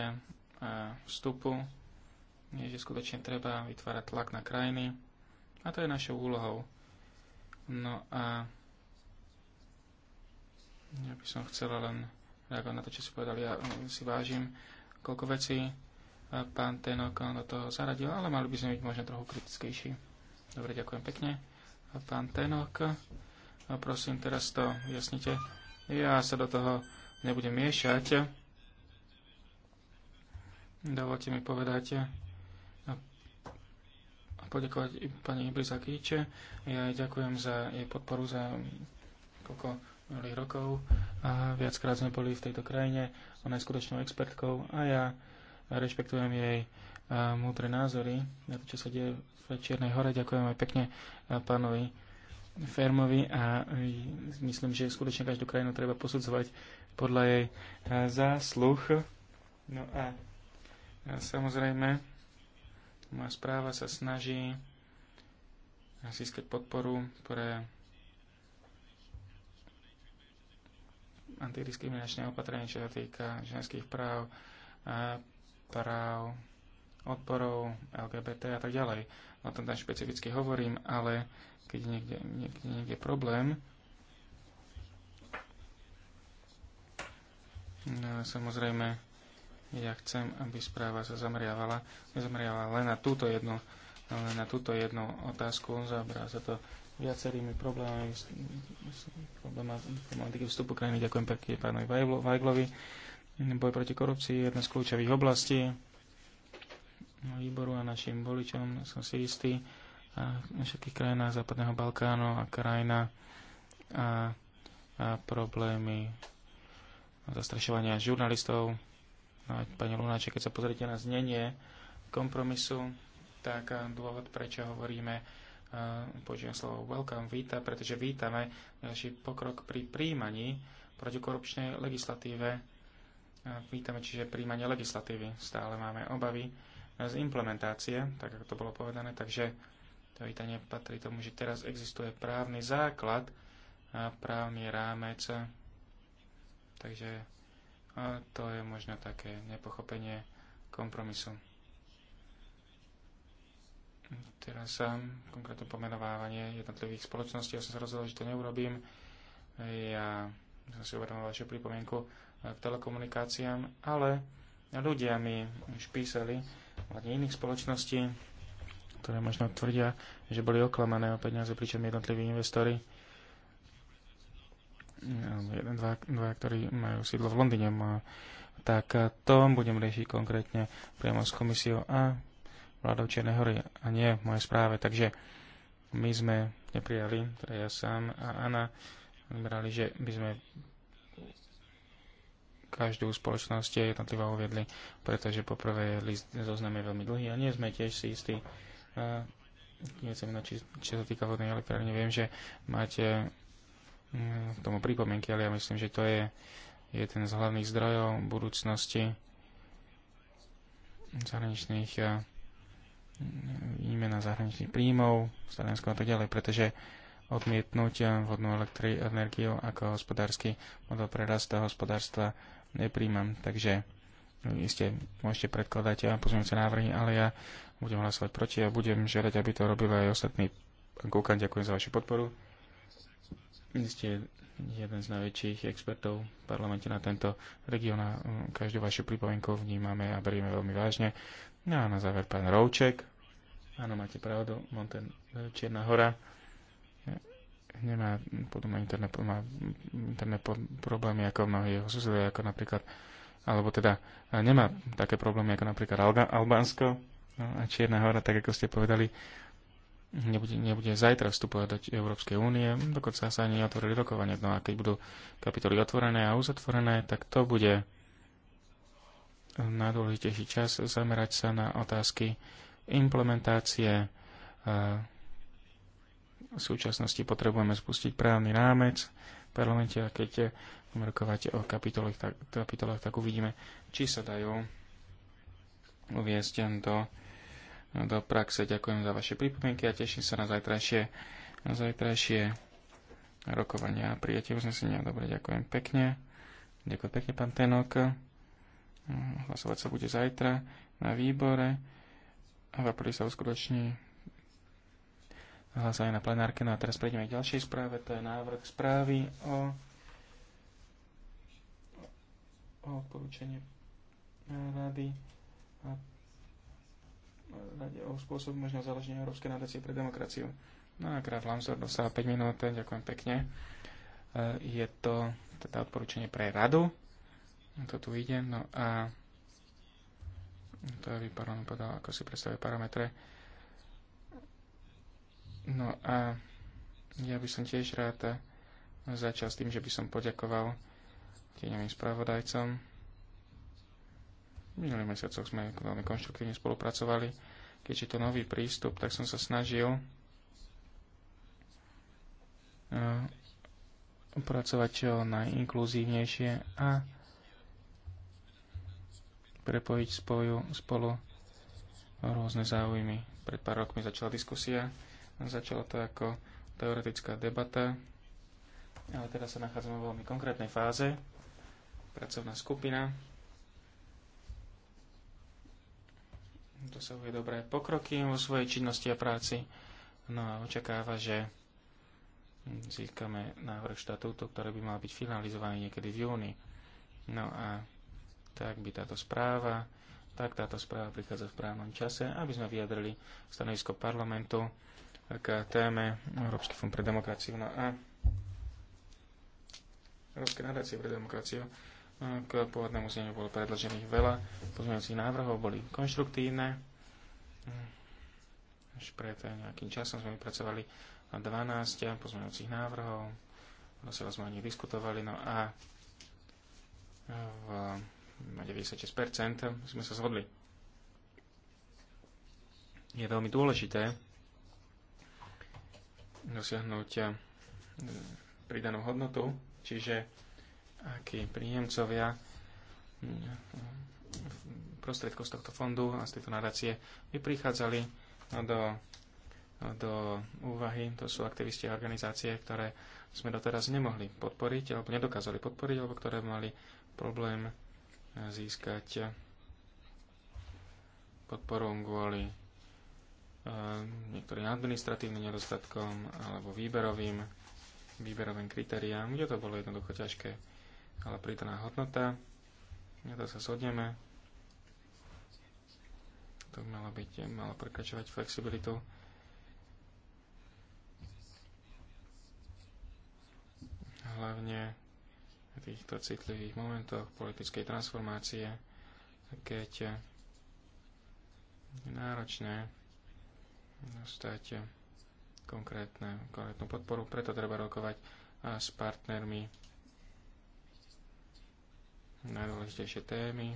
S3: a e, vstupu, je, že skutočne treba vytvárať tlak na krajiny a to je našou úlohou. No a ja by som chcela len reagovať na to, čo si povedali. Ja mm, si vážim, koľko vecí e, pán Tenok do toho zaradil, ale mali by sme byť možno trochu kritickejší. Dobre, ďakujem pekne. Pán Tenok, prosím, teraz to jasnite. Ja sa do toho nebudem miešať. Dovolte mi povedať a poďakovať pani Ibliza Kýče. Ja jej ďakujem za jej podporu za koľko milých rokov. A viackrát sme boli v tejto krajine. Ona je skutočnou expertkou a ja rešpektujem jej múdre názory na to, čo sa deje v Čiernej hore. Ďakujem aj pekne pánovi Fermovi a e, myslím, že skutočne každú krajinu treba posudzovať podľa jej e, zásluh. No a e, samozrejme, moja správa sa snaží získať podporu pre antidiskriminačné opatrenie, čo sa týka ženských práv, práv odporov, LGBT a tak ďalej. O tom tam špecificky hovorím, ale keď niekde, niekde, niekde problém. No, samozrejme, ja chcem, aby správa sa zameriavala, zameriavala len na túto jednu, len na túto jednu otázku. Zabrá sa to viacerými problémami, problematiky vstupu krajiny. Ďakujem pekne pánovi Vajglovi. Boj proti korupcii je jedna z kľúčových oblastí výboru a našim voličom som si istý, a všetkých krajinách Západného Balkánu a krajina a, a problémy zastrašovania žurnalistov. No, pani Lunáče, keď sa pozrite na znenie kompromisu, tak dôvod, prečo hovoríme použijem slovo welcome, víta, pretože vítame ďalší pokrok pri príjmaní protikorupčnej legislatíve. Vítame čiže príjmanie legislatívy. Stále máme obavy z implementácie, tak ako to bolo povedané, takže to vítanie patrí tomu, že teraz existuje právny základ a právny rámec. Takže to je možno také nepochopenie kompromisu. Teraz sa konkrétne pomenovávanie jednotlivých spoločností. Ja som sa rozhodol, že to neurobím. Ja som si uvedomil vašu pripomienku k telekomunikáciám, ale ľudia mi už písali, hľadne iných spoločností, ktoré možno tvrdia, že boli oklamané o peniaze, pričom jednotliví investori jeden, dva, dva, ktorí majú sídlo v Londýne, tak eh, to budem riešiť konkrétne priamo s komisiou a vládou Čiernej hory a nie v mojej správe. Takže my sme neprijali, teda ja sám a Anna, vybrali, že by sme každú spoločnosť jednotlivo uviedli, pretože poprvé list zoznam je veľmi dlhý a nie sme tiež si istí, či, či sa týka vodnej elektrárne, viem, že máte mm, k tomu pripomienky, ale ja myslím, že to je jeden z hlavných zdrojov budúcnosti zahraničných výmen a zahraničných príjmov, Slovensko a tak ďalej, pretože odmietnúť vodnú elektri- energiu ako hospodársky model pre hospodárstva nepríjmam. Takže iste môžete predkladať a pozmeňujúce návrhy, ale ja budem hlasovať proti a budem žiadať, aby to robil aj ostatní. Pán Kukan, ďakujem za vašu podporu. Ste jeden z najväčších expertov v parlamente na tento región a mm, každú vašu pripomienku vnímame a berieme veľmi vážne. No a na záver pán Rouček. Áno, máte pravdu, Monten Čierna hora nemá podobné interné, má interné problémy ako mnohí jeho susedia, ako napríklad alebo teda eh, nemá také problémy ako napríklad Albánsko eh, a Čierna hora, tak ako ste povedali, nebude, nebude zajtra vstupovať do Európskej únie, dokonca sa ani otvorili rokovania. No a keď budú kapitoly otvorené a uzatvorené, tak to bude najdôležitejší čas zamerať sa na otázky implementácie. V eh, súčasnosti potrebujeme spustiť právny rámec v parlamente a keď rokovať o kapitolách, tak, kapitolách, tak uvidíme, či sa dajú uviezť do, do praxe. Ďakujem za vaše pripomienky a teším sa na zajtrajšie, na zajtrajšie rokovania a prijatie uznesenia. Dobre, ďakujem pekne. Ďakujem pekne, pán Tenok. Hlasovať sa bude zajtra na výbore a v sa uskutoční hlasovanie na plenárke. No a teraz prejdeme k ďalšej správe, to je návrh správy o o odporúčanie rady a rade o spôsob možného založenia Európskej nadácie pre demokraciu. No a krát Lamsdor dostáva 5 minút, ďakujem pekne. E, je to teda odporúčanie pre radu. To tu ide. No a to je parlament podal, ako si predstavuje parametre. No a ja by som tiež rád začal s tým, že by som poďakoval tieňovým spravodajcom. V minulých mesiacoch sme veľmi konštruktívne spolupracovali. Keď je to nový prístup, tak som sa snažil eh, pracovať čo najinkluzívnejšie a prepojiť spoju, spolu rôzne záujmy. Pred pár rokmi začala diskusia. Začala to ako teoretická debata, ale teraz sa nachádzame vo veľmi konkrétnej fáze pracovná skupina dosahuje dobré pokroky vo svojej činnosti a práci. No a očakáva, že získame návrh štatútu, ktorý by mal byť finalizovaný niekedy v júni. No a tak by táto správa, tak táto správa prichádza v právnom čase, aby sme vyjadrili stanovisko parlamentu k téme Európsky fond pre demokraciu. No a Európske nadácie pre demokraciu k pôvodnému zneniu bolo predložených veľa pozmeňujúcich návrhov, boli konštruktívne. Až pred nejakým časom sme vypracovali 12 pozmeňujúcich návrhov, dosiaľ sme o nich diskutovali, no a v 96% sme sa zhodli. Je veľmi dôležité dosiahnuť eh, pridanú hodnotu, čiže akí príjemcovia prostriedkov z tohto fondu a z tejto nadácie by prichádzali do, do úvahy. To sú aktivisti a organizácie, ktoré sme doteraz nemohli podporiť alebo nedokázali podporiť, alebo ktoré mali problém e, získať e, podporu kvôli e, niektorým administratívnym nedostatkom alebo výberovým, výberovým kritériám, kde to bolo jednoducho ťažké ale prídaná hodnota. Na to sa zhodneme. To by malo byť, malo prekračovať flexibilitu. Hlavne v týchto citlivých momentoch politickej transformácie, keď je náročné dostať konkrétne, konkrétnu podporu, preto treba rokovať s partnermi najdôležitejšie témy.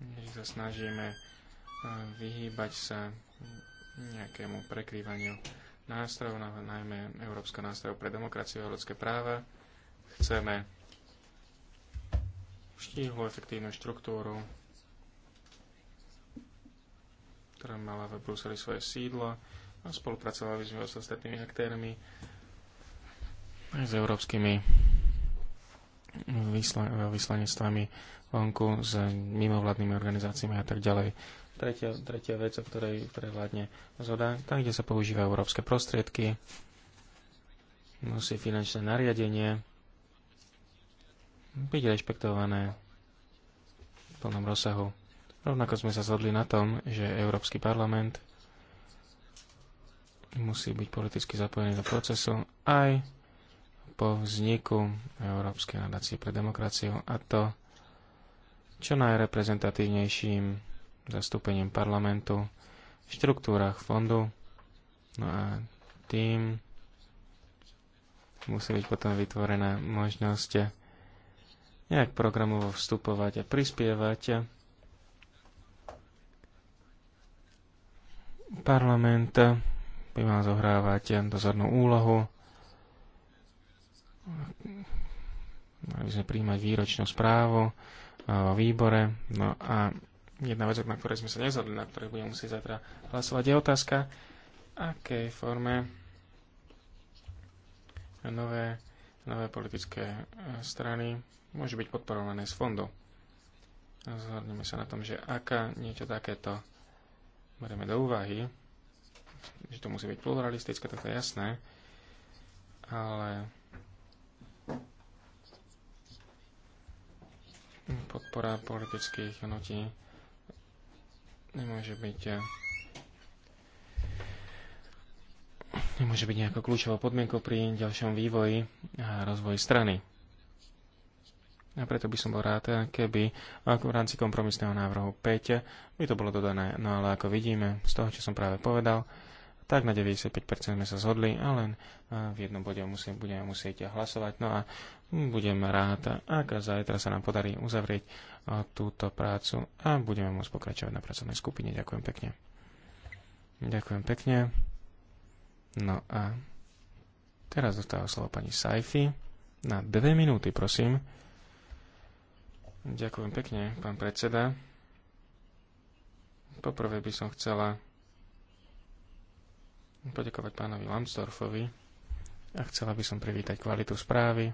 S3: Že sa snažíme e, vyhýbať sa nejakému prekrývaniu nástrojov, najmä Európska nástroju pre demokraciu a ľudské práva. Chceme štíhlu efektívnu štruktúru, ktorá mala v Bruseli svoje sídlo a spolupracovali sme s ostatnými aktérmi aj s európskymi vyslanectvami vonku, s mimovládnymi organizáciami a tak ďalej. Tretia, tretia vec, o ktorej vládne zhoda, tam, kde sa používajú európske prostriedky, musí finančné nariadenie byť rešpektované v plnom rozsahu. Rovnako sme sa zhodli na tom, že Európsky parlament musí byť politicky zapojený do procesu aj po vzniku Európskej nadácie pre demokraciu a to čo najreprezentatívnejším zastúpením parlamentu v štruktúrach fondu. No a tým musí byť potom vytvorená možnosť nejak programovo vstupovať a prispievať. Parlament by mal zohrávať dozornú úlohu mali sme príjmať výročnú správu e, o výbore. No a jedna vec, na ktorej sme sa nezhodli, na ktorej budeme musieť zatra hlasovať, je otázka, akej forme nové, nové politické e, strany môžu byť podporované z fondu. Zhodneme sa na tom, že aká niečo takéto bereme do úvahy, že to musí byť pluralistické, to je jasné, ale Podpora politických hnutí nemôže byť eh, nemôže byť nejakou kľúčovou podmienkou pri ďalšom vývoji a rozvoji strany. A preto by som bol rád, eh, keby eh, v rámci kompromisného návrhu 5 by to bolo dodané. No ale ako vidíme, z toho, čo som práve povedal, tak na 95% sme sa zhodli a len v jednom bode musím, budeme musieť hlasovať. No a budem rád, ak zajtra sa nám podarí uzavrieť eh, túto prácu a budeme môcť pokračovať na pracovnej skupine. Ďakujem pekne. Ďakujem pekne. No a teraz dostáva slovo pani Saifi. Na dve minúty, prosím. Ďakujem pekne, pán predseda. Poprvé by som chcela poďakovať pánovi Lamsdorfovi a chcela by som privítať kvalitu správy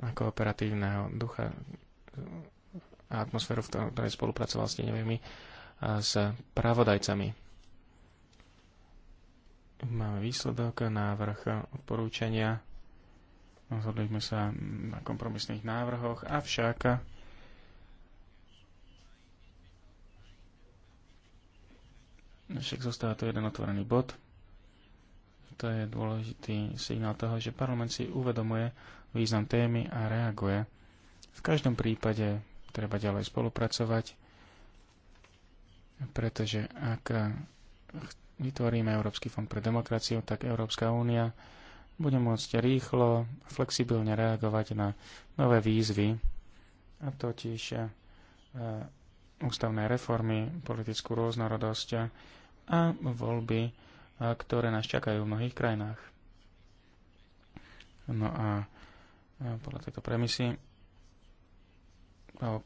S3: ako operatívneho ducha a atmosféru, v ktorej spolupracoval s tenevými a s pravodajcami. Máme výsledok, návrh odporúčania. Rozhodli sme sa na kompromisných návrhoch, avšak však zostáva to jeden otvorený bod. To je dôležitý signál toho, že parlament si uvedomuje význam témy a reaguje. V každom prípade treba ďalej spolupracovať, pretože ak vytvoríme Európsky fond pre demokraciu, tak Európska únia bude môcť rýchlo, flexibilne reagovať na nové výzvy, a totiž e, ústavné reformy, politickú rôznorodosť a voľby, e, ktoré nás čakajú v mnohých krajinách. No a podľa tejto premisy.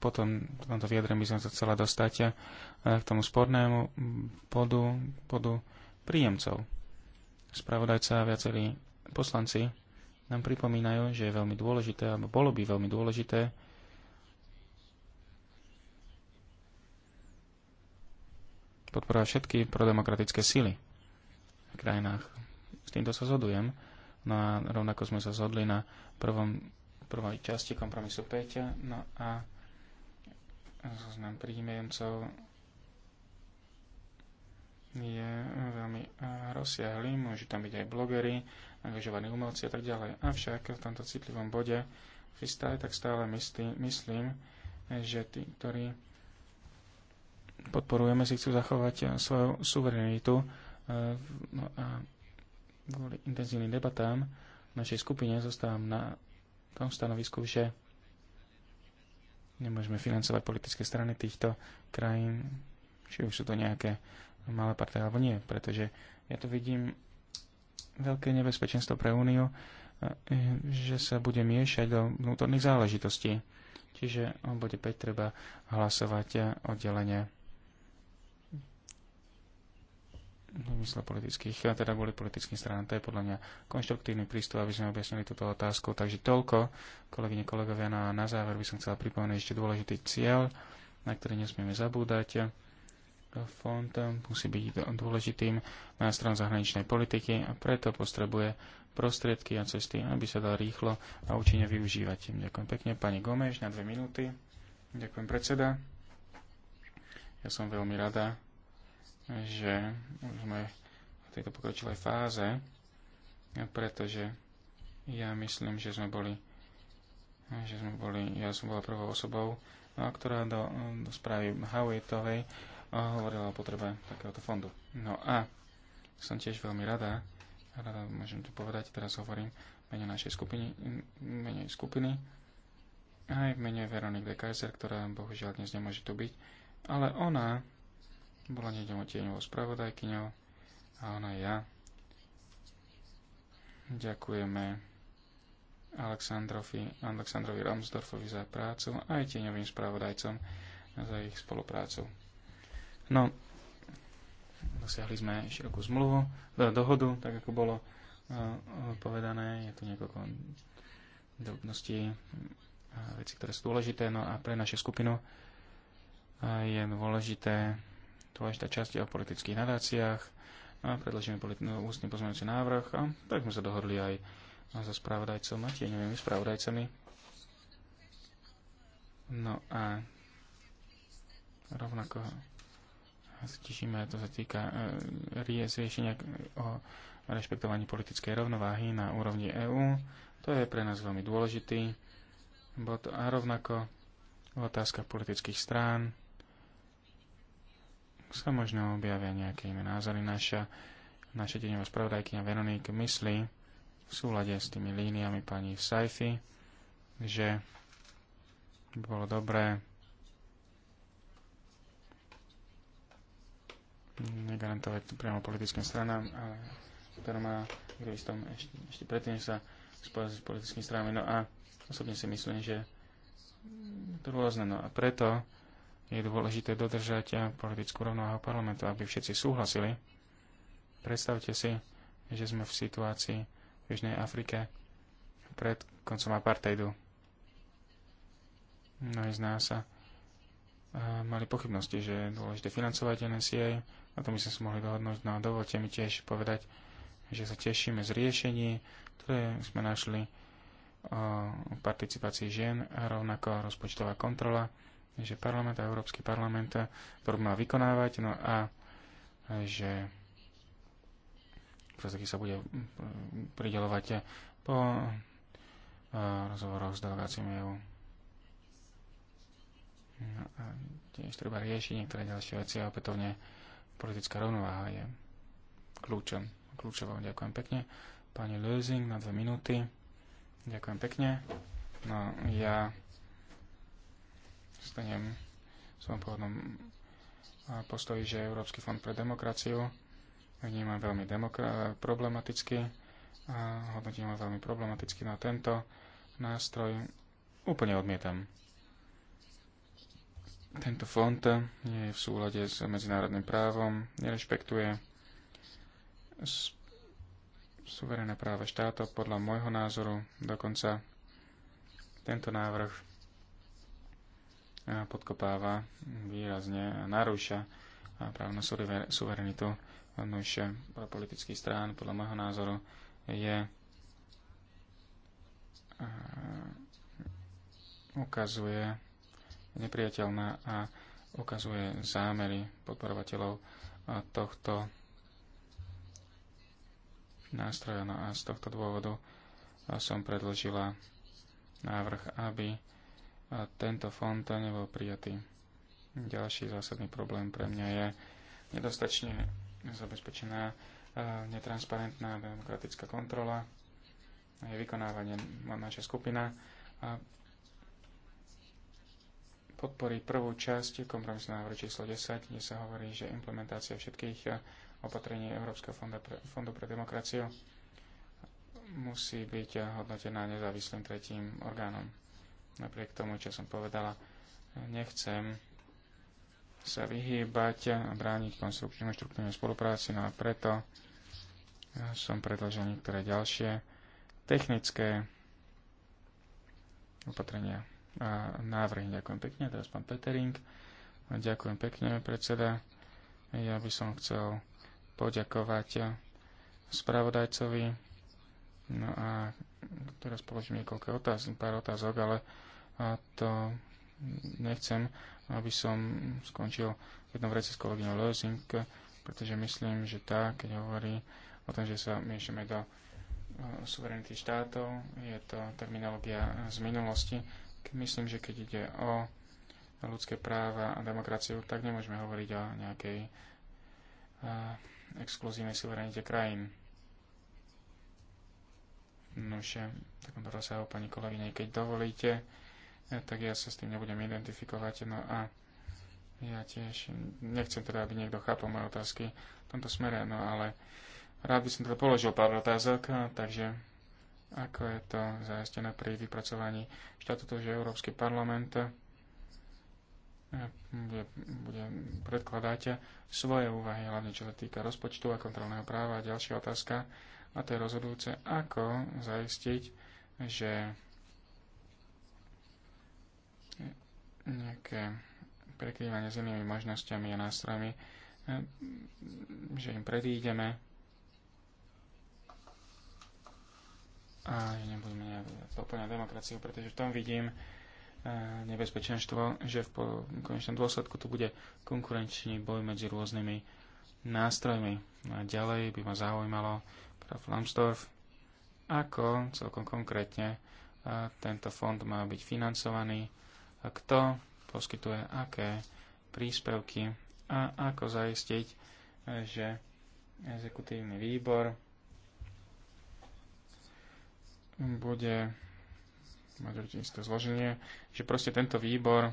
S3: potom, v tomto vyjadrení by som sa chcela dostať e, k tomu spornému bodu, podu príjemcov. Spravodajca a viacerí poslanci nám pripomínajú, že je veľmi dôležité, alebo bolo by veľmi dôležité, podporovať všetky prodemokratické síly v krajinách. S týmto sa zhodujem. No a rovnako sme sa zhodli na prvom, prvej časti kompromisu 5. No a zoznam príjmejemcov je veľmi eh, rozsiahlý, môžu tam byť aj blogery, angažovaní umelci a tak ďalej. Avšak v tomto citlivom bode si tak stále myslí, myslím, že tí, ktorí podporujeme, si chcú zachovať eh, svoju suverenitu eh, no a kvôli intenzívnym debatám v našej skupine zostávam na tom stanovisku, že nemôžeme financovať politické strany týchto krajín, či už sú to nejaké malé partie alebo nie, pretože ja to vidím veľké nebezpečenstvo pre Úniu, e, že sa bude miešať do vnútorných záležitostí. Čiže o bode 5 treba hlasovať oddelenie. mysle politických, teda kvôli politickým stranám. To je podľa mňa konštruktívny prístup, aby sme objasnili túto otázku. Takže toľko, kolegyne, kolegovia, na, no a na záver by som chcela pripomenúť ešte dôležitý cieľ, na ktorý nesmieme zabúdať. Fond musí byť dôležitým nástrojom zahraničnej politiky a preto potrebuje prostriedky a cesty, aby sa dal rýchlo a účinne využívať. Ďakujem pekne. Pani Gomeš na dve minúty. Ďakujem predseda. Ja som veľmi rada, že sme v tejto pokročilej fáze, pretože ja myslím, že sme boli, že sme boli, ja som bola prvou osobou, ktorá do, do správy Howitovej hovorila o potrebe takéhoto fondu. No a som tiež veľmi rada, rada môžem tu povedať, teraz hovorím mene našej skupiny, mene skupiny, aj v mene Veronik de Kaiser, ktorá bohužiaľ dnes nemôže tu byť, ale ona bola nedelnou tieňovou spravodajkyňou a ona aj ja. Ďakujeme Aleksandrovi, Aleksandrovi Ramsdorfovi za prácu a aj tieňovým spravodajcom za ich spoluprácu. No, dosiahli sme širokú zmluvu, teda dohodu, tak ako bolo e, povedané, je tu niekoľko drobností a veci, ktoré sú dôležité, no a pre našu skupinu e, je dôležité dôležitá časť o politických nadáciách. No a predložíme no, ústny pozmeňujúci návrh a tak sme sa dohodli aj so spravodajcom a tieňovými spravodajcami. No a rovnako sa tešíme, to sa týka e, riešenia o rešpektovaní politickej rovnováhy na úrovni EÚ. To je pre nás veľmi dôležitý bod a rovnako otázka politických strán sa možno objavia nejaké iné názory. Naša, naša deňová spravodajkynia Veronika myslí v súlade s tými líniami pani Saifi, že by bolo dobré negarantovať to priamo politickým stranám, ale ktorá má aktivistom ešte, ešte predtým, sa spojil s politickými stranami. No a osobne si myslím, že to rôzne. No a preto je dôležité dodržať politickú rovnováhu parlamentu, aby všetci súhlasili. Predstavte si, že sme v situácii v Južnej Afrike pred koncom apartheidu. Mnohí z nás sa mali pochybnosti, že je dôležité financovať NSA. Na to by sme sa mohli dohodnúť. No a dovolte mi tiež povedať, že sa tešíme z riešení, ktoré sme našli o participácii žien a rovnako rozpočtová kontrola že parlament a Európsky parlament to má vykonávať, no a že prostriedky sa bude mm, pridelovať po eh, rozhovoroch s delegáciami EU. No a tiež treba riešiť niektoré ďalšie veci a opätovne politická rovnováha je kľúčom. Kľúčovou. Ďakujem pekne. Pani Lösing na dve minúty. Ďakujem pekne. No ja stanem v svojom pôvodnom postoji, že Európsky fond pre demokraciu vnímam veľmi demokra- problematicky a hodnotím ho veľmi problematicky na no tento nástroj úplne odmietam. Tento fond nie je v súlade s medzinárodným právom, nerešpektuje suverené práva štátov podľa môjho názoru. Dokonca tento návrh podkopáva výrazne a narúša právnu suverenitu eh, pro politických strán, podľa môjho názoru, je eh, ukazuje nepriateľná a ukazuje zámery podporovateľov eh, tohto nástroja. No a z tohto dôvodu som predložila návrh, aby a tento fond nebol prijatý. Ďalší zásadný problém pre mňa je nedostačne zabezpečená e, netransparentná demokratická kontrola a je vykonávanie naša skupina a podporí prvú časť kompromisného návrhu číslo 10, kde sa hovorí, že implementácia všetkých e, opatrení Európskeho fonda pre, fondu pre demokraciu musí byť e, hodnotená nezávislým tretím orgánom napriek tomu, čo som povedala, nechcem sa vyhýbať a brániť konstruktívnej štruktúrnej spolupráci, no a preto som predložil niektoré ďalšie technické opatrenia a návrhy. Ďakujem pekne, teraz pán Petering. Ďakujem pekne, predseda. Ja by som chcel poďakovať spravodajcovi. No a teraz položím niekoľko otázok, pár otázok, ale a to nechcem, aby som skončil v jednom vrece s kolegyňou Lozing, pretože myslím, že tá, keď hovorí o tom, že sa miešame do e, suverenity štátov, je to terminológia z minulosti. Myslím, že keď ide o ľudské práva a demokraciu, tak nemôžeme hovoriť o nejakej e, exkluzívnej suverenite krajín. Nože, takom rozsahu, pani kolegyne, keď dovolíte, tak ja sa s tým nebudem identifikovať. No a ja tiež nechcem teda, aby niekto chápal moje otázky v tomto smere, no ale rád by som teda položil pár otázok, takže ako je to zajistené pri vypracovaní štátu, že Európsky parlament eh, bude, bude predkladať svoje úvahy, hlavne čo sa týka rozpočtu a kontrolného práva. A ďalšia otázka, a to je rozhodujúce, ako zaistiť, že nejaké prekrývanie s inými možnosťami a nástrojmi, eh, že im predídeme a že nebudeme nejak doplňať demokraciu, pretože v tom vidím eh, nebezpečenstvo, že v konečnom dôsledku tu bude konkurenčný boj medzi rôznymi nástrojmi. A ďalej by ma zaujímalo pre Lambsdorff, ako celkom konkrétne eh, tento fond má byť financovaný, kto poskytuje aké príspevky a ako zaistiť, že exekutívny výbor bude mať zloženie, že proste tento výbor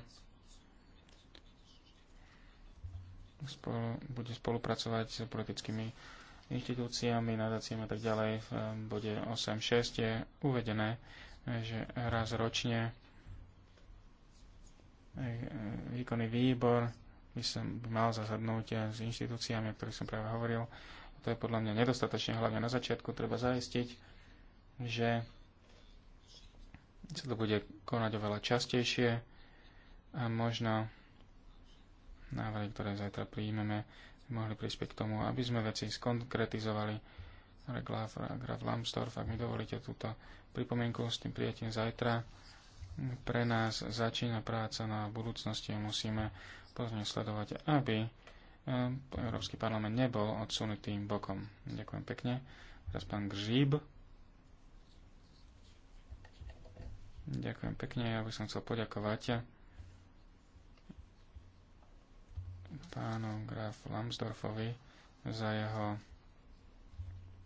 S3: spolu, bude spolupracovať s politickými inštitúciami, nadáciami a tak ďalej. V eh, bode 8.6 je uvedené, že raz ročne E, výkonný výbor by som mal zasadnúť s inštitúciami, o ktorých som práve hovoril. To je podľa mňa nedostatočne, hlavne na začiatku treba zaistiť, že sa to bude konať oveľa častejšie a možno návrhy, ktoré zajtra príjmeme, mohli prispieť k tomu, aby sme veci skonkretizovali. Graf, Graf Lambsdorff, ak mi dovolíte túto pripomienku s tým prijatím zajtra, pre nás začína práca na budúcnosti. Musíme pozne sledovať, aby eh, Európsky parlament nebol odsunutým bokom. Ďakujem pekne. Teraz pán Gžíb. Ďakujem pekne. Ja by som chcel poďakovať pánu Graf Lambsdorfovi za jeho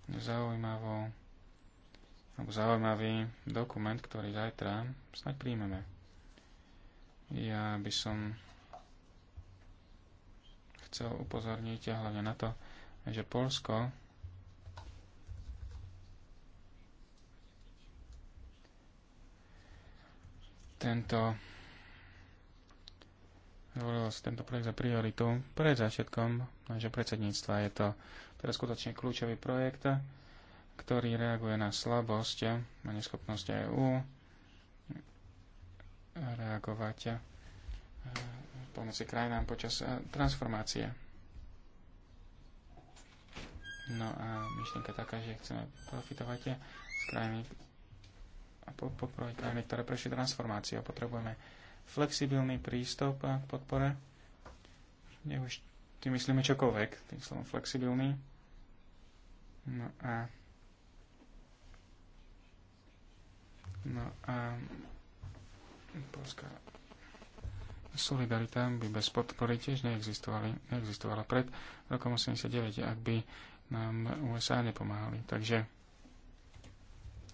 S3: zaujímavú alebo zaujímavý dokument, ktorý zajtra snáď príjmeme. Ja by som chcel upozorniť a hlavne na to, že Polsko tento zvolilo si tento projekt za prioritu pred začiatkom nášho predsedníctva. Je to teraz skutočne kľúčový projekt ktorý reaguje na slabosť a neschopnosť EÚ reagovať e, pomoci krajinám počas e, transformácie. No a myšlienka taká, že chceme profitovať z krajiny a podporovať krajiny, ktoré prešli transformáciou. Potrebujeme flexibilný prístup k podpore. Nech už tým myslíme čokoľvek, tým slovom flexibilný. No a No a Polská solidarita by bez podpory tiež neexistovala pred rokom 89, ak by nám USA nepomáhali. Takže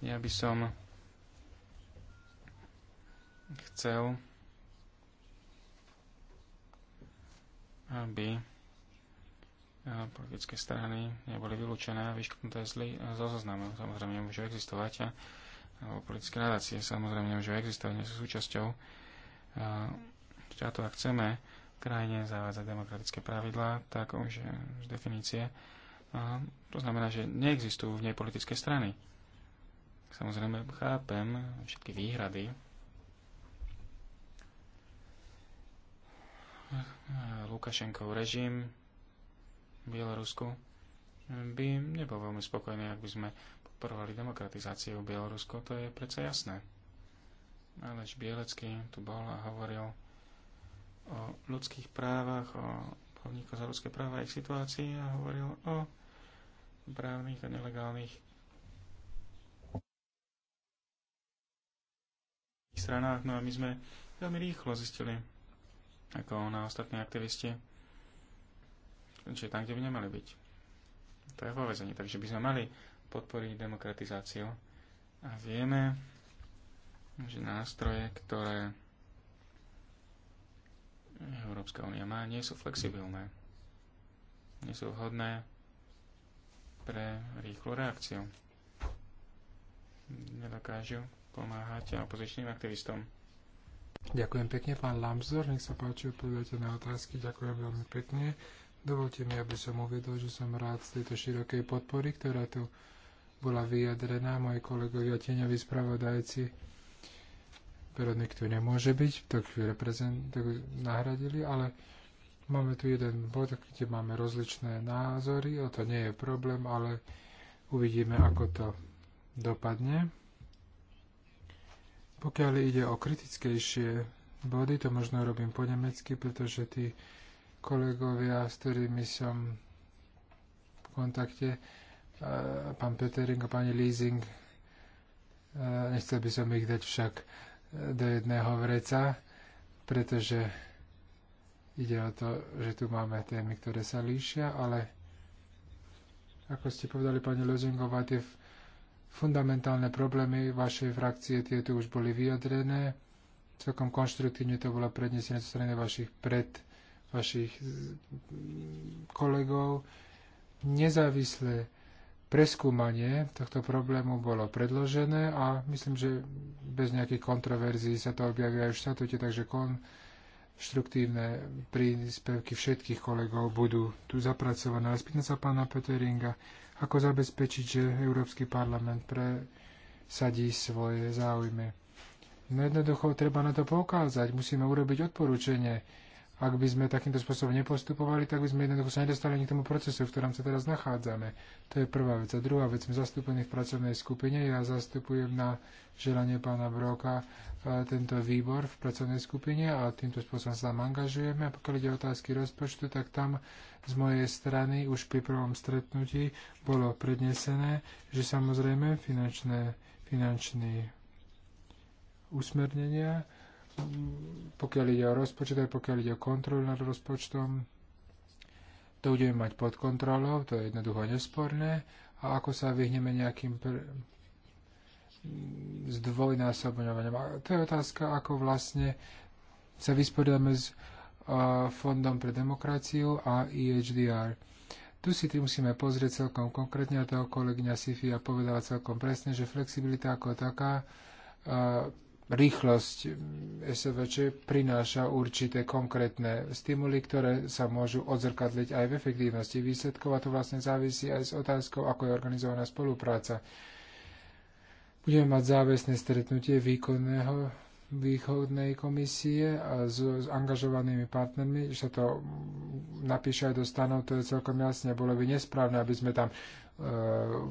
S3: ja by som chcel, aby politické strany neboli vylúčené a vyškrtnuté zly zo zoznamu. Samozrejme, môžu existovať a alebo politické nadácie samozrejme nemôžu existovať, nie sú súčasťou štátu. Ak chceme krajine zavádzať demokratické pravidlá, tak už z definície to znamená, že neexistujú v nej politické strany. Samozrejme chápem všetky výhrady. Lukašenkov režim v Bielorusku by nebol veľmi spokojný, ak by sme podporovali demokratizáciu v Bielorusku, to je predsa jasné. Aleš Bielecký tu bol a hovoril o ľudských právach, o bojovníkoch za ľudské práva a ich situácii a hovoril o právnych a nelegálnych stranách. No a my sme veľmi rýchlo zistili, ako na ostatní aktivisti, že tam, kde by nemali byť. To je vo vezení. takže by sme mali podporiť demokratizáciu. A vieme, že nástroje, ktoré Európska únia má, nie sú flexibilné. Nie sú vhodné pre rýchlu reakciu. Nedokážu pomáhať opozičným aktivistom.
S1: Ďakujem pekne, pán Lambsdor. Nech sa páči, odpovedajte na otázky. Ďakujem veľmi pekne. Dovolte mi, aby som uvedol, že som rád z tejto širokej podpory, ktorá tu bola vyjadrená, moji kolegovia tieňoví spravodajci, Veronik nikto nemôže byť, tak ju nahradili, ale máme tu jeden bod, kde máme rozličné názory, a to nie je problém, ale uvidíme, ako to dopadne. Pokiaľ ide o kritickejšie body, to možno robím po nemecky, pretože tí kolegovia, s ktorými som v kontakte, Eh, pán Petering a pani Leasing. Eh, nechcel by som ich dať však eh, do jedného vreca, pretože ide o to, že tu máme témy, ktoré sa líšia, ale ako ste povedali, pani Lozingová, tie fundamentálne problémy vašej frakcie, tie tu už boli vyjadrené. Celkom konštruktívne to bolo prednesené zo strany vašich pred vašich mm, kolegov. Nezávisle preskúmanie tohto problému bolo predložené a myslím, že bez nejakých kontroverzií sa to objavia aj v štatúte, takže konštruktívne príspevky všetkých kolegov budú tu zapracované. Ale spýtam sa pána Peteringa, ako zabezpečiť, že Európsky parlament presadí svoje záujmy. No jednoducho treba na to poukázať, musíme urobiť odporúčanie ak by sme takýmto spôsobom nepostupovali, tak by sme jednoducho sa nedostali ani k tomu procesu, v ktorom sa teraz nachádzame. To je prvá vec. A druhá vec, sme zastúpení v pracovnej skupine. Ja zastupujem na želanie pána Broka e, tento výbor v pracovnej skupine a týmto spôsobom sa tam angažujeme. A pokiaľ ide o otázky rozpočtu, tak tam z mojej strany už pri prvom stretnutí bolo prednesené, že samozrejme finančné, finančné usmernenia pokiaľ ide o rozpočet, aj pokiaľ ide o kontrolu nad rozpočtom, to budeme mať pod kontrolou, to je jednoducho nesporné. A ako sa vyhneme nejakým pr- zdvojnásobňovaním. to je otázka, ako vlastne sa vysporiadame s uh, Fondom pre demokraciu a EHDR. Tu si tým musíme pozrieť celkom konkrétne, a toho kolegyňa Sifia povedala celkom presne, že flexibilita ako taká uh, rýchlosť SVČ prináša určité konkrétne stimuly, ktoré sa môžu odzrkadliť aj v efektívnosti výsledkov a to vlastne závisí aj s otázkou, ako je organizovaná spolupráca. Budeme mať záväzne stretnutie výkonného východnej komisie a s, s angažovanými partnermi, že sa to napíše aj do stanov, to je celkom jasne. Bolo by nesprávne, aby sme tam E,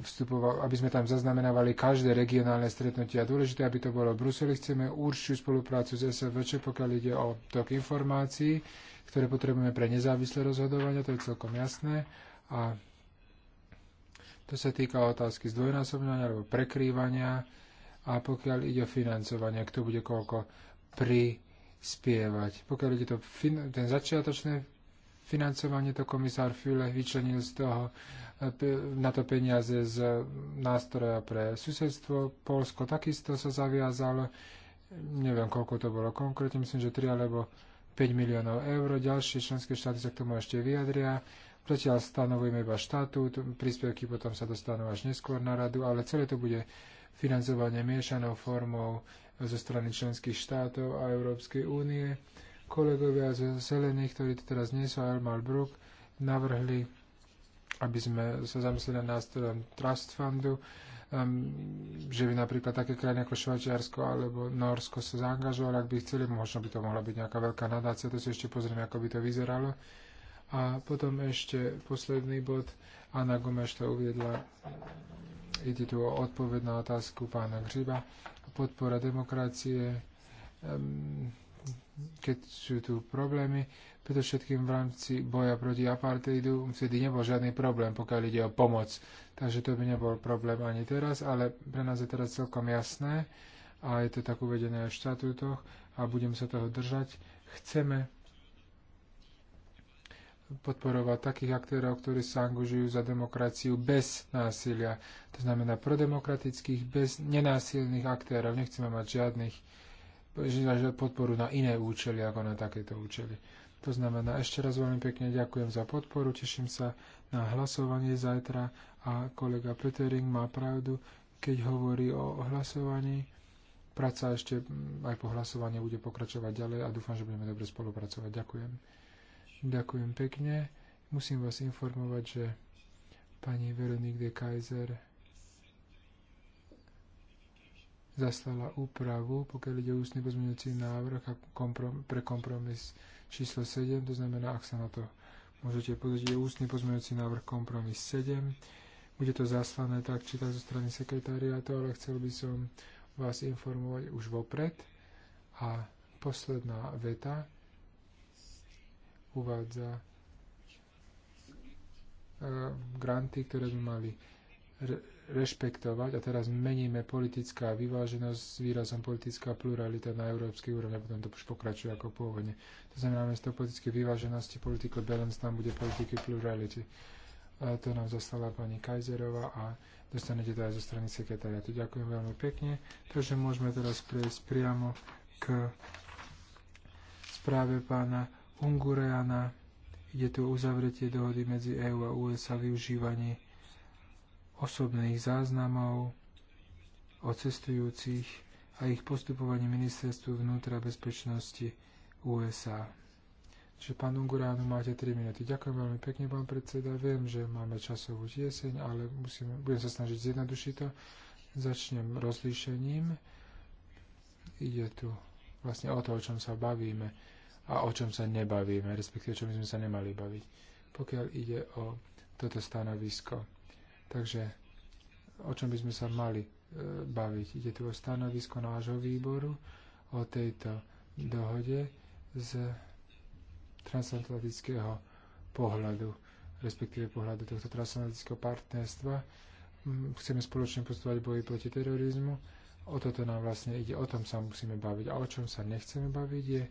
S1: vstupoval, aby sme tam zaznamenávali každé regionálne stretnutie. A dôležité, aby to bolo v Bruseli. Chceme určiu spoluprácu s SFVČ, pokiaľ ide o tok informácií, ktoré potrebujeme pre nezávislé rozhodovania, to je celkom jasné. A to sa týka otázky zdvojnásobňovania alebo prekrývania a pokiaľ ide o financovanie, kto bude koľko prispievať. Pokiaľ ide to ten začiatočné financovanie, to komisár Füle vyčlenil z toho na to peniaze z nástroja pre susedstvo. Polsko takisto sa zaviazalo, neviem koľko to bolo konkrétne, myslím, že 3 alebo 5 miliónov eur. Ďalšie členské štáty sa k tomu ešte vyjadria. Zatiaľ stanovujeme iba štátu, príspevky potom sa dostanú až neskôr na radu, ale celé to bude financovanie miešanou formou zo strany členských štátov a Európskej únie. Kolegovia zo zelených, ktorí teraz nie sú, Elmar Brook, navrhli aby sme sa zamysleli na nástrojom um, Trust Fundu, um, že by napríklad také krajiny ako Švajčiarsko alebo Norsko sa zaangažovali, ak by chceli, možno by to mohla byť nejaká veľká nadácia, to si ešte pozrieme, ako by to vyzeralo. A potom ešte posledný bod, Anna Gomeš to uviedla, ide tu o odpoveď na otázku pána Gřiba, podpora demokracie, um, keď sú tu problémy, predovšetkým v rámci boja proti apartheidu, vtedy nebol žiadny problém, pokiaľ ide o pomoc. Takže to by nebol problém ani teraz, ale pre nás je teraz celkom jasné a je to tak uvedené aj v štatútoch a budem sa toho držať. Chceme podporovať takých aktérov, ktorí sa angažujú za demokraciu bez násilia. To znamená prodemokratických, bez nenásilných aktérov. Nechceme mať žiadnych podporu na iné účely ako na takéto účely. To znamená, ešte raz veľmi pekne ďakujem za podporu, teším sa na hlasovanie zajtra a kolega Petering má pravdu, keď hovorí o hlasovaní. Práca ešte aj po hlasovaní bude pokračovať ďalej a dúfam, že budeme dobre spolupracovať. Ďakujem. Ďakujem pekne. Musím vás informovať, že pani Veronik de Kaiser zaslala úpravu, pokiaľ ide ústny pozmeňujúci návrh a komprom- pre kompromis číslo 7, to znamená, ak sa na to môžete pozrieť, je ústny pozmeňujúci návrh kompromis 7. Bude to zaslané tak, či tak zo strany sekretariátu, ale chcel by som vás informovať už vopred. A posledná veta uvádza eh, granty, ktoré by mali rešpektovať a teraz meníme politická vyváženosť s výrazom politická pluralita na európskej úrovni a potom to už pokračuje ako pôvodne. To znamená, z toho politické vyváženosti, political balance, tam bude politiky plurality. A to nám zostala pani Kajzerová a dostanete to aj zo strany sekretariatu. Ďakujem veľmi pekne. Takže môžeme teraz prejsť priamo k správe pána Ungureana. Ide tu uzavretie dohody medzi EÚ a USA využívanie osobných záznamov o cestujúcich a ich postupovanie ministerstvu vnútra bezpečnosti USA. Čiže pán Unguránu, máte 3 minúty. Ďakujem veľmi pekne, pán predseda. Viem, že máme časovú tieseň, ale musím, budem sa snažiť zjednodušiť to. Začnem rozlíšením. Ide tu vlastne o to, o čom sa bavíme a o čom sa nebavíme, respektíve o čom sme sa nemali baviť, pokiaľ ide o toto stanovisko. Takže o čom by sme sa mali e, baviť? Ide tu o stanovisko nášho výboru, o tejto dohode z transatlantického pohľadu, respektíve pohľadu tohto transatlantického partnerstva. Chceme spoločne postupovať boji proti terorizmu. O toto nám vlastne ide, o tom sa musíme baviť. A o čom sa nechceme baviť je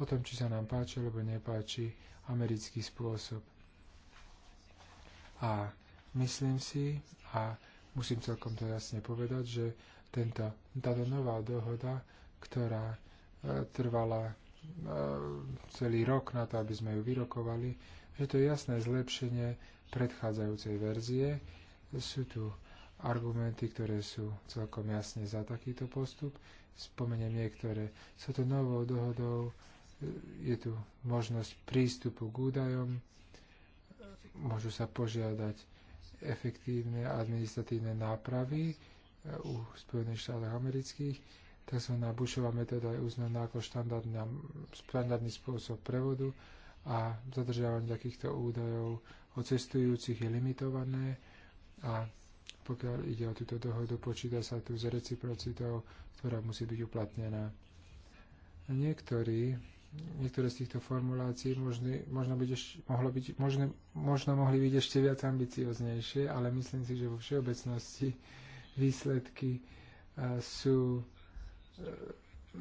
S1: o tom, či sa nám páči alebo nepáči americký spôsob. A Myslím si a musím celkom to jasne povedať, že tento, táto nová dohoda, ktorá e, trvala e, celý rok na to, aby sme ju vyrokovali, že to je jasné zlepšenie predchádzajúcej verzie. Sú tu argumenty, ktoré sú celkom jasne za takýto postup. Spomeniem niektoré. S to novou dohodou je tu možnosť prístupu k údajom, môžu sa požiadať efektívne administratívne nápravy e, u Spojených štátoch amerických. Tzv. Bushová metóda je uznaná ako štandardný spôsob prevodu a zadržiavanie takýchto údajov o cestujúcich je limitované a pokiaľ ide o túto dohodu, počíta sa tu s reciprocitou, ktorá musí byť uplatnená. Niektorí niektoré z týchto formulácií možno, možno, byť ešte, mohlo byť, možno, možno mohli byť ešte viac ambicioznejšie, ale myslím si, že vo všeobecnosti výsledky e, sú, e,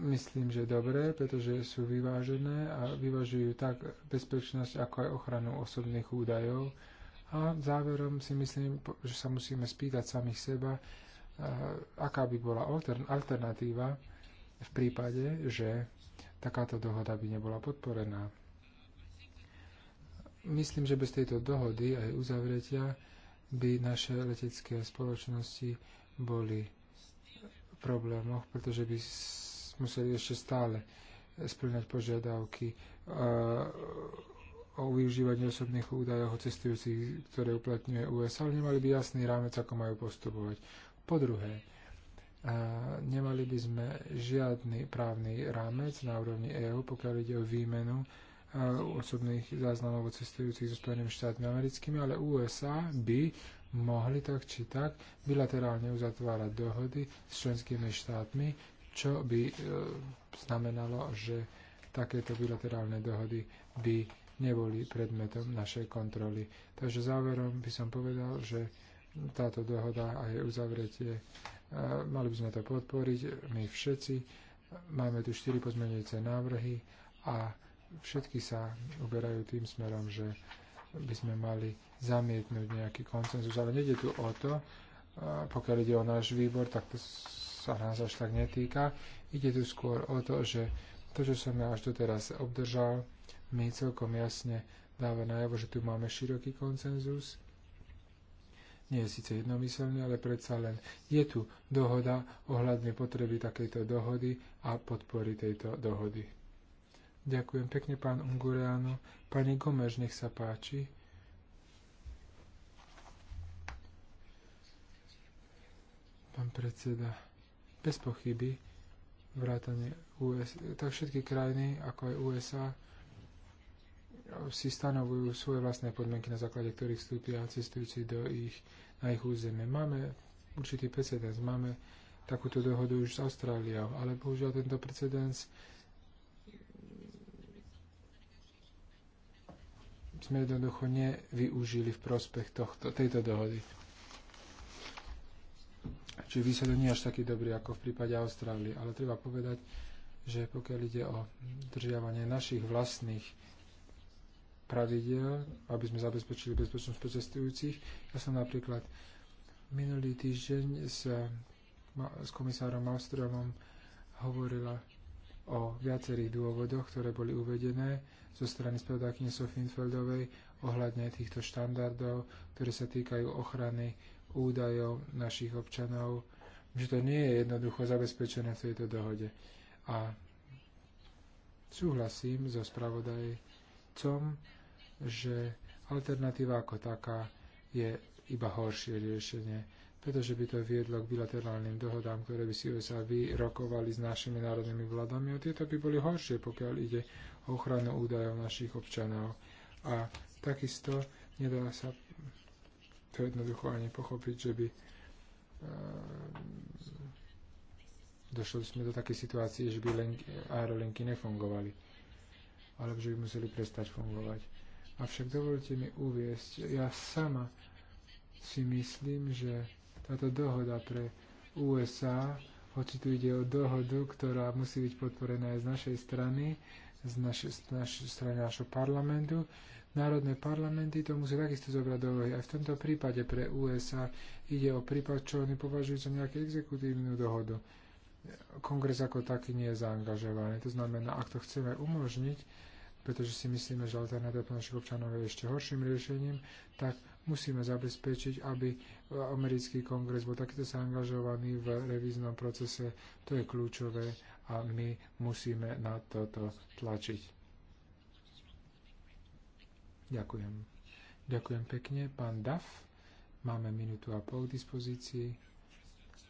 S1: myslím, že dobré, pretože sú vyvážené a vyvažujú tak bezpečnosť, ako aj ochranu osobných údajov. A záverom si myslím, že sa musíme spýtať samých seba, e, aká by bola alternatíva v prípade, že takáto dohoda by nebola podporená. Myslím, že bez tejto dohody aj uzavretia by naše letecké spoločnosti boli v problémoch, pretože by museli ešte stále splňať požiadavky e, o využívaní osobných údajov o cestujúcich, ktoré uplatňuje USA, ale nemali by jasný rámec, ako majú postupovať. Po druhé, nemali by sme žiadny právny rámec na úrovni EÚ, pokiaľ ide o výmenu e, osobných záznamov o cestujúcich so Spojenými štátmi americkými, ale USA by mohli tak či tak bilaterálne uzatvárať dohody s členskými štátmi, čo by e, znamenalo, že takéto bilaterálne dohody by neboli predmetom našej kontroly. Takže záverom by som povedal, že táto dohoda a jej uzavretie mali by sme to podporiť, my všetci. Máme tu štyri pozmeňujúce návrhy a všetky sa uberajú tým smerom, že by sme mali zamietnúť nejaký koncenzus, ale nejde tu o to, pokiaľ ide o náš výbor, tak to sa nás až tak netýka. Ide tu skôr o to, že to, čo som ja až doteraz obdržal, mi celkom jasne dáva najavo, že tu máme široký koncenzus nie je síce jednomyselný, ale predsa len je tu dohoda ohľadne potreby takejto dohody a podpory tejto dohody. Ďakujem pekne, pán Ungureanu. Pani Gomež, nech sa páči. Pán predseda, bez pochyby, vrátane US, tak všetky krajiny, ako aj USA, si stanovujú svoje vlastné podmienky, na základe ktorých vstúpia cestujúci do ich, na ich územie. Máme určitý precedens, máme takúto dohodu už s Austráliou, ale bohužiaľ tento precedens sme jednoducho nevyužili v prospech tohto, tejto dohody. Čiže výsledok nie je až taký dobrý ako v prípade Austrálie, ale treba povedať, že pokiaľ ide o držiavanie našich vlastných pravidel, aby sme zabezpečili bezpečnosť cestujúcich. Ja som napríklad minulý týždeň s, s komisárom Malstromom hovorila o viacerých dôvodoch, ktoré boli uvedené zo strany spravodajkyne Sofinfeldovej ohľadne týchto štandardov, ktoré sa týkajú ochrany údajov našich občanov, že to nie je jednoducho zabezpečené v tejto dohode. A súhlasím so spravodajcom, že alternatíva ako taká je iba horšie riešenie, pretože by to viedlo k bilaterálnym dohodám, ktoré by si USA vyrokovali s našimi národnými vládami a tieto by boli horšie, pokiaľ ide o ochranu údajov našich občanov. A takisto nedá sa to jednoducho ani pochopiť, že by ehm, došli sme do takej situácie, že by len aerolinky nefungovali alebo že by museli prestať fungovať. Avšak dovolte mi uviesť, ja sama si myslím, že táto dohoda pre USA, hoci tu ide o dohodu, ktorá musí byť podporená aj z našej strany, z, našej, z našej strany našho parlamentu, národné parlamenty to musí takisto zobrať do úvahy. Aj v tomto prípade pre USA ide o prípad, čo oni považujú za nejakú exekutívnu dohodu. Kongres ako taký nie je zaangažovaný. To znamená, ak to chceme umožniť, pretože si myslíme, že alternatíva pre našich občanov je ešte horším riešením, tak musíme zabezpečiť, aby americký kongres bol takýto zaangažovaný v revíznom procese. To je kľúčové a my musíme na toto tlačiť. Ďakujem. Ďakujem pekne. Pán Daf, máme minútu a pol k dispozícii.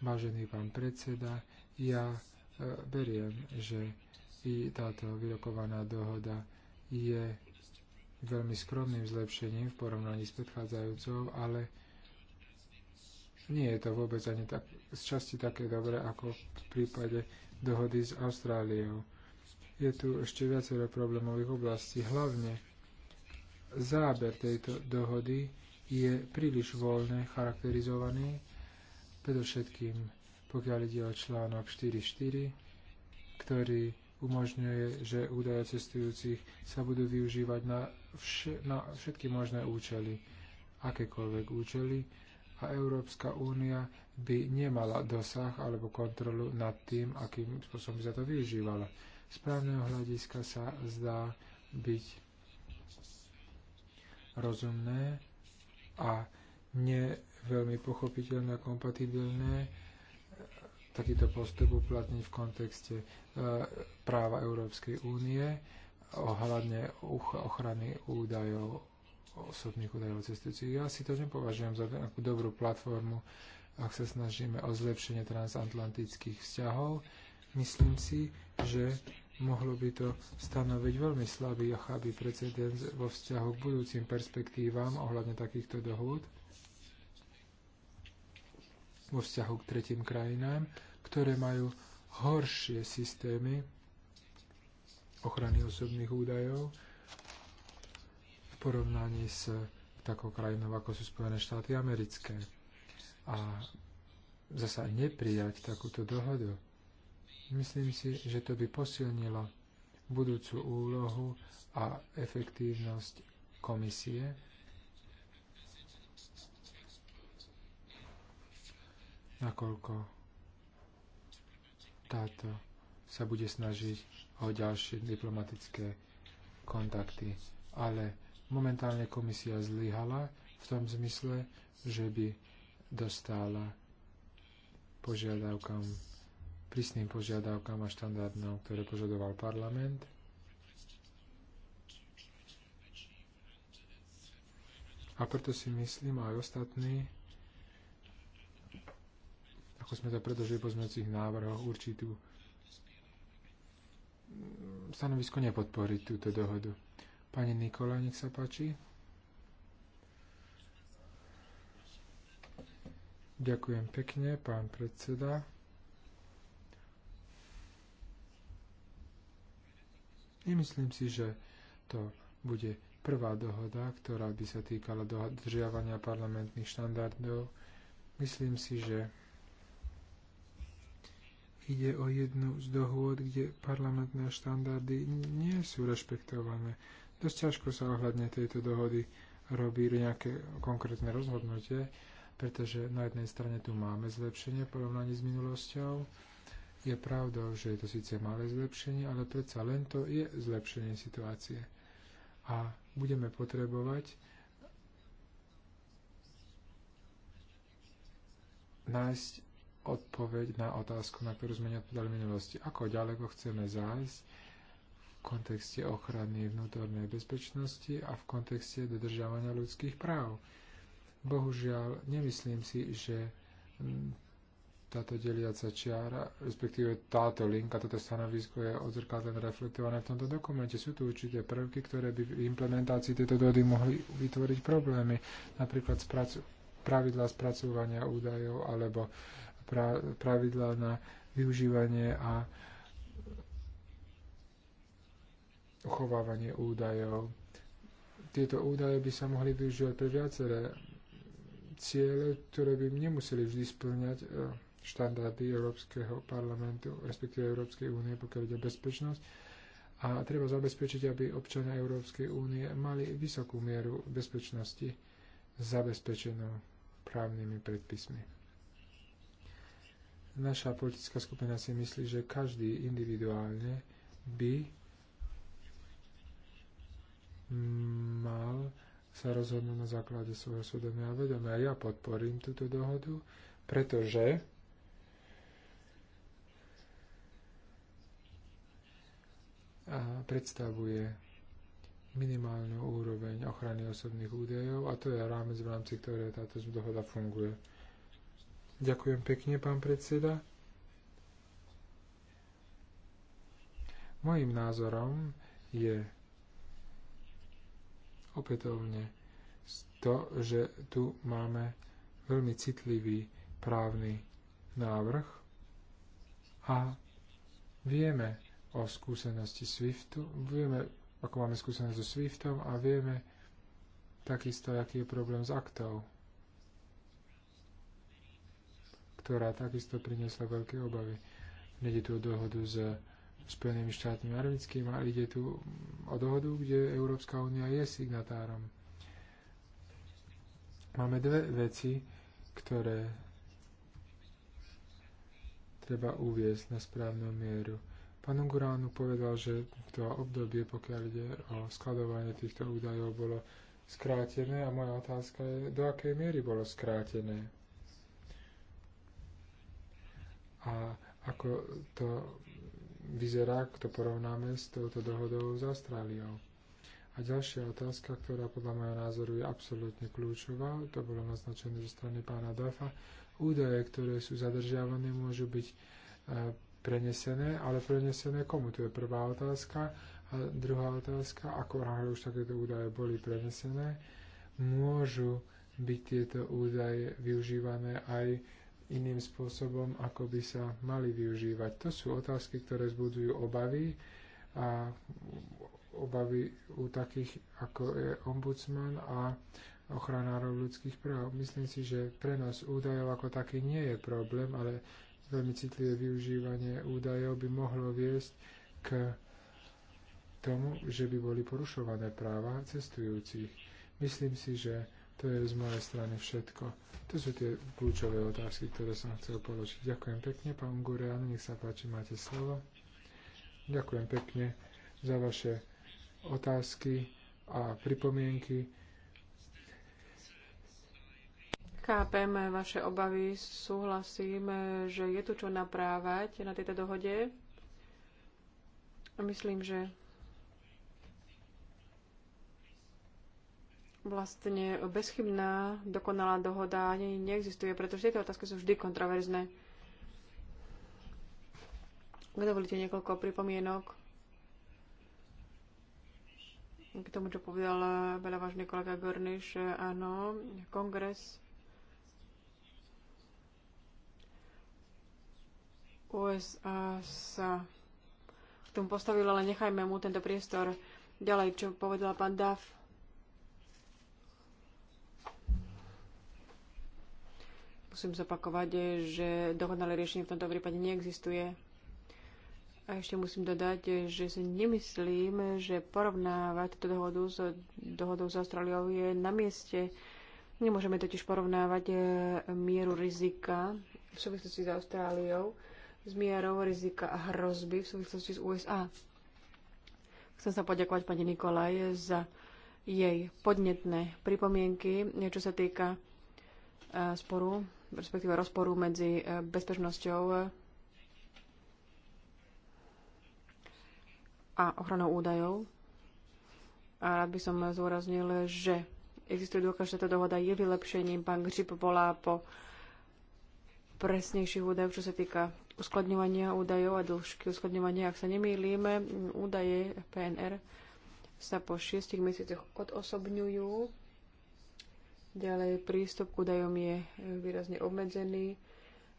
S1: Vážený pán predseda, ja e, beriem, že i táto vyrokovaná dohoda je veľmi skromným zlepšením v porovnaní s predchádzajúcou, ale nie je to vôbec ani tak, z časti také dobré ako v prípade dohody s Austráliou. Je tu ešte viacero problémových oblastí. Hlavne záber tejto dohody je príliš voľne charakterizovaný, predovšetkým pokiaľ ide o článok 4.4, ktorý umožňuje, že údaje cestujúcich sa budú využívať na, vš- na všetky možné účely, akékoľvek účely a Európska únia by nemala dosah alebo kontrolu nad tým, akým spôsobom by sa to využívala. Z právneho hľadiska sa zdá byť rozumné a ne veľmi pochopiteľné a kompatibilné takýto postup uplatniť v kontexte e, práva Európskej únie ohľadne ochrany údajov, osobných údajov cestujúcich. Ja si to nepovažujem za nejakú dobrú platformu, ak sa snažíme o zlepšenie transatlantických vzťahov. Myslím si, že mohlo by to stanoviť veľmi slabý a chábý precedens vo vzťahu k budúcim perspektívam ohľadne takýchto dohôd vo vzťahu k tretím krajinám ktoré majú horšie systémy ochrany osobných údajov v porovnaní s takou krajinou, ako sú Spojené štáty americké. A zasa neprijať takúto dohodu. Myslím si, že to by posilnilo budúcu úlohu a efektívnosť komisie. Nakoľko táto sa bude snažiť o ďalšie diplomatické kontakty. Ale momentálne komisia zlyhala v tom zmysle, že by dostala požiadavkám, prísnym požiadavkám a štandardnou, ktoré požadoval parlament. A preto si myslím, aj ostatní, ako sme to predložili zmenujúcich návrhoch, určitú mm, stanovisko nepodporiť túto dohodu. Pani Nikola, nech sa páči. Ďakujem pekne, pán predseda. Nemyslím si, že to bude prvá dohoda, ktorá by sa týkala dodržiavania parlamentných štandardov. Myslím si, že Ide o jednu z dohôd, kde parlamentné štandardy nie sú rešpektované. Dosť ťažko sa ohľadne tejto dohody robí nejaké konkrétne rozhodnutie, pretože na jednej strane tu máme zlepšenie v porovnaní s minulosťou. Je pravdou, že je to síce malé zlepšenie, ale predsa len to je zlepšenie situácie. A budeme potrebovať nájsť odpoveď na otázku, na ktorú sme neodpovedali v minulosti. Ako ďaleko chceme zájsť v kontexte ochrany vnútornej bezpečnosti a v kontexte dodržiavania ľudských práv. Bohužiaľ, nemyslím si, že táto deliaca čiara, respektíve táto linka, toto stanovisko je odzrkadlené, reflektované v tomto dokumente. Sú tu určité prvky, ktoré by v implementácii tejto dohody mohli vytvoriť problémy, napríklad spracu- pravidlá spracovania údajov alebo pravidlá na využívanie a uchovávanie údajov. Tieto údaje by sa mohli využívať pre viaceré ciele, ktoré by nemuseli vždy splňať e, štandardy Európskeho parlamentu, respektíve Európskej únie, pokiaľ ide o bezpečnosť. A treba zabezpečiť, aby občania Európskej únie mali vysokú mieru bezpečnosti zabezpečenú právnymi predpismi. Naša politická skupina si myslí, že každý individuálne by mal sa rozhodnúť na základe svojho súdomia a vedomia. Ja podporím túto dohodu, pretože predstavuje minimálnu úroveň ochrany osobných údajov a to je rámec, v rámci ktorého táto dohoda funguje. Ďakujem pekne, pán predseda. Mojím názorom je opätovne to, že tu máme veľmi citlivý právny návrh a vieme o skúsenosti SWIFTu, vieme, ako máme skúsenosť so SWIFTom a vieme takisto, aký je problém s aktou. ktorá takisto priniesla veľké obavy. Nede tu o dohodu s Spojenými štátmi americkými, ale ide tu o dohodu, kde Európska únia je signatárom. Máme dve veci, ktoré treba uviezť na správnu mieru. Pán Guránu povedal, že to obdobie, pokiaľ ide o skladovanie týchto údajov, bolo skrátené a moja otázka je, do akej miery bolo skrátené a ako to vyzerá, ak to porovnáme s touto dohodou s Austráliou. A ďalšia otázka, ktorá podľa môjho názoru je absolútne kľúčová, to bolo naznačené zo strany pána Dafa, údaje, ktoré sú zadržiavané, môžu byť e, prenesené, ale prenesené komu? To je prvá otázka. A druhá otázka, ako náhle už takéto údaje boli prenesené, môžu byť tieto údaje využívané aj iným spôsobom, ako by sa mali využívať. To sú otázky, ktoré zbudujú obavy a obavy u takých, ako je ombudsman a ochranárov ľudských práv. Myslím si, že prenos údajov ako taký nie je problém, ale veľmi citlivé využívanie údajov by mohlo viesť k tomu, že by boli porušované práva cestujúcich. Myslím si, že to je z mojej strany všetko. To sú tie kľúčové otázky, ktoré som chcel položiť. Ďakujem pekne, pán Gurean, nech sa páči, máte slovo. Ďakujem pekne za vaše otázky a pripomienky.
S2: Chápeme vaše obavy, súhlasím, že je tu čo naprávať na tejto dohode. Myslím, že vlastne bezchybná, dokonalá dohoda ani neexistuje, pretože tieto otázky sú vždy kontroverzné. Ak dovolíte niekoľko pripomienok k tomu, čo povedal veľa vážny kolega Gorniš, áno, kongres USA sa k tomu postavil, ale nechajme mu tento priestor. Ďalej, čo povedal pán Duff, Musím zopakovať, že dokonalé riešenie v tomto prípade neexistuje. A ešte musím dodať, že si nemyslím, že porovnávať túto dohodu s dohodou s Austráliou je na mieste. Nemôžeme totiž porovnávať eh, mieru rizika v súvislosti s Austráliou s mierou rizika a hrozby v súvislosti s USA. Chcem sa poďakovať pani Nikolaj za jej podnetné pripomienky, eh, čo sa týka eh, sporu respektíve rozporu medzi e, bezpečnosťou e, a ochranou údajov. A rád by som zúraznil, že existuje dôkaz, že táto dohoda je vylepšením. Pán Grip volá po presnejších údajov, čo sa týka uskladňovania údajov a dĺžky uskladňovania. Ak sa nemýlime, údaje PNR sa po šiestich mesiacoch odosobňujú Ďalej prístup k údajom je eh, výrazne obmedzený.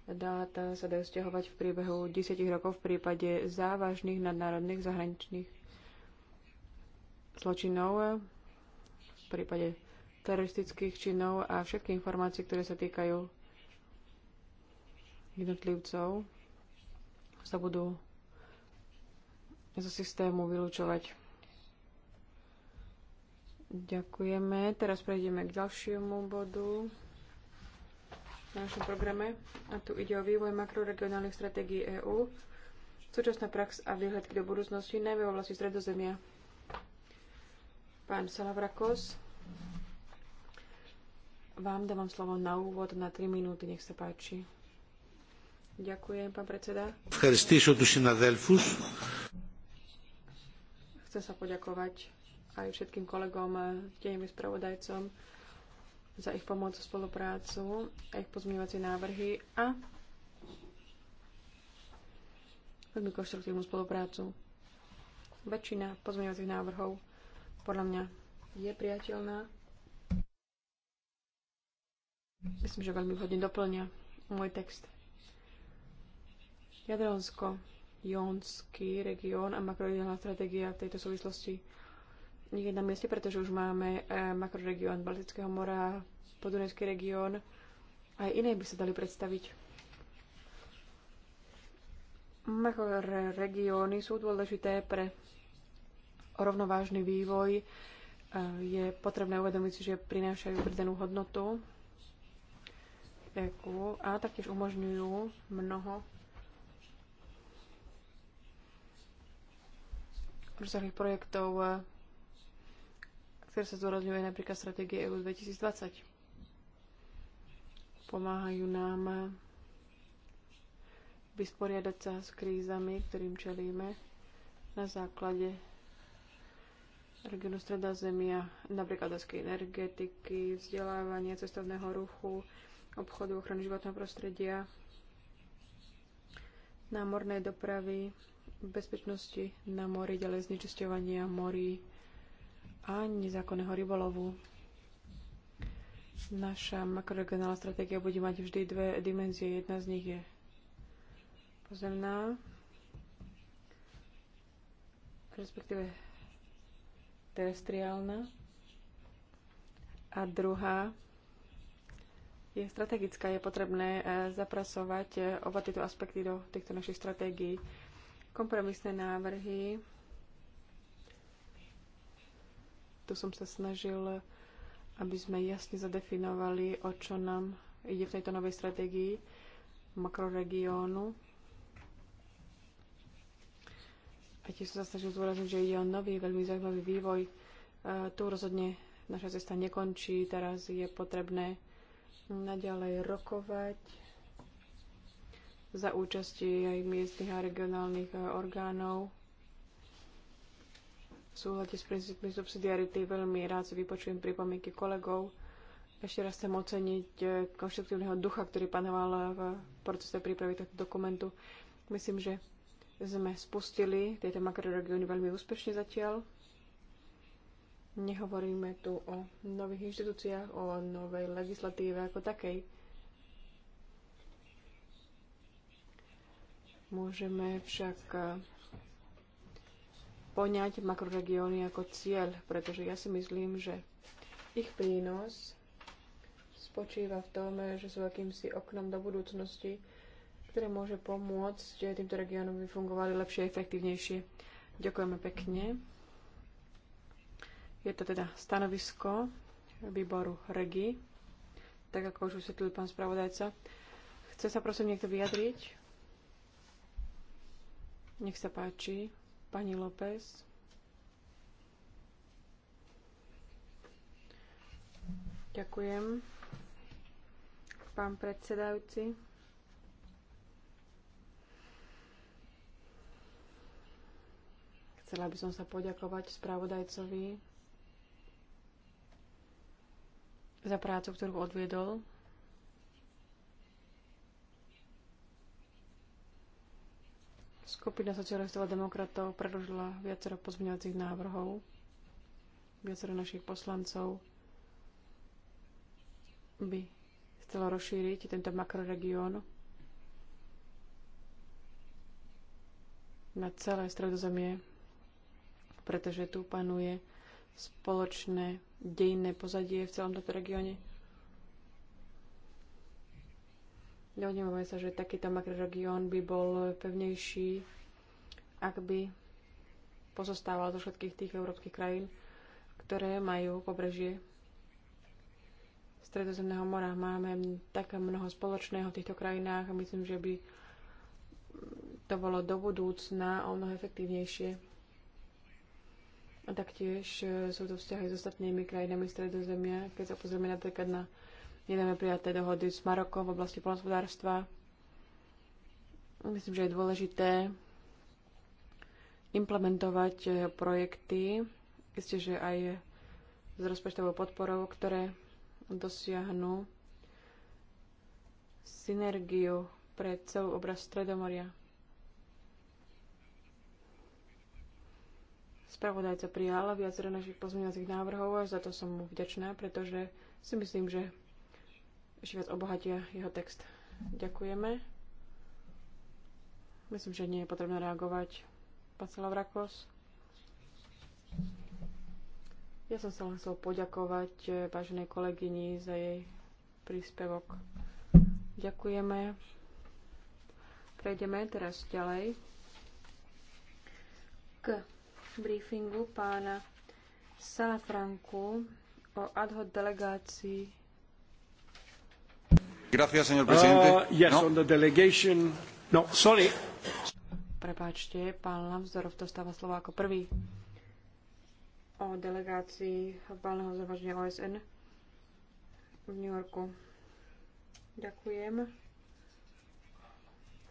S2: Dáta sa dajú stiahovať v priebehu 10 rokov v prípade závažných nadnárodných zahraničných zločinov, v prípade teroristických činov a všetky informácie, ktoré sa týkajú jednotlivcov, sa budú zo systému vylúčovať. Ďakujeme. Teraz prejdeme k ďalšiemu bodu na našom programe. A tu ide o vývoj makroregionálnych stratégií EÚ, súčasná prax a výhľadky do budúcnosti, najmä v oblasti stredozemia. Pán Salavrakos, vám dávam slovo na úvod na 3 minúty, nech sa páči. Ďakujem, pán predseda. Chcem sa poďakovať aj všetkým kolegom, eh, tejmi spravodajcom za ich pomoc a spoluprácu a ich pozmeňovacie návrhy a veľmi konštruktívnu spoluprácu. Väčšina pozmeňovacích návrhov podľa mňa je priateľná. Myslím, že veľmi vhodne doplňa môj text. Jadronsko, Jonský región a makroregionálna stratégia v tejto súvislosti nie je na mieste, pretože už máme eh, makroregión Baltického mora, Podunajský región. Aj iné by sa dali predstaviť. Makroregióny sú dôležité pre rovnovážny vývoj. Eh, je potrebné uvedomiť si, že prinášajú pridanú hodnotu eh, a taktiež umožňujú mnoho rozsahlých projektov ktoré sa zdôrazňuje napríklad stratégie EU 2020. Pomáhajú nám vysporiadať sa s krízami, ktorým čelíme na základe regionu Streda Zemia, napríklad otázky energetiky, vzdelávania, cestovného ruchu, obchodu, ochrany životného prostredia, námornej dopravy, bezpečnosti na mori, ďalej znečisťovania morí, a nezákonného rybolovu. Naša makroregionálna stratégia bude mať vždy dve dimenzie. Jedna z nich je pozemná, respektíve terestriálna a druhá je strategická. Je potrebné e, zapracovať e, oba tieto aspekty do týchto našich stratégií. Kompromisné návrhy Tu som sa snažil, aby sme jasne zadefinovali, o čo nám ide v tejto novej stratégii makroregiónu. A tiež som sa snažil zdôrazniť, že ide o nový, veľmi zaujímavý vývoj. E, tu rozhodne naša cesta nekončí, teraz je potrebné naďalej rokovať za účasti aj miestnych a regionálnych e, orgánov súhľade s princípmi subsidiarity veľmi rád si vypočujem pripomienky kolegov. Ešte raz chcem oceniť eh, konštruktívneho ducha, ktorý panoval v procese prípravy tohto dokumentu. Myslím, že sme spustili tieto makroregióny veľmi úspešne zatiaľ. Nehovoríme tu o nových inštitúciách, o novej legislatíve ako takej. Môžeme však eh, poňať makroregióny ako cieľ, pretože ja si myslím, že ich prínos spočíva v tom, že sú akýmsi oknom do budúcnosti, ktoré môže pomôcť, že týmto regiónom by fungovali lepšie a efektívnejšie. Ďakujeme pekne. Je to teda stanovisko výboru REGI, tak ako už usvetlil pán spravodajca. Chce sa prosím niekto vyjadriť? Nech sa páči. Pani López. Ďakujem. Pán predsedajúci. Chcela by som sa poďakovať spravodajcovi za prácu, ktorú odviedol Skupina socialistov a demokratov predložila viacero pozmeňovacích návrhov, viacero našich poslancov by chcelo rozšíriť tento makroregión na celé stredozemie, pretože tu panuje spoločné dejinné pozadie v celom tomto regióne. Dohodneme sa, že takýto makroregión by bol pevnejší, ak by pozostával zo všetkých tých európskych krajín, ktoré majú pobrežie Stredozemného mora. Máme tak mnoho spoločného v týchto krajinách a myslím, že by to bolo do budúcna o mnoho efektívnejšie. A taktiež e, sú to vzťahy s ostatnými krajinami Stredozemia, keď sa pozrieme napríklad na nedávne prijaté dohody s Marokom v oblasti polnospodárstva. Myslím, že je dôležité implementovať eh, projekty, isté, že aj s rozpočtovou podporou, ktoré dosiahnu synergiu pre celú obraz Stredomoria. Spravodajca prijala viacero našich pozmeňovacích návrhov a za to som mu vďačná, pretože si myslím, že ešte viac obohatia jeho text. Ďakujeme. Myslím, že nie je potrebné reagovať. Pán Salavrakos. Ja som sa chcel poďakovať eh, váženej kolegyni za jej príspevok. Ďakujeme. Prejdeme teraz ďalej k briefingu pána Salafranku o ad hoc delegácii señor presidente. Uh, yes, no? on the delegation. No, sorry. Prepáčte, pán Lamsdorf dostáva slovo ako prvý o delegácii valného zhromaždenia OSN v New Yorku. Ďakujem.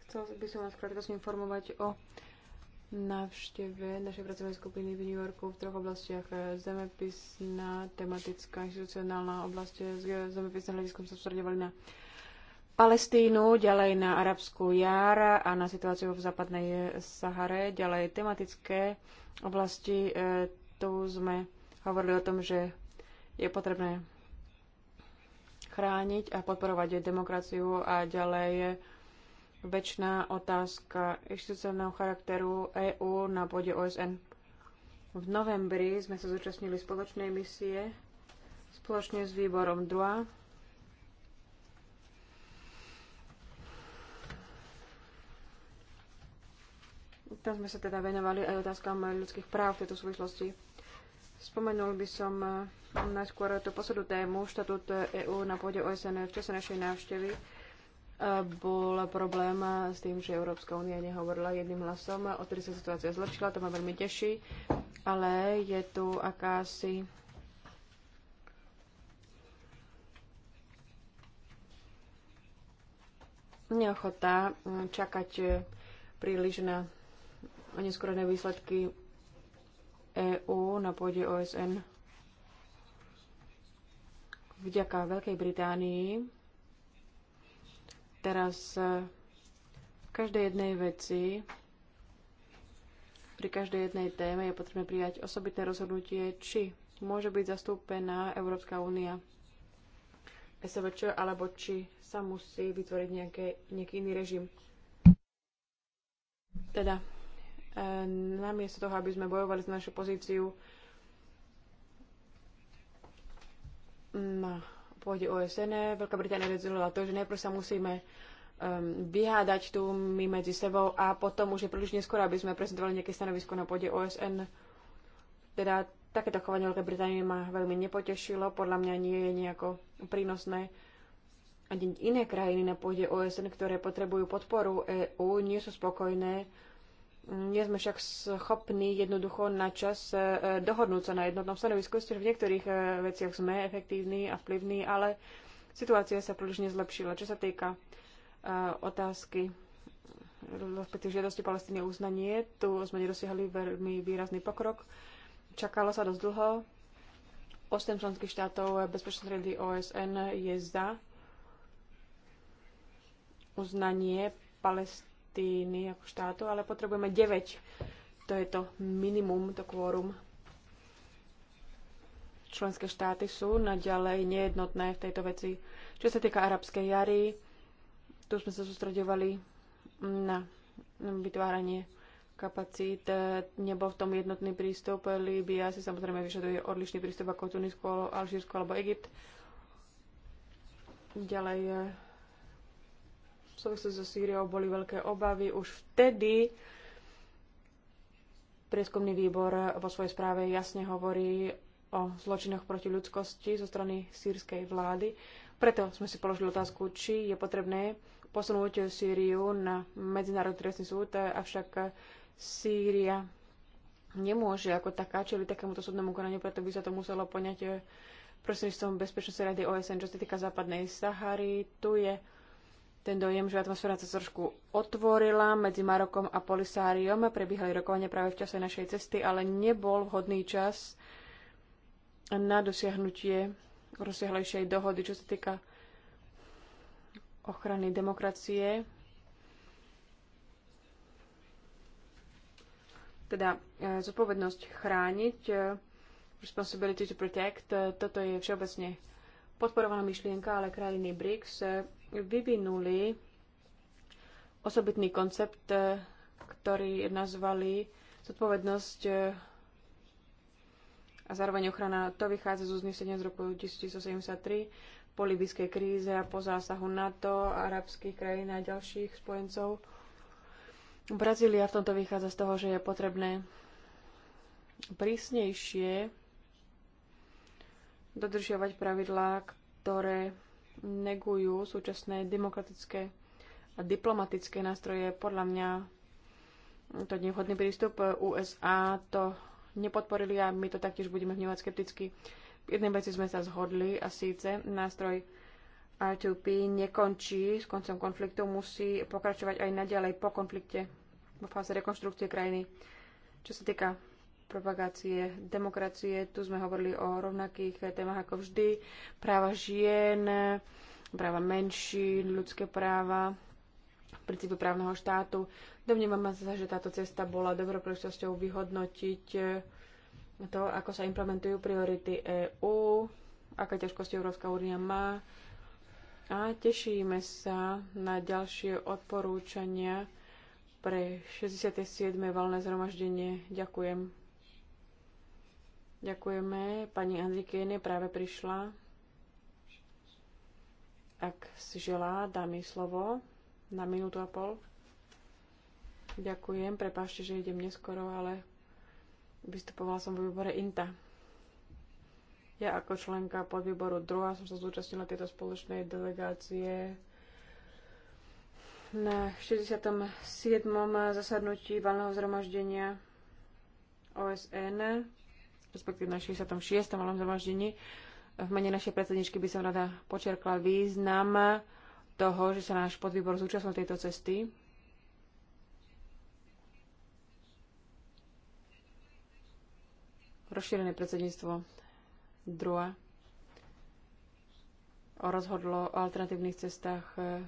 S2: Chcel by som vás krátko informovať o návšteve našej pracovnej skupiny v New Yorku v troch oblastiach. Zemepisná, tematická, inštitucionálna oblasť. Zemepisné hľadiskom sa sústredovali na Palestínu, ďalej na arabskú Jara a na situáciu v západnej Sahare, ďalej tematické oblasti. E, tu sme hovorili o tom, že je potrebné chrániť a podporovať demokraciu a ďalej je väčšiná otázka inštitucionálneho charakteru EÚ na pôde OSN. V novembri sme sa zúčastnili spoločnej misie spoločne s výborom 2 Tam sme sa teda venovali aj otázkam ľudských práv v tejto súvislosti. Spomenul by som eh, najskôr tú poslednú tému, štatút EÚ eh, e na pôde OSN v čase našej návštevy. Eh, bol problém s tým, že Európska únia nehovorila jedným hlasom. o Odtedy sa situácia zlepšila, to ma veľmi teší, ale je tu akási neochota čakať príliš na neskorené výsledky EÚ na pôde OSN vďaka Veľkej Británii teraz v každej jednej veci, pri každej jednej téme je potrebné prijať osobitné rozhodnutie, či môže byť zastúpená Európska únia SVČ, alebo či sa musí vytvoriť nejaké, nejaký iný režim. Teda namiesto toho, aby sme bojovali za našu pozíciu na pôde OSN, Veľká Británia rezolvovala to, že najprv sa musíme um, vyhádať tu my medzi sebou a potom už je príliš neskoro, aby sme prezentovali nejaké stanovisko na pôde OSN. Teda takéto chovanie Veľkej Británie ma veľmi nepotešilo, podľa mňa nie je nejako prínosné. Ani iné krajiny na pôde OSN, ktoré potrebujú podporu EÚ, nie sú spokojné nie sme však schopní jednoducho na čas e, dohodnúť sa na jednotnom stanovisku, že v niektorých e, veciach sme efektívni a vplyvní, ale situácia sa príliš nezlepšila. Čo sa týka e, otázky respektíve žiadosti Palestíny uznanie. Tu sme nedosiahli veľmi výrazný pokrok. Čakalo sa dosť dlho. 8 členských štátov Bezpečnostnej rady OSN je za uznanie Palestíny Palestíny ako štátu, ale potrebujeme 9. To je to minimum, to kvórum. Členské štáty sú naďalej nejednotné v tejto veci. Čo sa týka arabskej jary, tu sme sa sústredovali na vytváranie kapacít. Nebol v tom jednotný prístup. Líbia si samozrejme vyžaduje odlišný prístup ako Tunisko, Alžírsko alebo Egypt. Ďalej v súvislosti so Sýriou boli veľké obavy. Už vtedy prieskumný výbor vo svojej správe jasne hovorí o zločinoch proti ľudskosti zo strany sírskej vlády. Preto sme si položili otázku, či je potrebné posunúť Sýriu na Medzinárodný trestný súd, avšak Sýria nemôže ako taká čili takémuto súdnemu konaniu, preto by sa to muselo poňať eh, prostredníctvom Bezpečnostnej rady OSN, čo sa týka západnej Sahary. Tu je ten dojem, že atmosféra sa trošku otvorila medzi Marokom a Polisáriom. Prebiehali rokovania práve v čase našej cesty, ale nebol vhodný čas na dosiahnutie rozsiahlejšej dohody, čo sa týka ochrany demokracie. Teda e, zodpovednosť chrániť, e, responsibility to protect, e, toto je všeobecne podporovaná myšlienka, ale krajiny BRICS vyvinuli osobitný koncept, eh, ktorý nazvali zodpovednosť eh, a zároveň ochrana. To vychádza z uznesenia z roku 1973 po libyskej kríze a po zásahu NATO, arabských krajín a ďalších spojencov. Brazília v tomto vychádza z toho, že je potrebné prísnejšie dodržiavať pravidlá, ktoré negujú súčasné demokratické a diplomatické nástroje. Podľa mňa to nevhodný je prístup. USA to nepodporili a my to taktiež budeme vnímať skepticky. V jednej veci sme sa zhodli a síce nástroj R2P nekončí s koncom konfliktu, musí pokračovať aj naďalej po konflikte vo fáze rekonštrukcie krajiny. Čo sa týka propagácie demokracie. Tu sme hovorili o rovnakých témach ako vždy. Práva žien, práva menšín, ľudské práva, princípy právneho štátu. Domnievame sa, že táto cesta bola dobrou príležitosťou vyhodnotiť to, ako sa implementujú priority EÚ, aké ťažkosti Európska únia má a tešíme sa na ďalšie odporúčania pre 67. valné zhromaždenie. Ďakujem. Ďakujeme. Pani Andrikiene práve prišla. Ak si želá, dá mi slovo na minútu a pol. Ďakujem. Prepášte, že idem neskoro, ale vystupovala som v výbore INTA. Ja ako členka podvýboru druhá som sa zúčastnila tejto spoločnej delegácie na 67. zasadnutí valného zhromaždenia OSN respektíve na 66. malom zhromaždení. V mene našej predsedničky by som rada počerkla význam toho, že sa náš podvýbor zúčastnil tejto cesty. Rozšírené predsedníctvo druhá rozhodlo o alternatívnych cestách eh,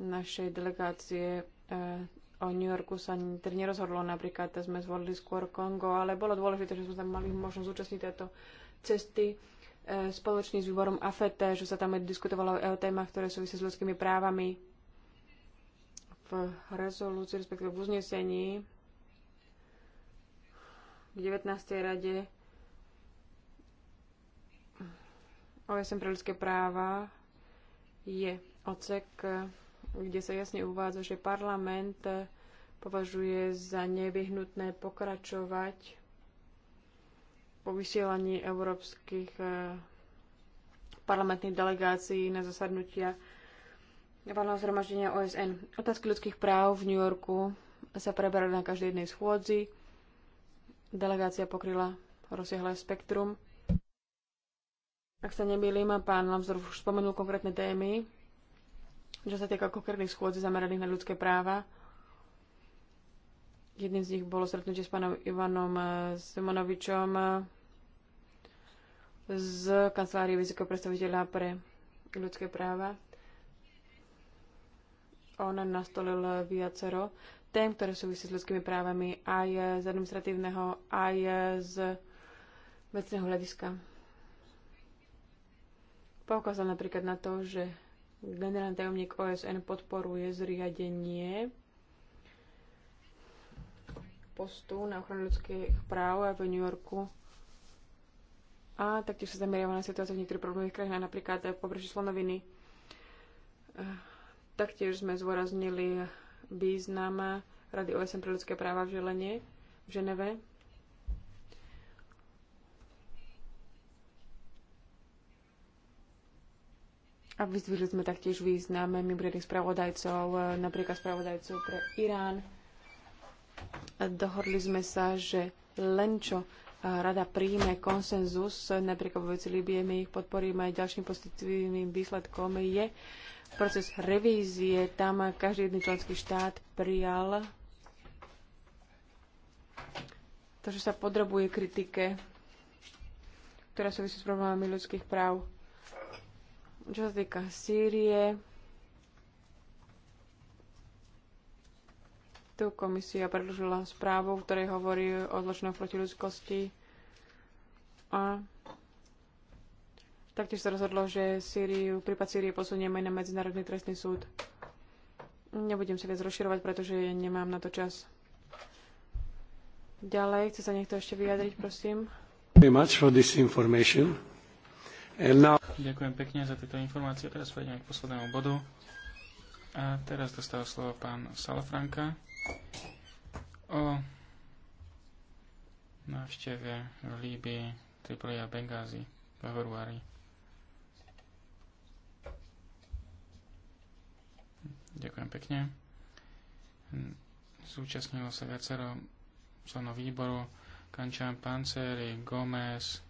S2: našej delegácie eh, o New Yorku sa teda nerozhodlo, napríklad sme zvolili skôr Kongo, ale bolo dôležité, že sme tam mali možnosť zúčastniť tejto cesty e, spoločne s výborom AFET, že sa tam diskutovalo o témach, ktoré súvisia s ľudskými právami v rezolúcii, respektíve v uznesení v 19. rade OSM pre ľudské práva je odsek kde sa jasne uvádza, že parlament eh, považuje za nevyhnutné pokračovať po vysielaní európskych eh, parlamentných delegácií na zasadnutia valného zhromaždenia OSN. Otázky ľudských práv v New Yorku sa preberali na každej jednej schôdzi. Delegácia pokryla rozsiahle spektrum. Ak sa nemýlim, pán Lambsdorff už spomenul konkrétne témy, čo sa týka konkrétnych schôdzi zameraných na ľudské práva. Jedným z nich bolo stretnutie s pánom Ivanom Simonovičom z kancelárie vysokého predstaviteľa pre ľudské práva. On nastolil viacero tém, ktoré súvisí s ľudskými právami aj z administratívneho, aj z vecného hľadiska. Poukázal napríklad na to, že Generálny tajomník OSN podporuje zriadenie postu na ochranu ľudských práv v New Yorku a taktiež sa zameriava na situáciu v niektorých problémových krajinách, napríklad v pobreží Slonoviny. Eh, taktiež sme zvoraznili význam Rady OSN pre ľudské práva v Želene, v Ženeve, A vyzvihli sme taktiež význam mimoriadných spravodajcov, e, napríklad spravodajcov pre Irán. Dohodli sme sa, že len čo e, rada príjme konsenzus, e, napríklad vo veci Libie, my ich podporíme aj ďalším pozitívnym výsledkom je proces revízie. Tam každý jedný členský štát prijal to, že sa podrobuje kritike, ktorá súvisí s problémami ľudských práv čo sa týka Sýrie, tu komisia predložila správu, v ktorej hovorí o zločinoch proti ľudskosti a taktiež sa rozhodlo, že Sýriu, prípad Sýrie posunieme na Medzinárodný trestný súd. Nebudem sa viac rozširovať, pretože nemám na to čas. Ďalej, chce sa niekto ešte vyjadriť, prosím.
S1: Very much for this information.
S3: Ďakujem pekne za tieto informácie. Teraz pôjdeme k poslednému bodu. A teraz dostal slovo pán Salafranka o návšteve v Líbii, Tripoli a Bengázi v februári. Ďakujem pekne. Zúčastnilo sa viacero členov výboru. Kančan Panceri, Gomez,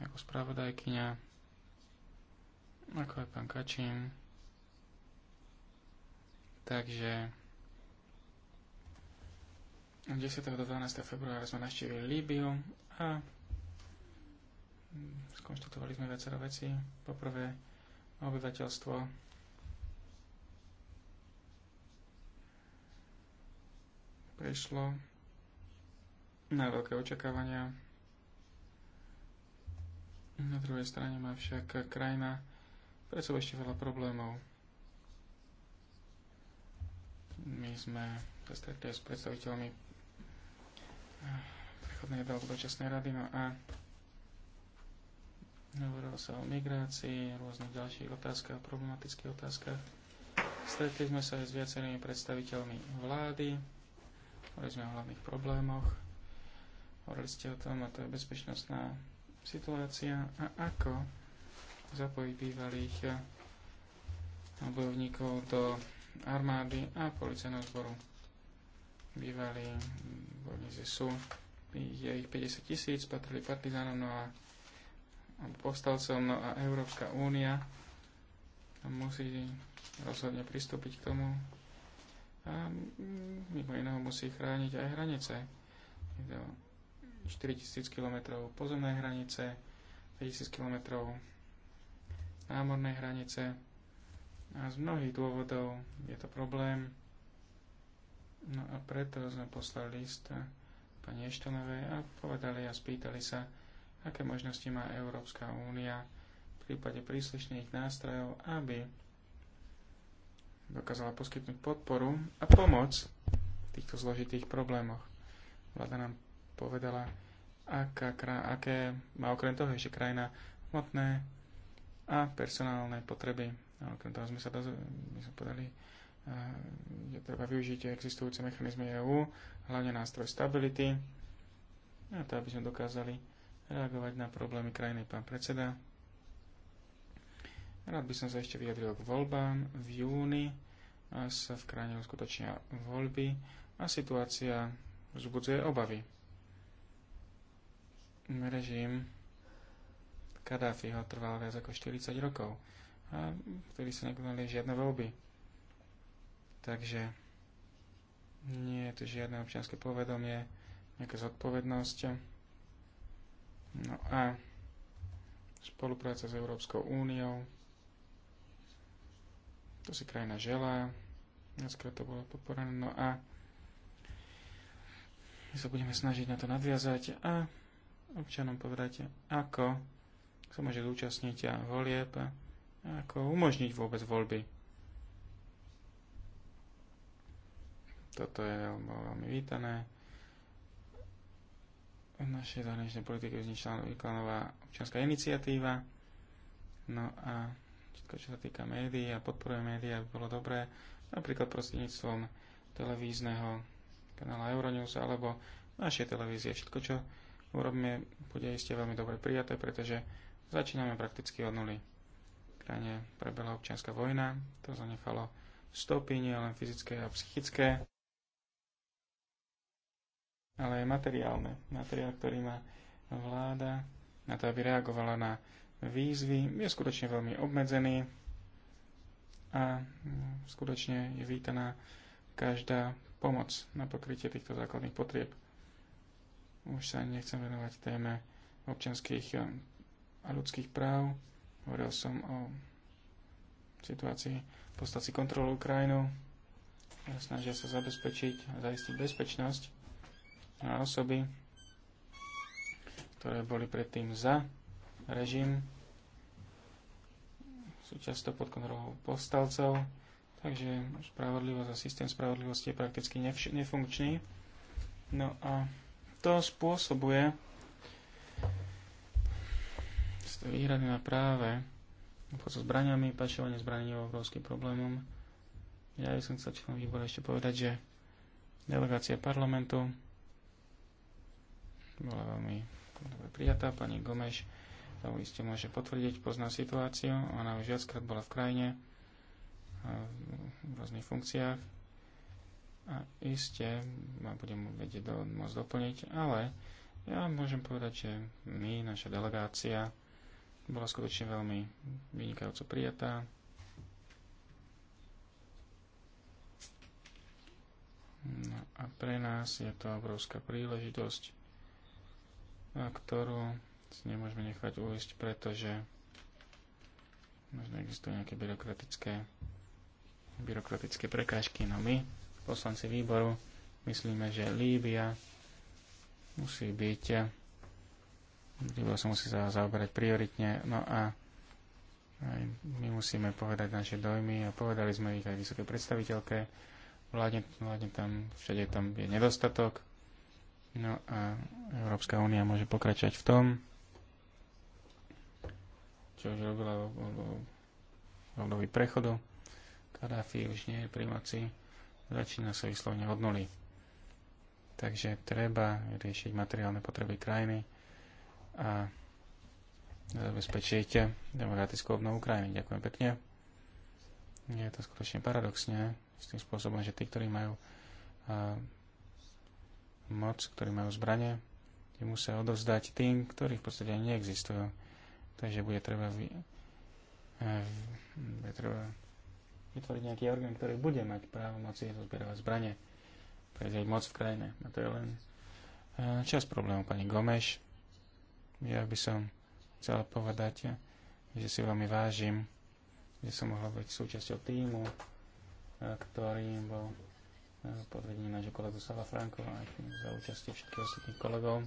S3: ako spravodajkyňa, ako aj pán Kačín. Takže 10. do 12. februára sme naštívili Líbiu a skonštatovali sme viacero vecí. Poprvé, obyvateľstvo prišlo na veľké očakávania na druhej strane má však krajina predsa ešte veľa problémov. My sme sa stretli s predstaviteľmi eh, prechodnej dočasnej rady, no a hovorilo sa o migrácii, rôznych ďalších otázkach, problematických otázkach. Stretli sme sa aj s viacerými predstaviteľmi vlády, hovorili sme o hlavných problémoch, hovorili ste o tom, a to je bezpečnostná situácia a ako zapojiť bývalých eh, bojovníkov do armády a policajného zboru. Bývalí bojovníci sú, je ich 50 tisíc, patrili partizánom, no a povstalcom, no a Európska únia musí rozhodne pristúpiť k tomu a mm, mimo iného musí chrániť aj hranice. 4000 km pozemnej hranice, 5000 km námornej hranice a z mnohých dôvodov je to problém. No a preto sme poslali list pani Eštonovej a povedali a spýtali sa, aké možnosti má Európska únia v prípade príslušných nástrojov, aby dokázala poskytnúť podporu a pomoc v týchto zložitých problémoch. Vláda nám povedala, aká, aké má okrem toho ešte krajina hmotné a personálne potreby. A okrem toho sme sa dozve, my sme podali, že treba využiť existujúce mechanizmy EÚ, hlavne nástroj stability, na to, aby sme dokázali reagovať na problémy krajiny, pán predseda. Rád by som sa ešte vyjadril k voľbám. V júni sa v krajine uskutočnia voľby a situácia vzbudzuje obavy režim Kadáfiho trval viac ako 40 rokov a vtedy sa nekonali žiadne voľby. Takže nie je to žiadne občianske povedomie, nejaká zodpovednosť. No a spolupráca s Európskou úniou, to si krajina želá, dneska to bolo podporené, no a my sa budeme snažiť na to nadviazať a občanom povedať, ako sa môže zúčastniť a volieb, ako umožniť vôbec voľby. Toto je veľmi, veľmi vítané. V našej zahraničnej politike vznikla výkonová občianská iniciatíva. No a všetko, čo sa týka médií a podporuje médiá, by bolo dobré, napríklad prostredníctvom televízneho kanála Euronews alebo našej televízie. Všetko, čo urobíme, bude iste veľmi dobre prijaté, pretože začíname prakticky od nuly. V krajine prebehla občianská vojna, to zanechalo stopy nielen fyzické a psychické, ale aj materiálne. Materiál, ktorý má vláda na to, aby reagovala na výzvy, je skutočne veľmi obmedzený a skutočne je vítaná každá pomoc na pokrytie týchto základných potrieb. Už sa nechcem venovať téme občanských eh, a ľudských práv. Hovoril som o situácii podstate kontrolu Ukrajinu. Snažia sa zabezpečiť a zaistiť bezpečnosť na osoby, ktoré boli predtým za režim, sú často pod kontrolou povstalcov, takže spravodlivosť a systém spravodlivosti je prakticky nefunkčný. No a to spôsobuje výhrady na práve obchod so zbraniami, pašovanie zbraní je obrovským problémom. Ja by som chcel členom výboru ešte povedať, že delegácia parlamentu bola veľmi prijatá. Pani Gomeš to iste môže potvrdiť, pozná situáciu. Ona už viackrát bola v krajine v rôznych funkciách a iste ma budem vedieť do, môcť doplniť, ale ja môžem povedať, že my, naša delegácia, bola skutočne veľmi vynikajúco prijatá. No a pre nás je to obrovská príležitosť, ktorú si nemôžeme nechať uísť, pretože možno existujú nejaké byrokratické, byrokratické prekážky, no my poslanci výboru, myslíme, že Líbia musí byť, Líbia sa musí zaoberať prioritne, no a aj my musíme povedať naše dojmy a povedali sme ich aj vysokej predstaviteľke, vládne, vládne tam, všade tam je nedostatok, no a Európska únia môže pokračovať v tom, čo už robila v období prechodu. Kadáfi už nie je pri moci začína sa vyslovne od nuly. Takže treba riešiť materiálne potreby krajiny a zabezpečiť demokratickú obnovu krajiny. Ďakujem pekne. Je to skutočne paradoxne, s tým spôsobom, že tí, ktorí majú a, moc, ktorí majú zbranie, tie musia odovzdať tým, ktorí v podstate ani neexistujú. Takže bude treba, vy, a, bude treba vytvoriť nejaký orgán, ktorý bude mať právo moci zozbierovať zbranie, prevziať moc v krajine. A to je len e, čas problému pani Gomeš. Ja by som chcela povedať, že si veľmi vážim, že som mohla byť súčasťou týmu, e, ktorý bol e, pod vedením nášho kolegu Sala Franko a za účasti všetkých ostatných kolegov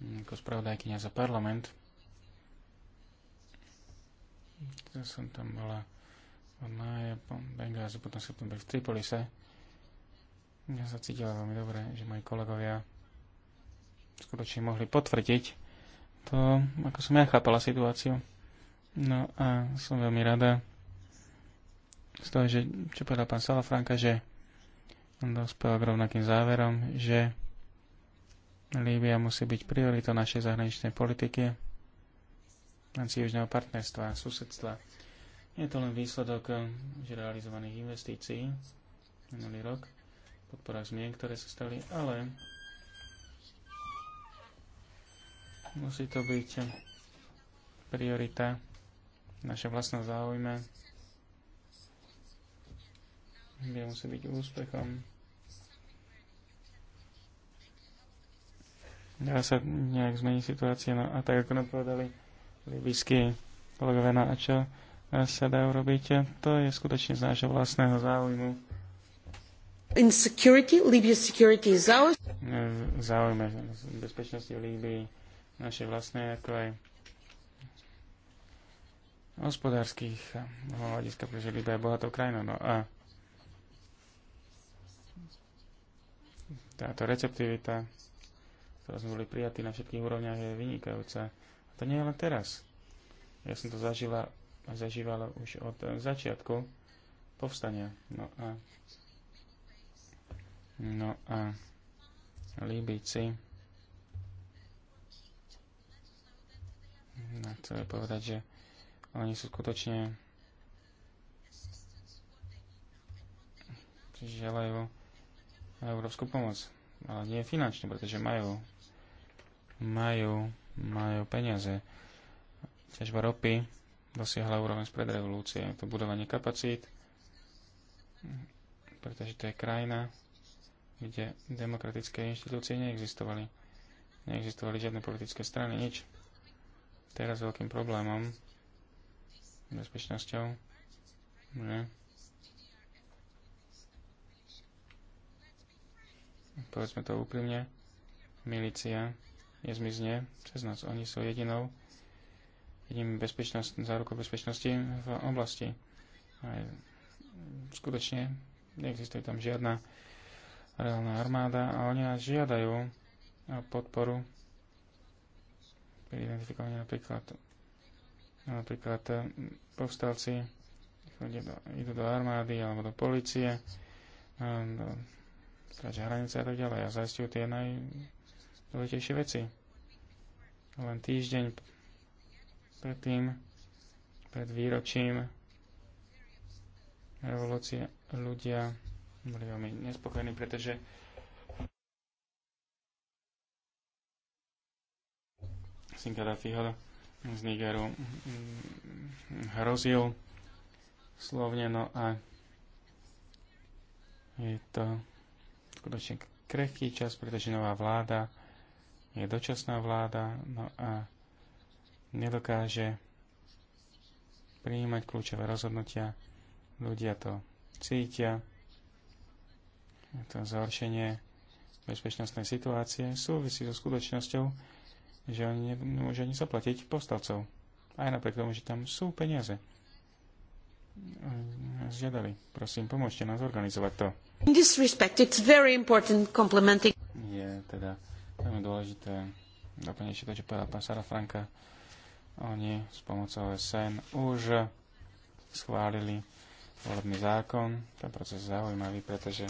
S3: mm, ako spravodajkynia za parlament to som tam bola na Bengázu, potom som bol v Tripolise. Ja sa cítila veľmi dobre, že moji kolegovia skutočne mohli potvrdiť to, ako som ja chápala situáciu. No a som veľmi rada z toho, že, čo povedal pán Salafranka, že on dospel k rovnakým záverom, že Líbia musí byť prioritou našej zahraničnej politiky v rámci južného partnerstva a susedstva. Je to len výsledok eh, že realizovaných investícií minulý rok, podpora zmien, ktoré sa stali, ale musí to byť priorita naše vlastná záujme kde musí byť úspechom. Dá sa nejak zmeniť situácia, no a tak ako nám povedali libijskí kolegové na čo sa dá urobiť. To je skutočne z nášho vlastného záujmu.
S1: In security, Libya security is ours.
S3: Záujme bezpečnosti v Líbii našej vlastnej, ako aj hospodárskych no, hľadiska, pretože Líbia je bohatou krajinou. No a táto receptivita, ktorá sme boli prijatí na všetkých úrovniach, je vynikajúca. To nie je len teraz. Ja som to zažila, zažívala už od začiatku povstania. No a, no a Líbici no, chcem povedať, že oni sú skutočne želajú európsku pomoc, ale nie finančne, pretože majú majú majú peniaze. Ťažba ropy dosiahla úroveň spred revolúcie. To budovanie kapacít, pretože to je krajina, kde demokratické inštitúcie neexistovali. Neexistovali žiadne politické strany, nič. Teraz veľkým problémom, bezpečnosťou, že povedzme to úprimne, milícia nezmizne cez nás. Oni sú jedinou, jediným bezpečnosť, zárukou bezpečnosti v oblasti. Aj, skutočne neexistuje tam žiadna reálna armáda a oni nás žiadajú podporu pri identifikovaní napríklad napríklad eh, povstalci do, idú do armády alebo do policie, eh, do hranice a tak ďalej a zaistujú tie naj, dôležitejšie veci. Len týždeň tým, pred výročím revolúcie ľudia boli veľmi nespokojní, pretože Sinkara Fihor z Nigeru mm, mm, hrozil slovne, no a je to skutočne krehký čas, pretože nová vláda je dočasná vláda no a nedokáže prijímať kľúčové rozhodnutia. Ľudia to cítia. Je to zhoršenie bezpečnostnej situácie súvisí so skutočnosťou, že oni nemôžu ani zaplatiť postavcov. Aj napriek tomu, že tam sú peniaze. Žiadali, prosím, pomôžte nám zorganizovať to.
S2: In this respect, it's very important complementing.
S3: Je teda Veľmi dôležité doplniť to, čo povedal pán Sara Franka. Oni s pomocou SN už schválili volebný zákon. Ten proces je zaujímavý, pretože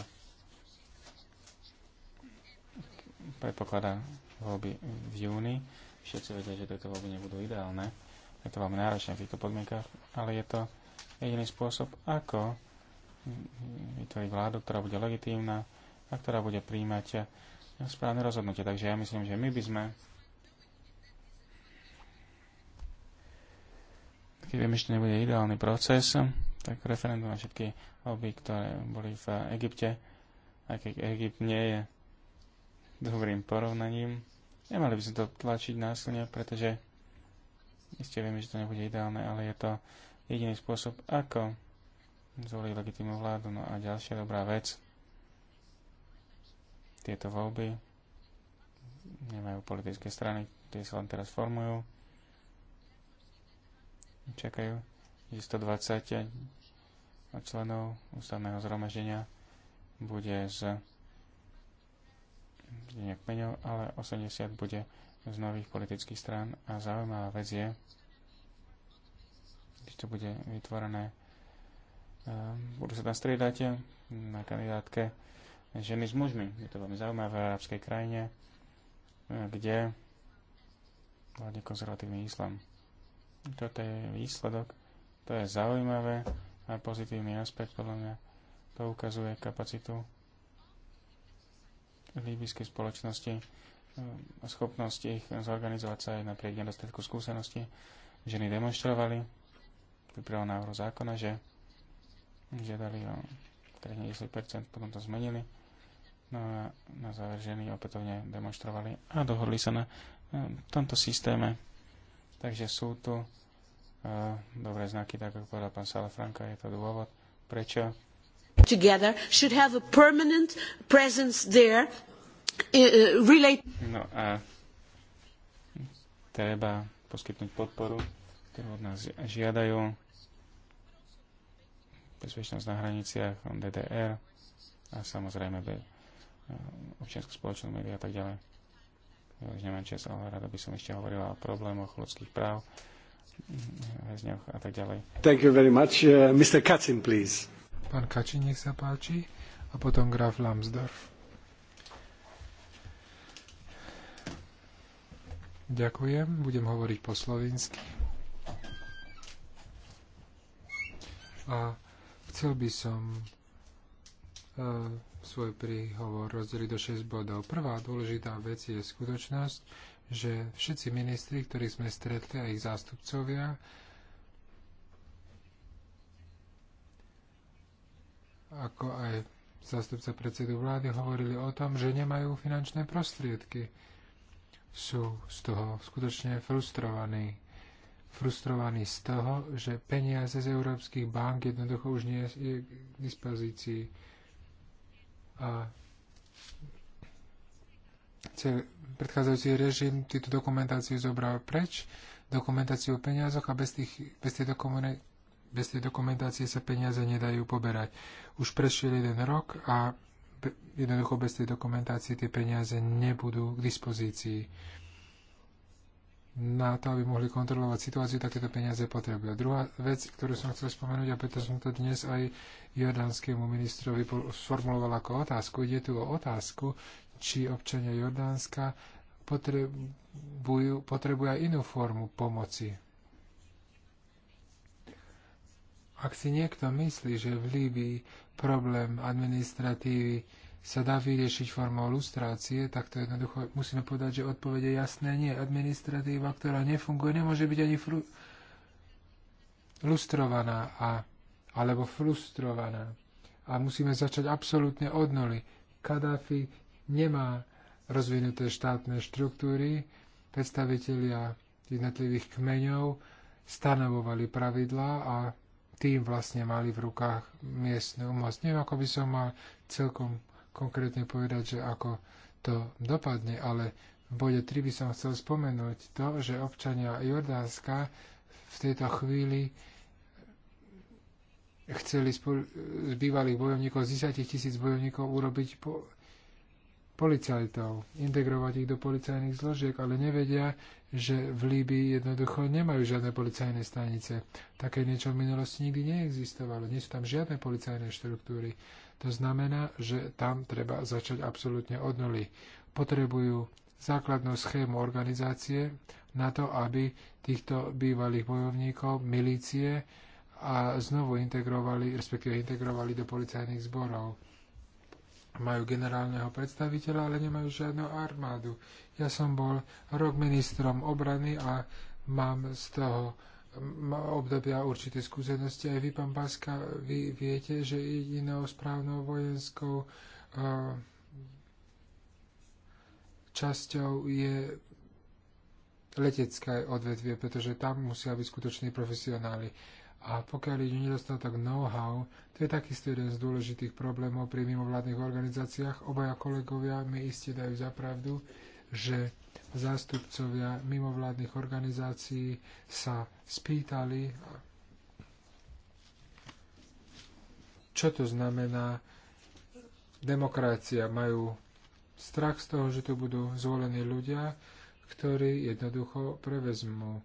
S3: predpokladá voľby v júni. Všetci vedia, že tieto voľby nebudú ideálne. Je to veľmi náročné v týchto podmienkach, ale je to jediný spôsob, ako vytvoriť vládu, ktorá bude legitímna a ktorá bude príjmať správne rozhodnutie. Takže ja myslím, že my by sme keď ešte že to nebude ideálny proces, tak referendum na všetky hobby, ktoré boli v Egypte, aj keď Egypt nie je dobrým porovnaním, nemali by sme to tlačiť násilne, pretože iste vieme, že to nebude ideálne, ale je to jediný spôsob, ako zvoliť legitímnu vládu. No a ďalšia dobrá vec, tieto voľby nemajú politické strany, tie sa len teraz formujú. Čakajú 120 členov ústavného zhromaždenia bude z menej, ale 80 bude z nových politických strán a zaujímavá vec je, keď to bude vytvorené, ehm, budú sa tam striedať na kandidátke ženy s mužmi. Je to veľmi zaujímavé v arabskej krajine, eh, kde vládne konzervatívny islám. Toto je výsledok, to je zaujímavé a pozitívny aspekt podľa mňa. To ukazuje kapacitu líbyskej spoločnosti eh, a schopnosť ich zorganizovať sa aj napriek nedostatku skúsenosti. Ženy demonstrovali pripravil návrh zákona, že žiadali o 30 10%, potom to zmenili No a na záver ženy opätovne demonstrovali a dohodli sa na tomto systéme. Takže sú tu e, dobré znaky, tak ako povedal pán Salafranka, je to dôvod, prečo
S1: together should have a permanent
S2: presence there uh, relate
S3: no a treba poskytnúť podporu, ktorú od nás žiadajú bezpečnosť na hraniciach DDR a samozrejme Eh, občianskú spoločnosť, médiá a tak ďalej. Ja už nemám čas, ale rada by som ešte hovorila o problémoch ľudských práv, eh, väzňoch a tak ďalej.
S1: Thank you very much. Uh, eh, Mr. Kacin, please. Pán Kacin, nech sa páči. A potom graf Lambsdorff. Ďakujem, budem hovoriť po slovinsky. A chcel by som svoj príhovor rozdeli do 6 bodov. Prvá dôležitá vec je skutočnosť, že všetci ministri, ktorých sme stretli a ich zástupcovia, ako aj zástupca predsedu vlády, hovorili o tom, že nemajú finančné prostriedky. Sú z toho skutočne frustrovaní. Frustrovaní z toho, že peniaze z európskych bank jednoducho už nie je k dispozícii a predchádzajúci režim túto dokumentáciu zobral preč, dokumentáciu o peniazoch a bez, tých, bez, tej dokumene, bez tej dokumentácie sa peniaze nedajú poberať. Už prešiel jeden rok a jednoducho bez tej dokumentácie tie peniaze nebudú k dispozícii na to, aby mohli kontrolovať situáciu, takéto peniaze potrebujú. Druhá vec, ktorú som chcel spomenúť, a preto som to dnes aj jordánskému ministrovi sformuloval ako otázku, ide tu o otázku, či občania Jordánska potrebujú, potrebujú aj inú formu pomoci. Ak si niekto myslí, že v Líbii problém administratívy sa dá vyriešiť formou lustrácie, tak to jednoducho musíme povedať, že odpovede jasné nie. Administratíva, ktorá nefunguje, nemôže byť ani fru- lustrovaná a, alebo frustrovaná. A musíme začať absolútne od nuly. Kadáfi nemá rozvinuté štátne štruktúry, predstavitelia jednotlivých kmeňov stanovovali pravidlá a tým vlastne mali v rukách miestnu moc. Neviem, ako by som mal celkom konkrétne povedať, že ako to dopadne, ale v bode 3 by som chcel spomenúť to, že občania Jordánska v tejto chvíli chceli z bývalých bojovníkov, z 10 tisíc bojovníkov urobiť po- policajtov, integrovať ich do policajných zložiek, ale nevedia, že v Líbii jednoducho nemajú žiadne policajné stanice. Také niečo v minulosti nikdy neexistovalo. Nie sú tam žiadne policajné štruktúry. To znamená, že tam treba začať absolútne od nuly. Potrebujú základnú schému organizácie na to, aby týchto bývalých bojovníkov, milície a znovu integrovali, respektíve integrovali do policajných zborov. Majú generálneho predstaviteľa, ale nemajú žiadnu armádu. Ja som bol rok ministrom obrany a mám z toho má obdobia určité skúsenosti. Aj vy, pán Paska, vy viete, že jedinou správnou vojenskou časťou je letecká odvetvie, pretože tam musia byť skutoční profesionáli. A pokiaľ ide nedostatok know-how, to je takisto jeden z dôležitých problémov pri mimovládnych organizáciách. Obaja kolegovia mi iste dajú zapravdu, že zástupcovia mimovládnych organizácií sa spýtali, čo to znamená demokracia. Majú strach z toho, že tu budú zvolení ľudia, ktorí jednoducho prevezmú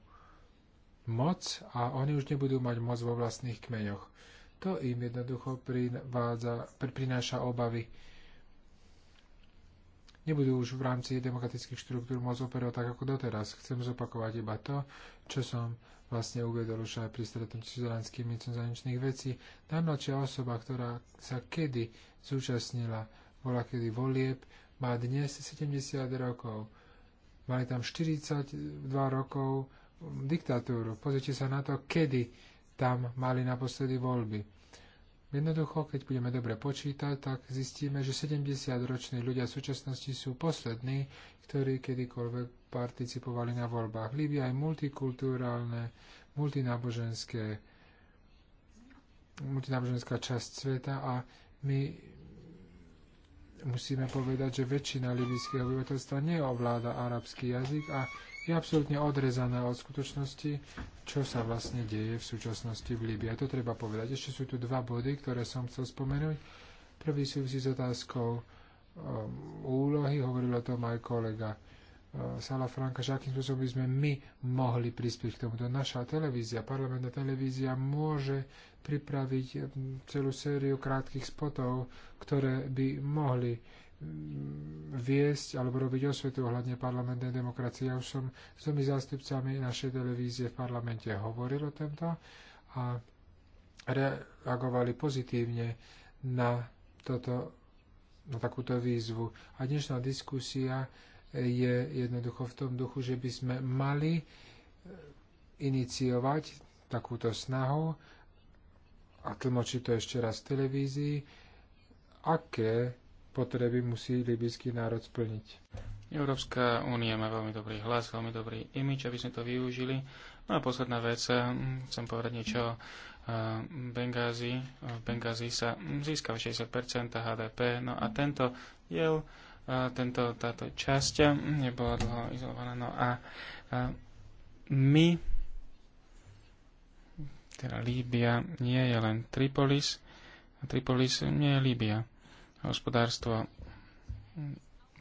S1: moc a oni už nebudú mať moc vo vlastných kmeňoch. To im jednoducho prináša obavy nebudú už v rámci demokratických štruktúr môcť operovať tak ako doteraz. Chcem zopakovať iba to, čo som vlastne uvedol, už aj pri stretnutí s iránským ministrom zahraničných vecí. Najmladšia osoba, ktorá sa kedy zúčastnila, bola kedy volieb, má dnes 70 rokov. Mali tam 42 rokov diktatúru. Pozrite sa na to, kedy tam mali naposledy voľby. Jednoducho, keď budeme dobre počítať, tak zistíme, že 70-roční ľudia v súčasnosti sú poslední, ktorí kedykoľvek participovali na voľbách. Líbia aj multikulturálne, multináboženské, multináboženská časť sveta a my musíme povedať, že väčšina libijského obyvateľstva neovláda arabský jazyk a je absolútne odrezaná od skutočnosti, čo sa vlastne deje v súčasnosti v Líbii. A to treba povedať. Ešte sú tu dva body, ktoré som chcel spomenúť. Prvý súvisí s otázkou um, úlohy, hovoril o tom aj kolega uh, Sala Franka, že akým spôsobom by sme my mohli prispieť k tomuto. Naša televízia, parlamentná televízia môže pripraviť um, celú sériu krátkých spotov, ktoré by mohli Mm, viesť alebo robiť osvetu ohľadne parlamentnej demokracie. Ja už som s tými zástupcami našej televízie v parlamente hovoril o tomto a reagovali pozitívne na, toto, na takúto výzvu. A dnešná diskusia je jednoducho v tom duchu, že by sme mali e, iniciovať takúto snahu a tlmočiť to ešte raz v televízii, aké potreby musí libyský národ splniť.
S3: Európska únia má veľmi dobrý hlas, veľmi dobrý imič, aby sme to využili. No a posledná vec, hm, chcem povedať niečo o hm, Bengázi. Hm, v Bengázi sa získal 60% HDP. No a tento diel, tento, táto časť nebola dlho izolovaná. No a my, teda Líbia, nie je len Tripolis. Tripolis nie je Líbia hospodárstvo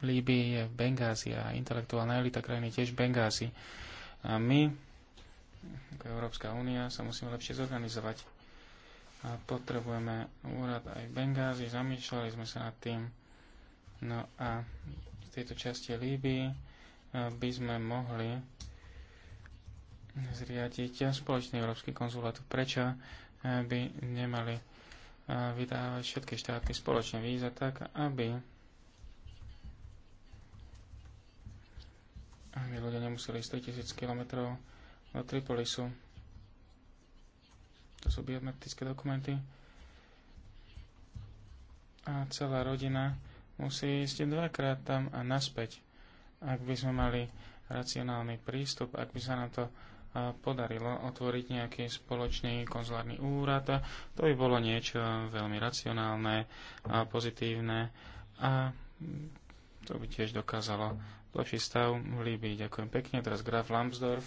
S3: Líbii je v Bengázi a intelektuálna elita krajiny tiež v Bengázi. A my, ako Európska únia, sa musíme lepšie zorganizovať. A potrebujeme úrad aj v Bengázi, zamýšľali sme sa nad tým. No a v tejto časti Líbie by sme mohli zriadiť spoločný európsky konzulát. Prečo e, by nemali vydávať všetky štáty spoločne víza tak, aby aby ľudia nemuseli ísť 3000 km do Tripolisu. To sú biometrické dokumenty. A celá rodina musí ísť dvakrát tam a naspäť. Ak by sme mali racionálny prístup, ak by sa nám to podarilo otvoriť nejaký spoločný konzulárny úrad. To by bolo niečo veľmi racionálne a pozitívne a to by tiež dokázalo lepší stav v Líbii. Ďakujem pekne. Teraz Graf Lambsdorff.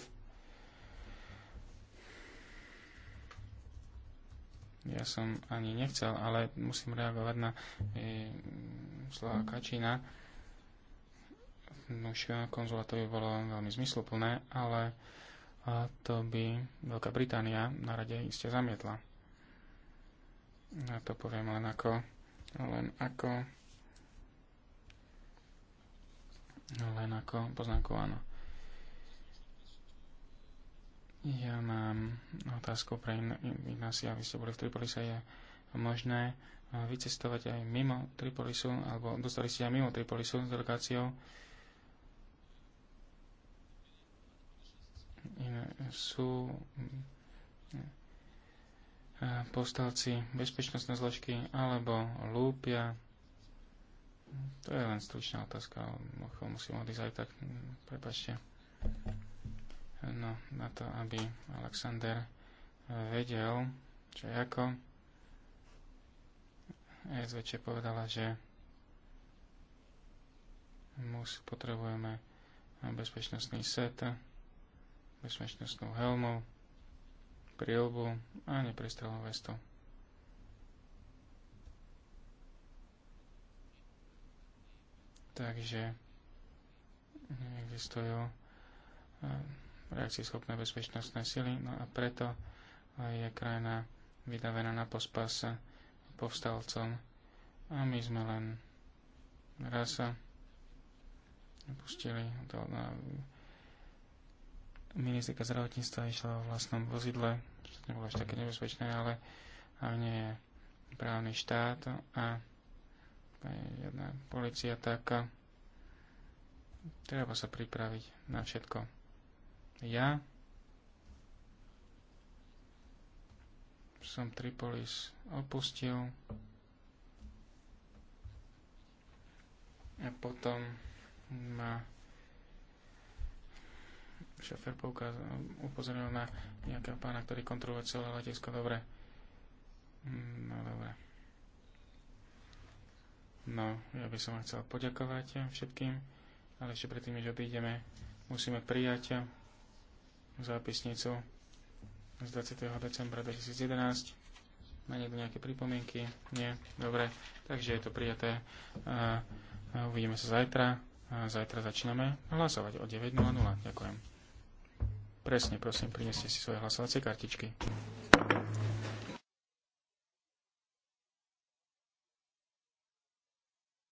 S3: Ja som ani nechcel, ale musím reagovať na e, slova Kačina. Už konzula to by bolo veľmi zmysluplné, ale a to by Veľká Británia na rade iste zamietla. Ja to poviem len ako, len ako, len ako poznámku áno. Ja mám otázku pre Ignasi, aby ste boli v Tripolise. Je možné eh, vycestovať aj mimo Tripolisu, alebo dostali ste aj mimo Tripolisu s delegáciou sú mm, mm, postavci bezpečnostné zložky alebo lúpia. To je len stručná otázka, musím odísť aj tak, mm, prepačte. No, na to, aby Alexander vedel, čo je ako. SVČ povedala, že mus, potrebujeme bezpečnostný set bezpečnostnú helmu, prilbu a neprestrelnú vestu. Takže existujú eh, schopné bezpečnostné sily, no a preto je krajina vydavená na pospas povstalcom a my sme len raz pustili do, na, ministerka zdravotníctva išla vo vlastnom vozidle, čo nebolo až také nebezpečné, ale hlavne je právny štát a jedna policia taká. Treba sa pripraviť na všetko. Ja som Tripolis opustil a potom ma šofér upozoril na nejakého pána, ktorý kontroluje celé letisko. Dobre. Mm, no dobre. No, ja by som chcel poďakovať všetkým, ale ešte predtým, než odídeme, musíme prijať zápisnicu z 20. decembra 2011. Má niekto nejaké pripomienky? Nie? Dobre, takže je to prijaté. Uvidíme sa zajtra. Zajtra začíname hlasovať o 9.00. Ďakujem presne, prosím, prineste si svoje hlasovacie kartičky.